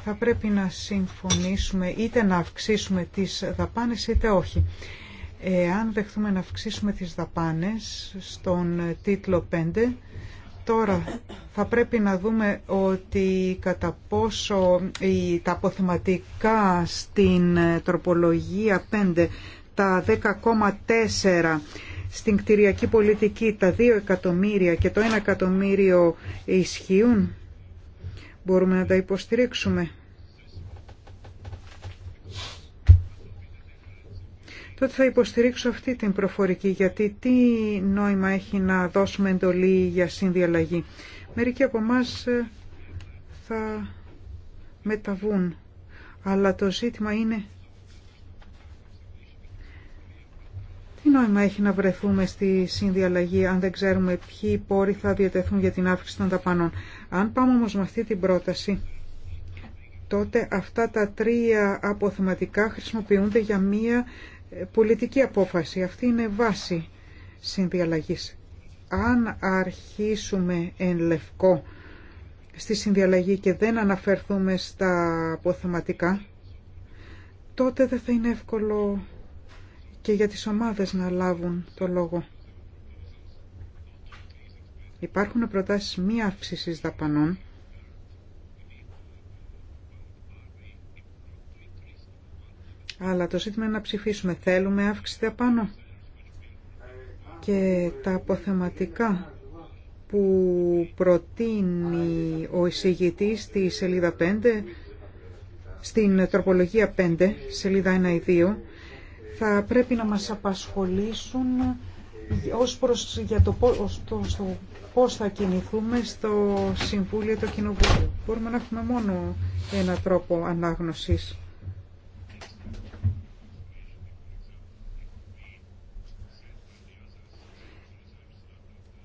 Θα πρέπει να συμφωνήσουμε είτε να αυξήσουμε τις δαπάνες είτε όχι. Εάν δεχθούμε να αυξήσουμε τις δαπάνες στον τίτλο 5, τώρα θα πρέπει να δούμε ότι κατά πόσο τα αποθεματικά στην τροπολογία 5, τα 10,4 στην κτηριακή πολιτική τα 2 εκατομμύρια και το 1 εκατομμύριο ισχύουν. Μπορούμε να τα υποστηρίξουμε. τότε θα υποστηρίξω αυτή την προφορική, γιατί τι νόημα έχει να δώσουμε εντολή για συνδιαλλαγή. Μερικοί από εμά ε, θα μεταβούν, αλλά το ζήτημα είναι Τι νόημα έχει να βρεθούμε στη συνδιαλλαγή αν δεν ξέρουμε ποιοι πόροι θα διατεθούν για την αύξηση των δαπανών. Αν πάμε όμως με αυτή την πρόταση, τότε αυτά τα τρία αποθεματικά χρησιμοποιούνται για μία ε, πολιτική απόφαση. Αυτή είναι βάση συνδιαλλαγής. Αν αρχίσουμε εν λευκό στη συνδιαλλαγή και δεν αναφερθούμε στα αποθεματικά, τότε δεν θα είναι εύκολο και για τις ομάδες να λάβουν το λόγο. Υπάρχουν προτάσεις μη αύξηση δαπανών Αλλά το ζήτημα είναι να ψηφίσουμε. Θέλουμε αύξηση δαπάνω. Και τα αποθεματικά που προτείνει ο εισηγητής στη σελίδα 5, στην τροπολογία 5, σελίδα 1 ή 2, θα πρέπει να μας απασχολήσουν ως προς για το πώς, στο πώς θα κινηθούμε στο Συμβούλιο το Κοινοβούλιο. Μπορούμε να έχουμε μόνο ένα τρόπο ανάγνωσης.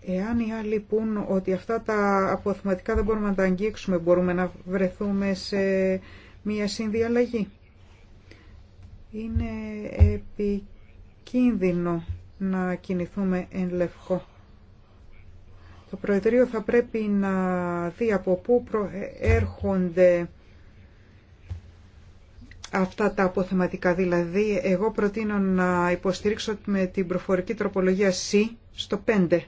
Εάν οι άλλοι πούν ότι αυτά τα αποθυματικά δεν μπορούμε να τα αγγίξουμε, μπορούμε να βρεθούμε σε μία συνδιαλλαγή. Είναι επικίνδυνο να κινηθούμε εν λευκό. Το Προεδρείο θα πρέπει να δει από πού έρχονται αυτά τα αποθεματικά. Δηλαδή, εγώ προτείνω να υποστηρίξω με την προφορική τροπολογία C στο 5.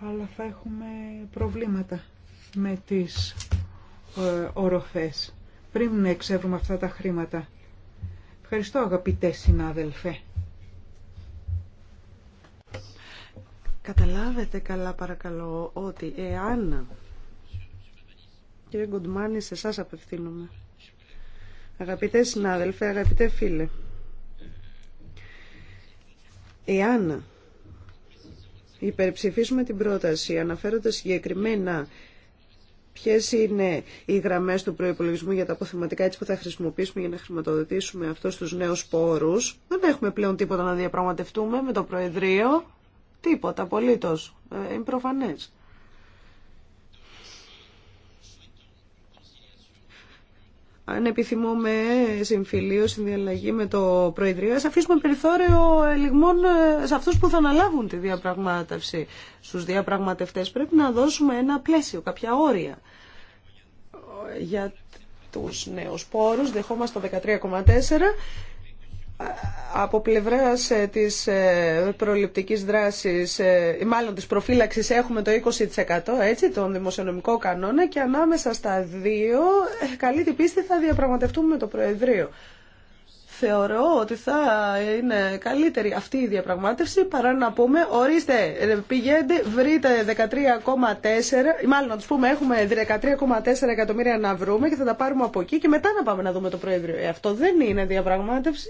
Αλλά θα έχουμε προβλήματα με τις ε, οροφές πριν εξεύρουμε αυτά τα χρήματα. Ευχαριστώ αγαπητέ συνάδελφε. Καταλάβετε καλά παρακαλώ ότι εάν... Κύριε Γκοντμάνη, σε εσάς απευθύνομαι. Αγαπητέ συνάδελφε, αγαπητέ φίλε. Εάν υπερψηφίσουμε την πρόταση αναφέροντας συγκεκριμένα Ποιε είναι οι γραμμέ του προπολογισμού για τα αποθεματικά έτσι που θα χρησιμοποιήσουμε για να χρηματοδοτήσουμε αυτού του νέους πόρου. Δεν έχουμε πλέον τίποτα να διαπραγματευτούμε με το Προεδρείο. Τίποτα, απολύτω, ε, είναι προφανέ. αν επιθυμούμε συμφιλίω, συνδιαλλαγή με το Προεδρείο, ας αφήσουμε περιθώριο ελιγμών ε, σε αυτούς που θα αναλάβουν τη διαπραγμάτευση. Στους διαπραγματευτές πρέπει να δώσουμε ένα πλαίσιο, κάποια όρια. Για τους νέους πόρους δεχόμαστε το 13,4 από πλευράς ε, της ε, προληπτικής δράσης, ε, μάλλον της προφύλαξης έχουμε το 20% έτσι, τον δημοσιονομικό κανόνα και ανάμεσα στα δύο, καλή την πίστη θα διαπραγματευτούμε με το Προεδρείο. Θεωρώ ότι θα είναι καλύτερη αυτή η διαπραγμάτευση παρά να πούμε ορίστε πηγαίνετε βρείτε 13,4 μάλλον να τους πούμε έχουμε 13,4 εκατομμύρια να βρούμε και θα τα πάρουμε από εκεί και μετά να πάμε να δούμε το Προεδρείο. Αυτό δεν είναι διαπραγμάτευση.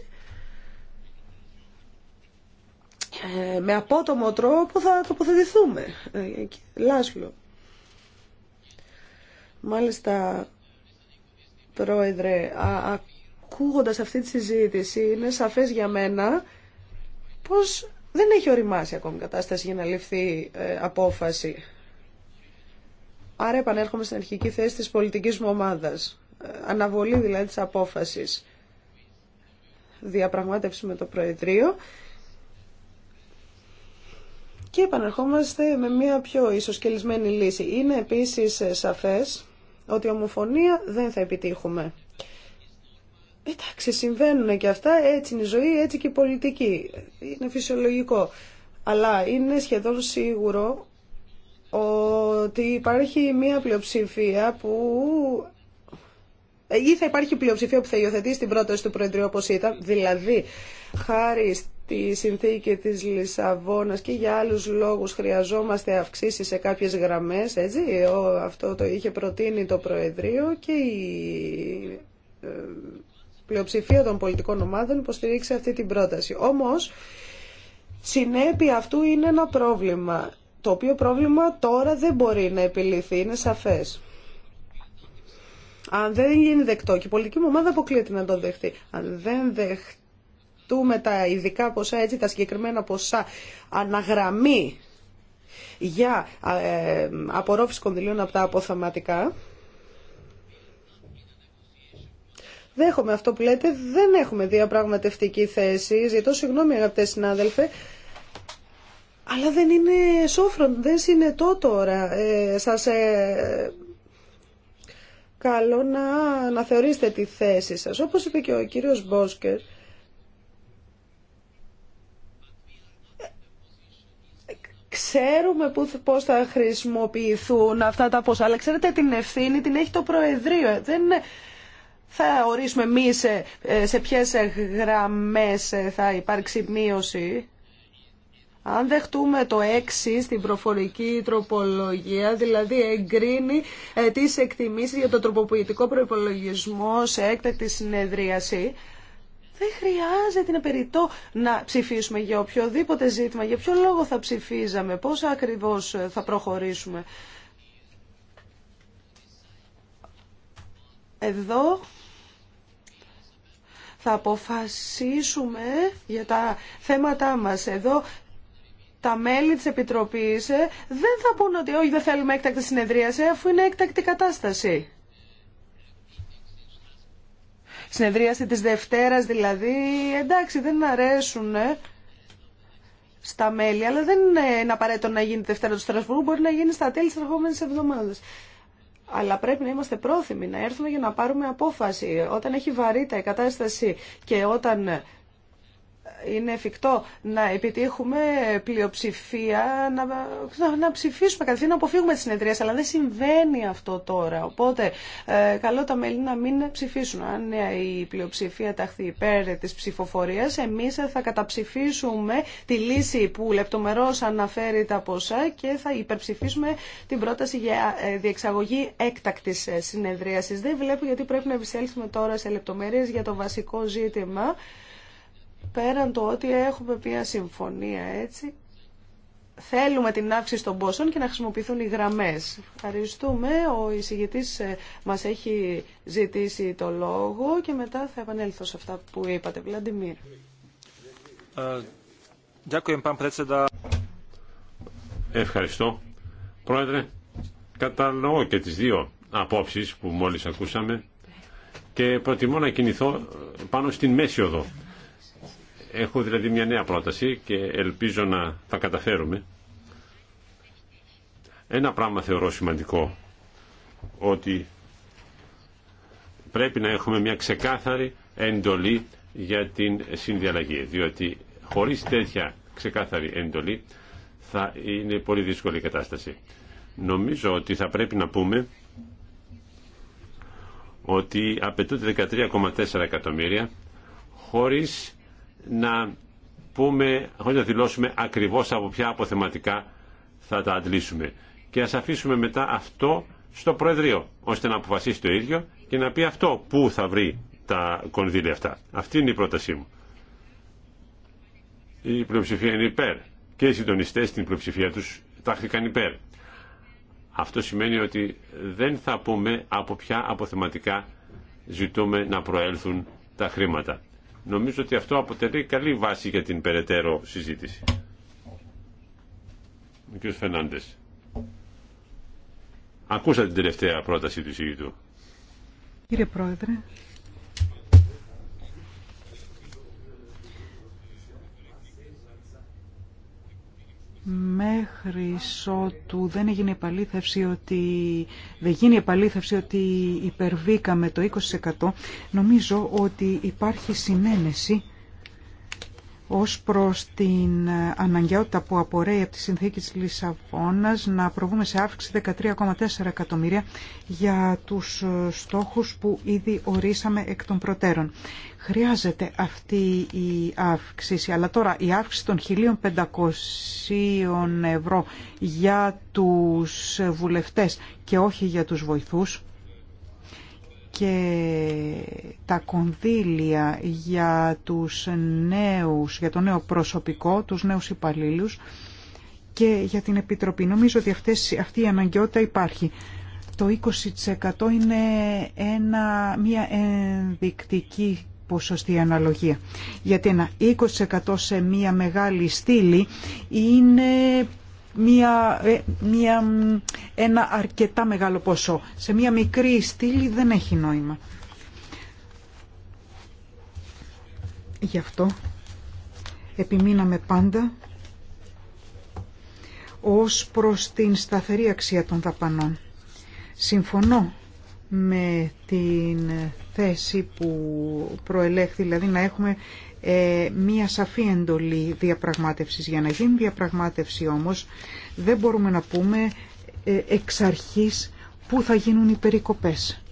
Ε, με απότομο τρόπο θα τοποθετηθούμε. Ε, Λάσλο. Μάλιστα, Πρόεδρε, α, ακούγοντας αυτή τη συζήτηση είναι σαφές για μένα πως δεν έχει οριμάσει ακόμη κατάσταση για να ληφθεί ε, απόφαση. Άρα επανέρχομαι στην αρχική θέση της πολιτικής μου ομάδας. αναβολή δηλαδή της απόφασης. Διαπραγμάτευση με το Προεδρείο και επαναρχόμαστε με μια πιο ισοσκελισμένη λύση. Είναι επίσης ε, σαφές ότι ομοφωνία δεν θα επιτύχουμε. Εντάξει, συμβαίνουν και αυτά, έτσι είναι η ζωή, έτσι και η πολιτική. Είναι φυσιολογικό. Αλλά είναι σχεδόν σίγουρο ότι υπάρχει μια πλειοψηφία που ε, ή θα υπάρχει πλειοψηφία που θα υιοθετήσει την πρόταση του Προεδρείου όπω ήταν, δηλαδή χάρη τη συνθήκη της Λισαβόνας και για άλλους λόγους χρειαζόμαστε αυξήσει σε κάποιες γραμμές, έτσι, αυτό το είχε προτείνει το Προεδρείο και η ε, πλειοψηφία των πολιτικών ομάδων υποστηρίξει αυτή την πρόταση. Όμως, συνέπεια αυτού είναι ένα πρόβλημα, το οποίο πρόβλημα τώρα δεν μπορεί να επιληθεί, είναι σαφές. Αν δεν γίνει δεκτό και η πολιτική μου ομάδα αποκλείεται να το δεχτεί. Αν δεν δεχτεί σκεφτούμε τα ειδικά ποσά, έτσι τα συγκεκριμένα ποσά αναγραμμή για ε, απορρόφηση κονδυλίων από τα αποθαματικά. Δέχομαι αυτό που λέτε, δεν έχουμε διαπραγματευτική θέση, ζητώ συγγνώμη αγαπητέ συνάδελφε, αλλά δεν είναι σόφρον, δεν είναι τώρα. Ε, σας ε, καλώ να, να θεωρήσετε τη θέση σας. Όπως είπε και ο κύριος Μπόσκερ, Ξέρουμε που, πώς θα χρησιμοποιηθούν αυτά τα ποσά, αλλά ξέρετε την ευθύνη την έχει το Προεδρείο. Δεν θα ορίσουμε εμεί σε, σε ποιες θα υπάρξει μείωση. Αν δεχτούμε το 6 στην προφορική τροπολογία, δηλαδή εγκρίνει ε, τις εκτιμήσεις για το τροποποιητικό προϋπολογισμό σε έκτακτη συνεδρίαση, δεν χρειάζεται να περιττό να ψηφίσουμε για οποιοδήποτε ζήτημα, για ποιο λόγο θα ψηφίζαμε, πώς ακριβώς ε, θα προχωρήσουμε. Εδώ θα αποφασίσουμε για τα θέματά μας. Εδώ τα μέλη της Επιτροπής ε, δεν θα πούνε ότι όχι δεν θέλουμε έκτακτη συνεδρίαση αφού είναι έκτακτη κατάσταση συνεδρίαση της Δευτέρας δηλαδή, εντάξει δεν αρέσουν ε, στα μέλη, αλλά δεν είναι απαραίτητο να γίνει Δευτέρα του Στρασβούργου, μπορεί να γίνει στα τέλη της ερχόμενης εβδομάδας. Αλλά πρέπει να είμαστε πρόθυμοι να έρθουμε για να πάρουμε απόφαση. Όταν έχει βαρύτητα η κατάσταση και όταν είναι εφικτό να επιτύχουμε πλειοψηφία, να, να, ψηφίσουμε κατευθείαν, να αποφύγουμε τις συνεδρίες, αλλά δεν συμβαίνει αυτό τώρα. Οπότε, ε, καλό τα μέλη να μην ψηφίσουν. Αν ε, η πλειοψηφία ταχθεί υπέρ της ψηφοφορίας, εμείς θα καταψηφίσουμε τη λύση που λεπτομερώς αναφέρει τα ποσά και θα υπερψηφίσουμε την πρόταση για ε, διεξαγωγή έκτακτης ε, συνεδρίασης. Δεν βλέπω γιατί πρέπει να επισέλθουμε τώρα σε λεπτομέρειες για το βασικό ζήτημα πέραν το ότι έχουμε μια συμφωνία έτσι, θέλουμε την αύξηση των ποσών και να χρησιμοποιηθούν οι γραμμές. Ευχαριστούμε. Ο εισηγητής ε, μας έχει ζητήσει το λόγο και μετά θα επανέλθω σε αυτά που είπατε. Βλαντιμίρ. Ε, Ευχαριστώ. Πρόεδρε, κατανοώ και τις δύο απόψεις που μόλις ακούσαμε και προτιμώ να κινηθώ πάνω στην μέση οδό. Έχω δηλαδή μια νέα πρόταση και ελπίζω να θα καταφέρουμε. Ένα πράγμα θεωρώ σημαντικό, ότι πρέπει να έχουμε μια ξεκάθαρη εντολή για την συνδιαλλαγή, διότι χωρίς τέτοια ξεκάθαρη εντολή θα είναι πολύ δύσκολη η κατάσταση. Νομίζω ότι θα πρέπει να πούμε ότι απαιτούνται 13,4 εκατομμύρια χωρίς να πούμε, χωρίς να δηλώσουμε ακριβώς από ποια αποθεματικά θα τα αντλήσουμε. Και ας αφήσουμε μετά αυτό στο Προεδρείο, ώστε να αποφασίσει το ίδιο και να πει αυτό πού θα βρει τα κονδύλια αυτά. Αυτή είναι η πρότασή μου. Η πλειοψηφία είναι υπέρ και οι συντονιστέ στην πλειοψηφία τους τάχθηκαν υπέρ. Αυτό σημαίνει ότι δεν θα πούμε από ποια αποθεματικά ζητούμε να προέλθουν τα χρήματα. Νομίζω ότι αυτό αποτελεί καλή βάση για την περαιτέρω συζήτηση. Ο κ. Φερνάντες. Ακούσα την τελευταία πρόταση του εισηγητού. Κύριε Πρόεδρε, Μέχρι ότου δεν έγινε επαλήθευση ότι, δεν γίνει επαλήθευση ότι υπερβήκαμε το 20% νομίζω ότι υπάρχει συνένεση ως προς την αναγκαιότητα που απορρέει από τη συνθήκη της Λισαβόνας να προβούμε σε αύξηση 13,4 εκατομμύρια για τους στόχους που ήδη ορίσαμε εκ των προτέρων. Χρειάζεται αυτή η αύξηση, αλλά τώρα η αύξηση των 1.500 ευρώ για τους βουλευτές και όχι για τους βοηθούς και τα κονδύλια για τους νέους, για το νέο προσωπικό, τους νέους υπαλλήλους και για την Επιτροπή. Νομίζω ότι αυτές, αυτή η αναγκαιότητα υπάρχει. Το 20% είναι ένα, μια ενδεικτική ποσοστή αναλογία. Γιατί ένα 20% σε μια μεγάλη στήλη είναι μια, ε, μια, ένα αρκετά μεγάλο ποσό. Σε μια μικρή στήλη δεν έχει νόημα. Γι' αυτό επιμείναμε πάντα ως προς την σταθερή αξία των δαπανών. Συμφωνώ με την θέση που προελέχθη, δηλαδή να έχουμε ε, μία σαφή εντολή διαπραγμάτευσης. Για να γίνει διαπραγμάτευση όμως δεν μπορούμε να πούμε ε, εξ αρχής πού θα γίνουν οι περικοπές.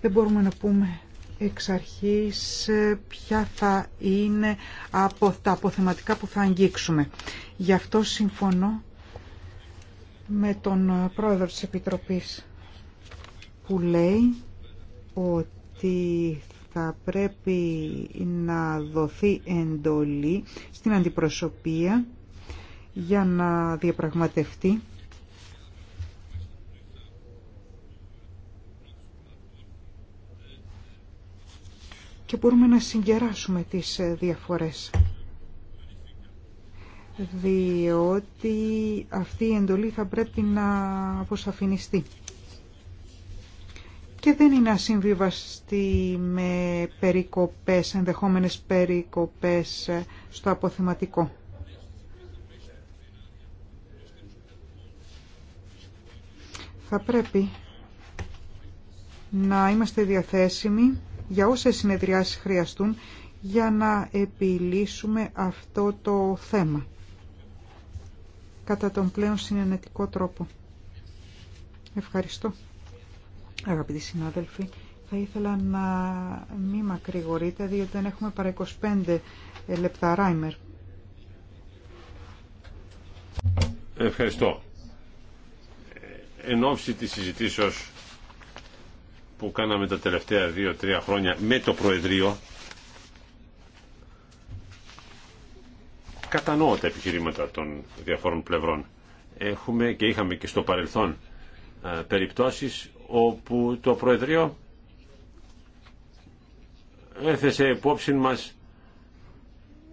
Δεν μπορούμε να πούμε εξ αρχής ε, ποια θα είναι από τα αποθεματικά που θα αγγίξουμε. Γι' αυτό συμφωνώ με τον πρόεδρο της Επιτροπής που λέει ότι θα πρέπει να δοθεί εντολή στην αντιπροσωπεία για να διαπραγματευτεί και μπορούμε να συγκεράσουμε τις διαφορές διότι αυτή η εντολή θα πρέπει να αποσαφινιστεί και δεν είναι ασυμβίβαστη με περικοπές, ενδεχόμενες περικοπές στο αποθεματικό. Θα πρέπει να είμαστε διαθέσιμοι για όσες συνεδριάσεις χρειαστούν για να επιλύσουμε αυτό το θέμα κατά τον πλέον συνενετικό τρόπο. Ευχαριστώ. Αγαπητοί συνάδελφοι, θα ήθελα να μη μακρηγορείτε, διότι δεν έχουμε παρά 25 ε, λεπτά ράιμερ. Ευχαριστώ. Εν ώψη της συζητήσεως που κάναμε τα τελευταία 2-3 χρόνια με το Προεδρείο, κατανοώ τα επιχειρήματα των διαφόρων πλευρών. Έχουμε και είχαμε και στο παρελθόν ε, περιπτώσεις όπου το Προεδρείο έθεσε υπόψη μας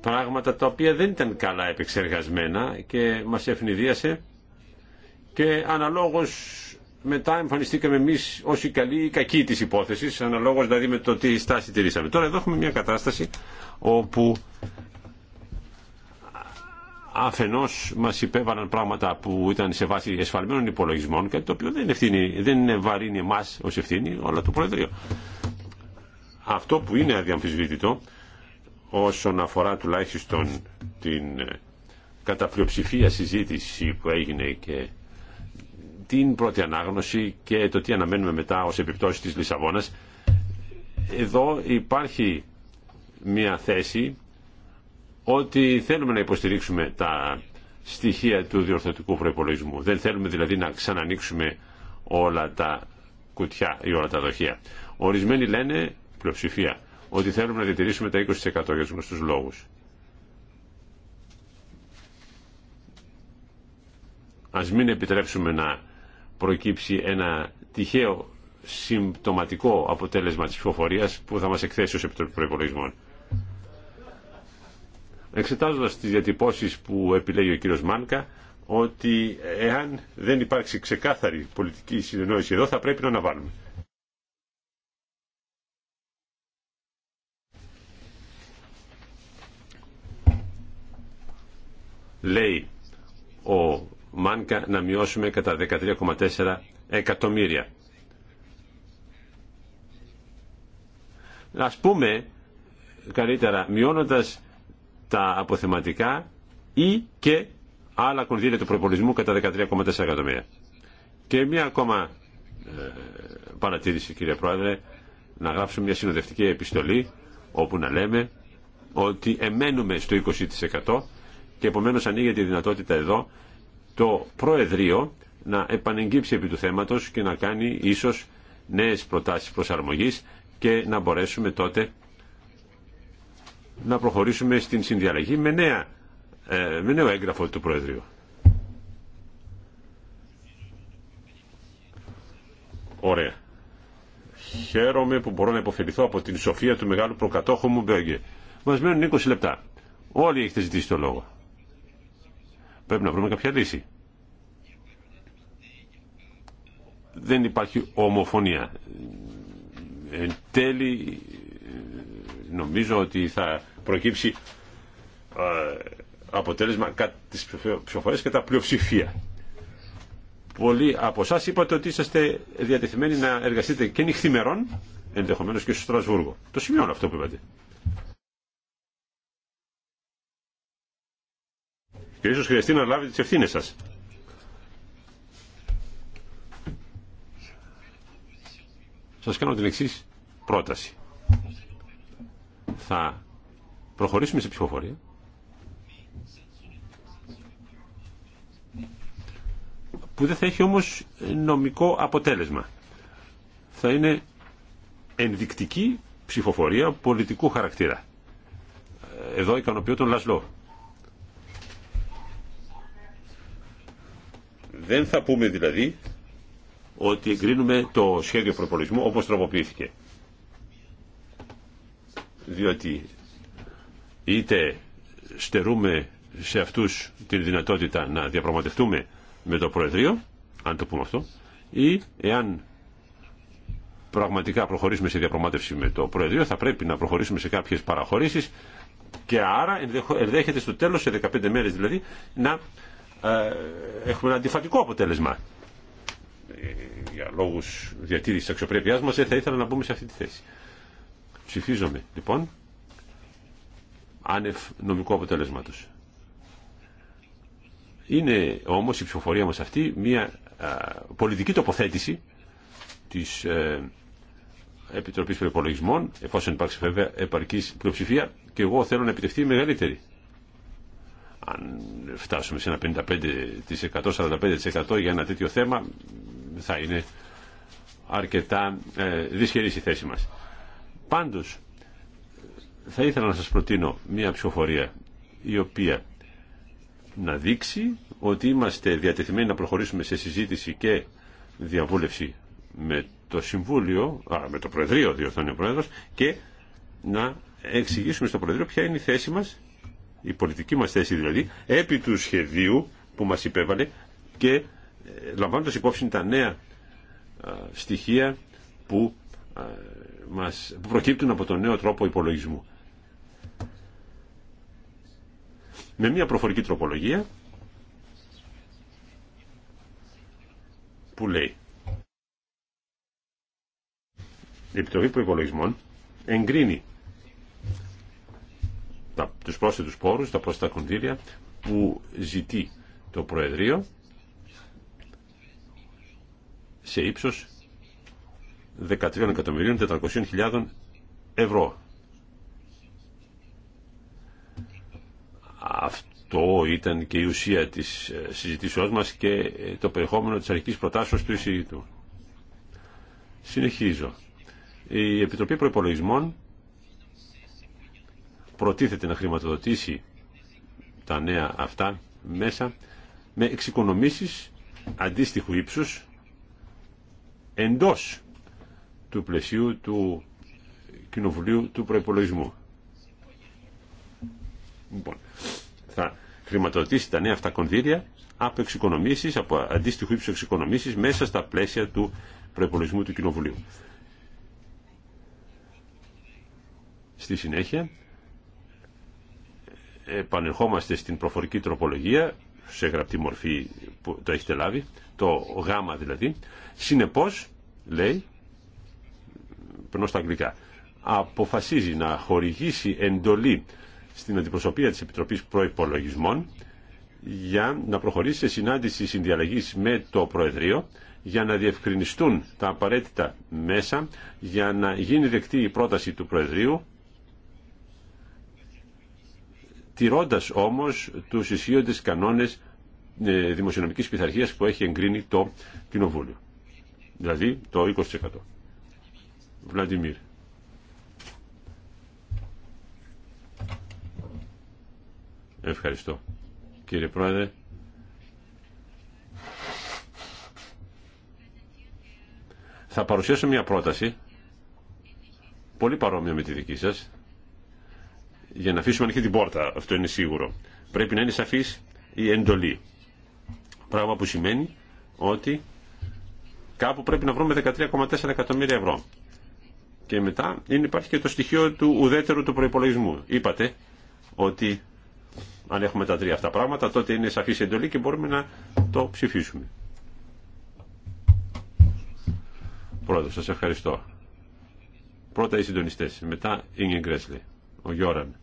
πράγματα τα οποία δεν ήταν καλά επεξεργασμένα και μας ευνηδίασε και αναλόγως μετά εμφανιστήκαμε εμείς ως οι καλοί ή οι κακοί της υπόθεσης αναλόγως δηλαδή με το τι στάση τηρήσαμε. Τώρα εδώ έχουμε μια κατάσταση όπου αφενός μας υπέβαλαν πράγματα που ήταν σε βάση εσφαλμένων υπολογισμών, κάτι το οποίο δεν, ευθύνη, δεν βαρύνει εμάς ως ευθύνη, όλα το Προεδρείο. Αυτό που είναι αδιαμφισβήτητο όσον αφορά τουλάχιστον την ε, κατά συζήτηση που έγινε και την πρώτη ανάγνωση και το τι αναμένουμε μετά ως επιπτώσεις της Λισαβόνας εδώ υπάρχει μια θέση ότι θέλουμε να υποστηρίξουμε τα στοιχεία του διορθωτικού προπολογισμού. Δεν θέλουμε δηλαδή να ξανανοίξουμε όλα τα κουτιά ή όλα τα δοχεία. Ορισμένοι λένε, πλειοψηφία, ότι θέλουμε να διατηρήσουμε τα 20% για τους λόγους. Ας μην επιτρέψουμε να προκύψει ένα τυχαίο συμπτωματικό αποτέλεσμα της ψηφοφορία που θα μας εκθέσει ως Επιτροπή Προϋπολογισμών εξετάζοντας τις διατυπώσεις που επιλέγει ο κύριος Μάνκα, ότι εάν δεν υπάρξει ξεκάθαρη πολιτική συνεννόηση εδώ θα πρέπει να αναβάλουμε. Λέει ο Μάνκα να μειώσουμε κατά 13,4 εκατομμύρια. Ας πούμε καλύτερα μειώνοντας τα αποθεματικά ή και άλλα κονδύλια του προπολισμού κατά 13,4 εκατομμύρια. Και μια ακόμα ε, παρατήρηση κύριε Πρόεδρε, να γράψουμε μια συνοδευτική επιστολή όπου να λέμε ότι εμένουμε στο 20% και επομένως ανοίγεται η δυνατότητα εδώ το Προεδρείο να επανεγκύψει επί του θέματος και να κάνει ίσως νέες προτάσεις προσαρμογής και να μπορέσουμε τότε να προχωρήσουμε στην συνδιαλλαγή με, νέα, ε, με νέο έγγραφο του Προεδρείου. Ωραία. Χαίρομαι που μπορώ να υποφεληθώ από την σοφία του μεγάλου προκατόχου μου Μπέγκε. Μας μένουν 20 λεπτά. Όλοι έχετε ζητήσει το λόγο. Πρέπει να βρούμε κάποια λύση. Δεν υπάρχει ομοφωνία. Εν τέλει ε, νομίζω ότι θα προκύψει ε, αποτέλεσμα της και τα πλειοψηφία. Πολλοί από εσά είπατε ότι είσαστε διατεθειμένοι να εργαστείτε και νυχθημερών, ενδεχομένω και στο Στρασβούργο. Το σημειώνω αυτό που είπατε. Και ίσω χρειαστεί να λάβετε τι ευθύνε σα. Σα κάνω την εξή πρόταση. Θα προχωρήσουμε σε ψηφοφορία. Που δεν θα έχει όμως νομικό αποτέλεσμα. Θα είναι ενδεικτική ψηφοφορία πολιτικού χαρακτήρα. Εδώ ικανοποιώ τον Λασλό. Δεν θα πούμε δηλαδή ότι εγκρίνουμε το σχέδιο προπολισμού όπως τροποποιήθηκε. Διότι είτε στερούμε σε αυτούς την δυνατότητα να διαπραγματευτούμε με το Προεδρείο, αν το πούμε αυτό, ή εάν πραγματικά προχωρήσουμε σε διαπραγμάτευση με το Προεδρείο, θα πρέπει να προχωρήσουμε σε κάποιες παραχωρήσεις και άρα ενδέχεται στο τέλος, σε 15 μέρες δηλαδή, να ε, έχουμε ένα αντιφατικό αποτέλεσμα. Για λόγους διατήρησης αξιοπρέπειάς μας, ε, θα ήθελα να μπούμε σε αυτή τη θέση. Ψηφίζομαι, λοιπόν άνευ νομικού αποτελέσματος. Είναι όμως η ψηφοφορία μας αυτή μια πολιτική τοποθέτηση της ε, Επιτροπής Προπολογισμών, εφόσον υπάρξει βέβαια επαρκής πλειοψηφία και εγώ θέλω να επιτευχθεί μεγαλύτερη. Αν φτάσουμε σε ένα 55%-45% για ένα τέτοιο θέμα θα είναι αρκετά ε, δυσχερής η θέση μας. Πάντως, θα ήθελα να σας προτείνω μια ψηφοφορία η οποία να δείξει ότι είμαστε διατεθειμένοι να προχωρήσουμε σε συζήτηση και διαβούλευση με το Συμβούλιο, α, με το Προεδρείο, διορθώνει ο Πρόεδρος, και να εξηγήσουμε στο Προεδρείο ποια είναι η θέση μας, η πολιτική μας θέση δηλαδή, επί του σχεδίου που μας υπέβαλε και ε, λαμβάνοντας υπόψη τα νέα στοιχεία που, μας, που προκύπτουν από τον νέο τρόπο υπολογισμού. με μια προφορική τροπολογία που λέει η Επιτροπή Προϋπολογισμών εγκρίνει τα, τους πρόσθετους πόρους, τα πρόσθετα κονδύλια που ζητεί το Προεδρείο σε ύψος 13.400.000 ευρώ. Αυτό ήταν και η ουσία της ε, συζητήσεώς μας και ε, το περιεχόμενο της αρχικής προτάσεως του εισηγητού. Συνεχίζω. Η Επιτροπή Προϋπολογισμών προτίθεται να χρηματοδοτήσει τα νέα αυτά μέσα με εξοικονομήσεις αντίστοιχου ύψους εντός του πλαισίου του Κοινοβουλίου του Προϋπολογισμού. Λοιπόν, θα χρηματοδοτήσει τα νέα αυτά κονδύλια από εξοικονομήσεις, από αντίστοιχου ύψου εξοικονομήσεις μέσα στα πλαίσια του προπολογισμού του Κοινοβουλίου. Στη συνέχεια, επανερχόμαστε στην προφορική τροπολογία, σε γραπτή μορφή που το έχετε λάβει, το γάμα δηλαδή. Συνεπώς, λέει, περνώ στα αγγλικά, αποφασίζει να χορηγήσει εντολή στην αντιπροσωπεία της Επιτροπής Προϋπολογισμών για να προχωρήσει σε συνάντηση συνδιαλλαγής με το Προεδρείο για να διευκρινιστούν τα απαραίτητα μέσα για να γίνει δεκτή η πρόταση του Προεδρείου τηρώντας όμως τους ισχύοντες κανόνες ε, δημοσιονομικής πειθαρχίας που έχει εγκρίνει το Κοινοβούλιο. Δηλαδή το 20%. Βλαντιμίρ. Ευχαριστώ. Κύριε Πρόεδρε, θα παρουσιάσω μια πρόταση πολύ παρόμοια με τη δική σας για να αφήσουμε ανοιχτή την πόρτα, αυτό είναι σίγουρο. Πρέπει να είναι σαφής η εντολή. Πράγμα που σημαίνει ότι κάπου πρέπει να βρούμε 13,4 εκατομμύρια ευρώ. Και μετά είναι, υπάρχει και το στοιχείο του ουδέτερου του προϋπολογισμού. Είπατε ότι αν έχουμε τα τρία αυτά πράγματα, τότε είναι σαφής εντολή και μπορούμε να το ψηφίσουμε. Πρώτα, σας ευχαριστώ. Πρώτα οι συντονιστές, μετά η Γκρέσλι, ο Γιώραν.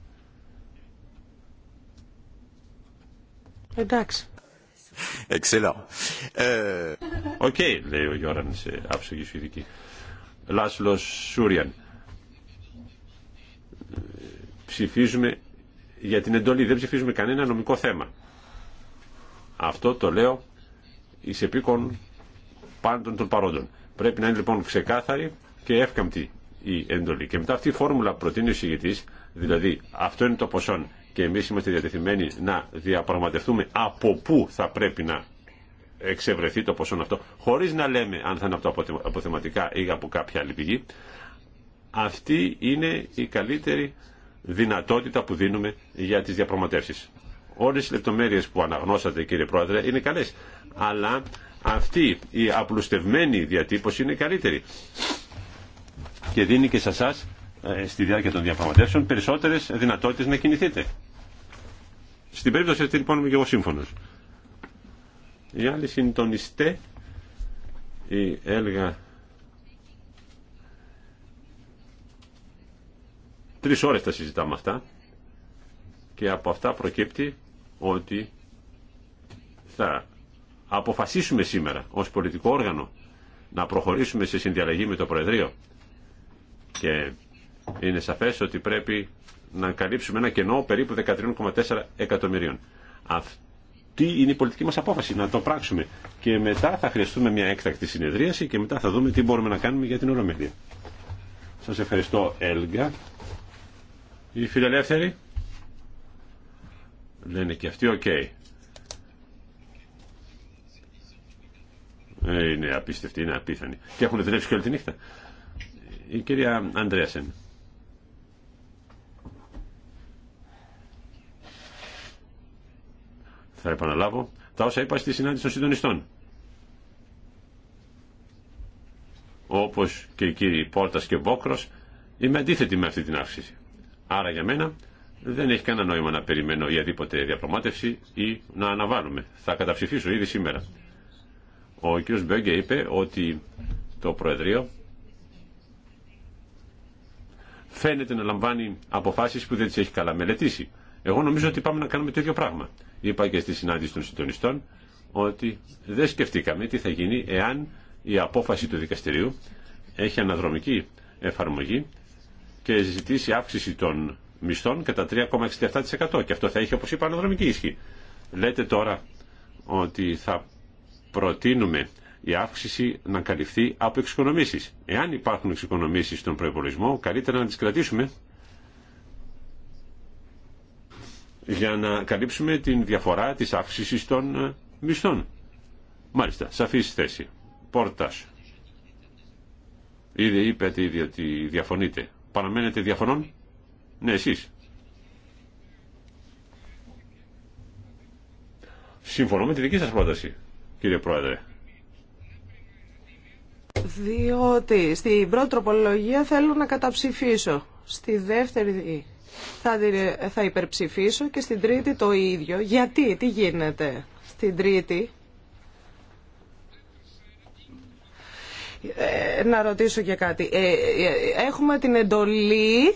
Εντάξει. Excellent. Ε, Οκ, λέει ο Γιώραν σε άψογη σφυρική. Λάσλος Σούριαν. Ε, ψηφίζουμε για την εντολή. Δεν ψηφίζουμε κανένα νομικό θέμα. Αυτό το λέω εις επίκον πάντων των παρόντων. Πρέπει να είναι λοιπόν ξεκάθαρη και εύκαμπτη η εντολή. Και μετά αυτή η φόρμουλα που προτείνει ο συγγητή, δηλαδή αυτό είναι το ποσό και εμείς είμαστε διατεθειμένοι να διαπραγματευτούμε από πού θα πρέπει να εξευρεθεί το ποσό αυτό, χωρί να λέμε αν θα είναι από αποθεματικά ή από κάποια άλλη πηγή, αυτή είναι η καλύτερη δυνατότητα που δίνουμε για τις διαπραγματεύσεις. Όλες οι λεπτομέρειες που αναγνώσατε κύριε Πρόεδρε είναι καλές, αλλά αυτή η απλουστευμένη διατύπωση είναι καλύτερη και δίνει και σε εσά ε, στη διάρκεια των διαπραγματεύσεων περισσότερες δυνατότητες να κινηθείτε. Στην περίπτωση αυτή λοιπόν είμαι και εγώ σύμφωνο. Οι άλλοι συντονιστέ, η Έλγα Τρεις ώρες τα συζητάμε αυτά και από αυτά προκύπτει ότι θα αποφασίσουμε σήμερα ως πολιτικό όργανο να προχωρήσουμε σε συνδιαλλαγή με το Προεδρείο και είναι σαφές ότι πρέπει να καλύψουμε ένα κενό περίπου 13,4 εκατομμυρίων. Αυτή είναι η πολιτική μας απόφαση να το πράξουμε και μετά θα χρειαστούμε μια έκτακτη συνεδρίαση και μετά θα δούμε τι μπορούμε να κάνουμε για την Ολομέλεια. Σας ευχαριστώ Έλγα. Οι φιλελεύθεροι. Λένε και αυτοί, οκ. Okay. Ε, είναι απίστευτοι, είναι απίθανοι. Και έχουν δουλέψει και όλη τη νύχτα. Η κυρία Αντρέασεν. Θα επαναλάβω τα όσα είπα στη συνάντηση των συντονιστών. Όπως και οι κύριοι Πόρτας και Βόκρος, είμαι αντίθετη με αυτή την αύξηση. Άρα για μένα δεν έχει κανένα νόημα να περιμένω οποιαδήποτε διαπραγμάτευση ή να αναβάλουμε. Θα καταψηφίσω ήδη σήμερα. Ο κ. Μπέγκε είπε ότι το Προεδρείο φαίνεται να λαμβάνει αποφάσεις που δεν τις έχει καλά μελετήσει. Εγώ νομίζω ότι πάμε να κάνουμε το ίδιο πράγμα. Είπα και στη συνάντηση των συντονιστών ότι δεν σκεφτήκαμε τι θα γίνει εάν η απόφαση του δικαστηρίου έχει αναδρομική εφαρμογή και ζητήσει αύξηση των μισθών κατά 3,67% και αυτό θα έχει όπως είπα αναδρομική ίσχυ. Λέτε τώρα ότι θα προτείνουμε η αύξηση να καλυφθεί από εξοικονομήσεις. Εάν υπάρχουν εξοικονομήσεις στον προϋπολογισμό, καλύτερα να τις κρατήσουμε για να καλύψουμε την διαφορά της αύξησης των ε, μισθών. Μάλιστα, σαφής θέση. Πόρτας. Ήδη είπε ήδη ότι διαφωνείτε. Παραμένετε διαφωνών. Ναι, εσείς. Συμφωνώ με τη δική σας πρόταση, κύριε Πρόεδρε. Διότι στην πρώτη τροπολογία θέλω να καταψηφίσω. Στη δεύτερη θα, θα υπερψηφίσω και στην τρίτη το ίδιο. Γιατί, τι γίνεται. Στην τρίτη Ε, να ρωτήσω και κάτι. Ε, ε, έχουμε την εντολή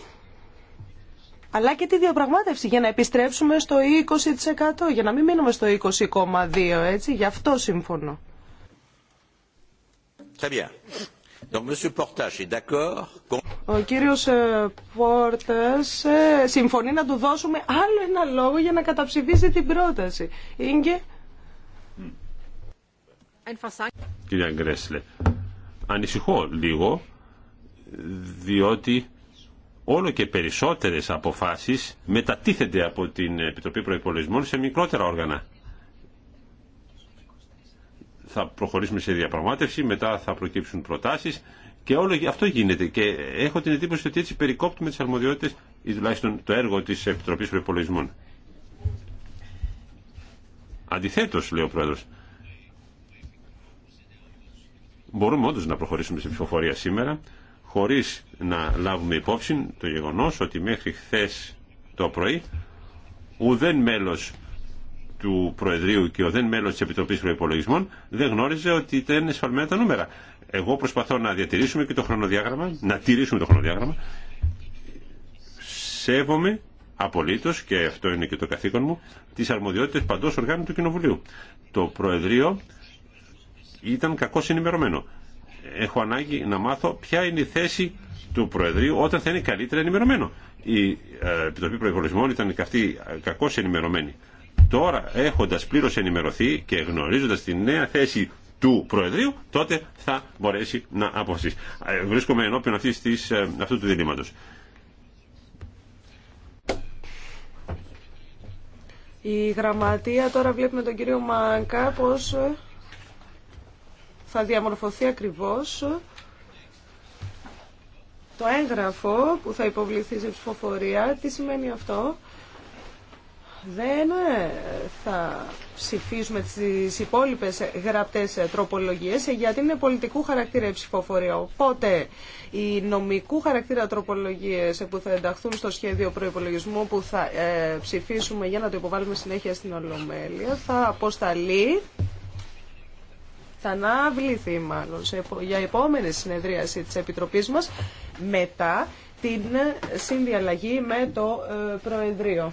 αλλά και τη διαπραγμάτευση για να επιστρέψουμε στο 20%, για να μην μείνουμε στο 20,2%, έτσι, γι' αυτό συμφωνώ. Très bien. Donc, monsieur est Ο κύριος Πόρτας συμφωνεί να του δώσουμε άλλο ένα λόγο για να καταψηφίσει την πρόταση. Ίγκε. Κυρία Γκρέσλε, ανησυχώ λίγο διότι όλο και περισσότερες αποφάσεις μετατίθενται από την Επιτροπή Προϋπολογισμών σε μικρότερα όργανα. Θα προχωρήσουμε σε διαπραγμάτευση, μετά θα προκύψουν προτάσεις και όλο αυτό γίνεται. Και έχω την εντύπωση ότι έτσι περικόπτουμε τις αρμοδιότητες ή τουλάχιστον το έργο της Επιτροπής Προϋπολογισμών. Αντιθέτως, λέει ο Πρόεδρος, μπορούμε όντω να προχωρήσουμε σε ψηφοφορία σήμερα χωρί να λάβουμε υπόψη το γεγονό ότι μέχρι χθε το πρωί ουδέν μέλο του Προεδρείου και ουδέν μέλο τη επιτροπή προπολογισμών, δεν γνώριζε ότι ήταν εσφαλμένα τα νούμερα. Εγώ προσπαθώ να διατηρήσουμε και το χρονοδιάγραμμα, να τηρήσουμε το χρονοδιάγραμμα. Σέβομαι απολύτω, και αυτό είναι και το καθήκον μου, τι αρμοδιότητε παντό οργάνου του Κοινοβουλίου. Το Προεδρείο ήταν κακό ενημερωμένο. Έχω ανάγκη να μάθω ποια είναι η θέση του Προεδρείου όταν θα είναι καλύτερα ενημερωμένο. Η ε, Επιτροπή Προϋπολογισμών ήταν αυτή ε, κακώς ενημερωμένη. Τώρα έχοντα πλήρω ενημερωθεί και γνωρίζοντας τη νέα θέση του Προεδρείου, τότε θα μπορέσει να αποφασίσει. Ε, βρίσκομαι ενώπιον αυτής αυτού του διλήμματος. Η γραμματεία τώρα βλέπουμε τον κύριο Μάνκα πως θα διαμορφωθεί ακριβώς το έγγραφο που θα υποβληθεί σε ψηφοφορία. Τι σημαίνει αυτό. Δεν ε, θα ψηφίσουμε τις υπόλοιπες γραπτές τροπολογίες ε, γιατί είναι πολιτικού χαρακτήρα η ψηφοφορία. Οπότε οι νομικού χαρακτήρα τροπολογίες που θα ενταχθούν στο σχέδιο προϋπολογισμού που θα ε, ψηφίσουμε για να το υποβάλουμε συνέχεια στην Ολομέλεια θα αποσταλεί θα αναβληθεί μάλλον σε, για επόμενη συνεδρίαση της Επιτροπής μας μετά την συνδιαλλαγή με το ε, Προεδρείο.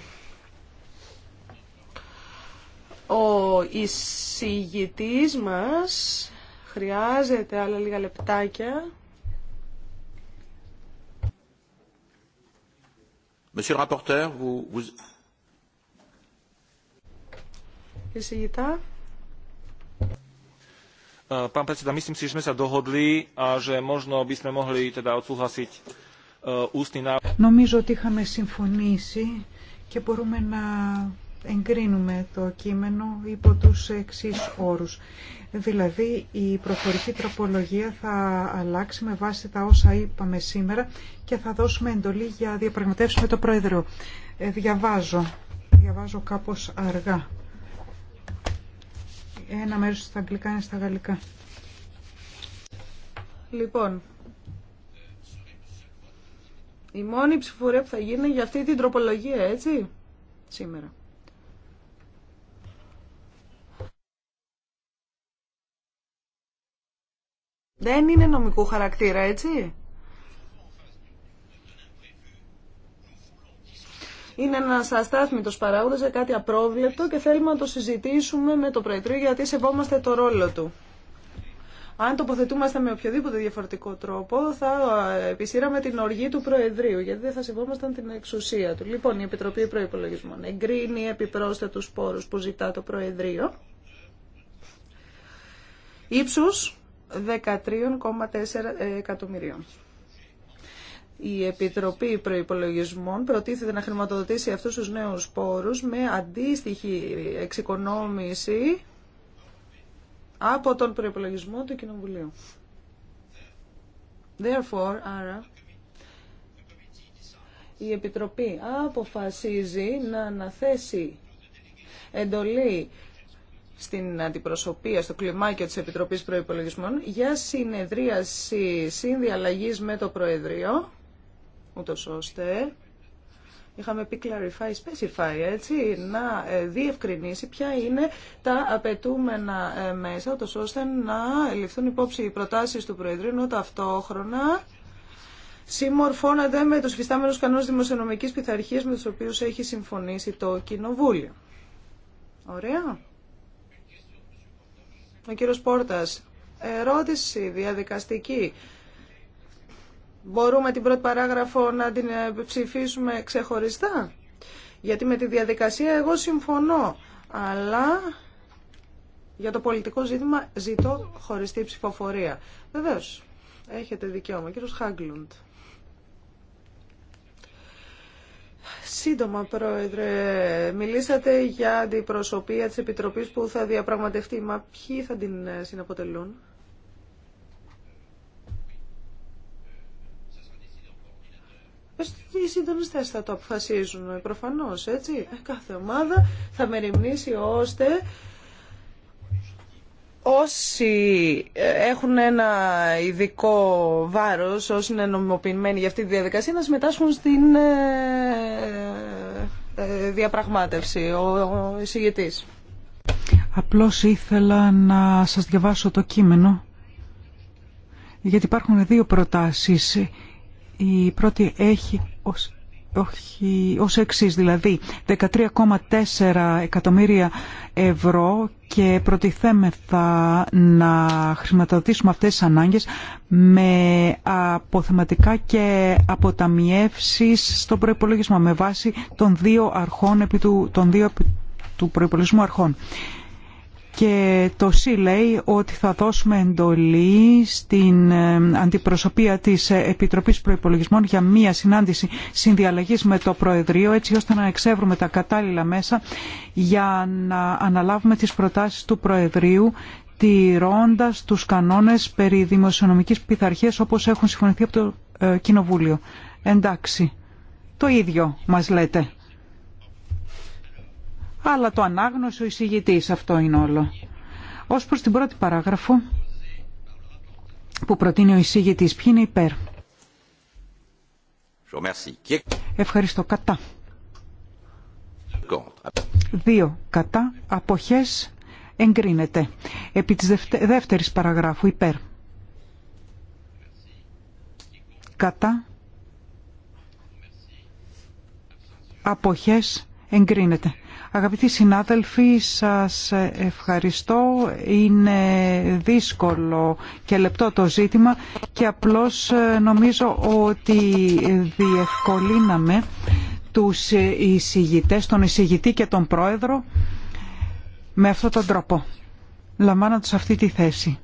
Ο εισηγητής μας χρειάζεται άλλα λίγα λεπτάκια. Monsieur le rapporteur, vous... vous... Νομίζω ότι είχαμε συμφωνήσει και μπορούμε να εγκρίνουμε το κείμενο υπό τους εξής όρους. Δηλαδή η προφορική τροπολογία θα αλλάξει με βάση τα όσα είπαμε σήμερα και θα δώσουμε εντολή για διαπραγματεύσεις με το Πρόεδρο. Ε, διαβάζω, διαβάζω κάπως αργά ένα μέρος στα αγγλικά, είναι στα γαλλικά. Λοιπόν, η μόνη ψηφορία που θα γίνει για αυτή την τροπολογία, έτσι, σήμερα. Δεν είναι νομικού χαρακτήρα, έτσι. είναι ένας παράγοντα παράγοντας, κάτι απρόβλεπτο και θέλουμε να το συζητήσουμε με το Προεδρείο γιατί σεβόμαστε το ρόλο του. Αν τοποθετούμαστε με οποιοδήποτε διαφορετικό τρόπο, θα επισύραμε την οργή του Προεδρείου, γιατί δεν θα σεβόμασταν την εξουσία του. Λοιπόν, η Επιτροπή Προπολογισμών εγκρίνει επιπρόσθετου πόρου που ζητά το Προεδρείο. Ύψου 13,4 εκατομμυρίων η Επιτροπή Προϋπολογισμών προτίθεται να χρηματοδοτήσει αυτούς τους νέους πόρους με αντίστοιχη εξοικονόμηση από τον προϋπολογισμό του Κοινοβουλίου. Therefore, άρα, η Επιτροπή αποφασίζει να αναθέσει εντολή στην αντιπροσωπεία, στο κλιμάκιο της Επιτροπής Προϋπολογισμών για συνεδρίαση συνδιαλλαγής με το Προεδρείο ούτως ώστε είχαμε πει clarify, specify, έτσι, να ε, διευκρινίσει ποια είναι τα απαιτούμενα ε, μέσα, ούτως ώστε να ληφθούν υπόψη οι προτάσεις του Προεδρείου, ενώ ταυτόχρονα συμμορφώνονται με τους φυστάμενους κανόνες δημοσιονομικής πειθαρχίας με τους οποίους έχει συμφωνήσει το Κοινοβούλιο. Ωραία. Ο κύριος Πόρτας, ερώτηση διαδικαστική. Μπορούμε την πρώτη παράγραφο να την ε, ψηφίσουμε ξεχωριστά. Γιατί με τη διαδικασία εγώ συμφωνώ. Αλλά για το πολιτικό ζήτημα ζητώ χωριστή ψηφοφορία. Βεβαίω, έχετε δικαίωμα. Κύριος Χάγκλουντ. Σύντομα, Πρόεδρε, μιλήσατε για αντιπροσωπεία της Επιτροπής που θα διαπραγματευτεί. Μα ποιοι θα την ε, συναποτελούν. Οι συντονιστέ θα το αποφασίζουν ε, προφανώ, έτσι. Ε, κάθε ομάδα θα μεριμνήσει ώστε όσοι ε, έχουν ένα ειδικό βάρος, όσοι είναι νομιμοποιημένοι για αυτή τη διαδικασία, να συμμετάσχουν στην διαπραγμάτευση, ο εισηγητή. Απλώς ήθελα να σας διαβάσω το κείμενο, γιατί υπάρχουν δύο προτάσεις. Η πρώτη έχει ως, όχι, ως εξής, δηλαδή 13,4 εκατομμύρια ευρώ και προτιθέμεθα να χρηματοδοτήσουμε αυτές τις ανάγκες με αποθεματικά και αποταμιεύσεις στο προϋπολογισμό με βάση των δύο αρχών, επί του, των δύο του προϋπολογισμού αρχών. Και το ΣΥ λέει ότι θα δώσουμε εντολή στην ε, αντιπροσωπεία της Επιτροπής Προϋπολογισμών για μία συνάντηση συνδιαλλαγής με το Προεδρείο έτσι ώστε να εξεύρουμε τα κατάλληλα μέσα για να αναλάβουμε τις προτάσεις του Προεδρείου τηρώντας τους κανόνες περί δημοσιονομικής πειθαρχίας όπως έχουν συμφωνηθεί από το ε, Κοινοβούλιο. Εντάξει, το ίδιο μας λέτε αλλά το ανάγνωσε ο εισηγητής, αυτό είναι όλο. Ως προς την πρώτη παράγραφο που προτείνει ο εισηγητής, ποιοι είναι υπέρ. Ευχαριστώ. Κατά. Δύο. Κατά. Αποχές. Εγκρίνεται. Επί της δεύτερης παραγράφου. Υπέρ. Κατά. Αποχές. Εγκρίνεται. Αγαπητοί συνάδελφοι, σας ευχαριστώ. Είναι δύσκολο και λεπτό το ζήτημα και απλώς ε, νομίζω ότι διευκολύναμε τους εισηγητές, τον εισηγητή και τον πρόεδρο με αυτόν τον τρόπο, λαμβάνοντας αυτή τη θέση.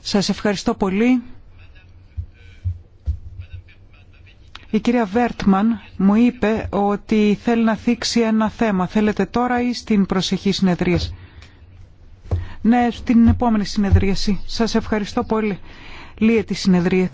Σας ευχαριστώ πολύ. Η κυρία Βέρτμαν μου είπε ότι θέλει να θίξει ένα θέμα. Θέλετε τώρα ή στην προσεχή συνεδρίαση. Ναι, στην επόμενη συνεδρίαση. Σας ευχαριστώ πολύ. Λύε τη συνεδρία.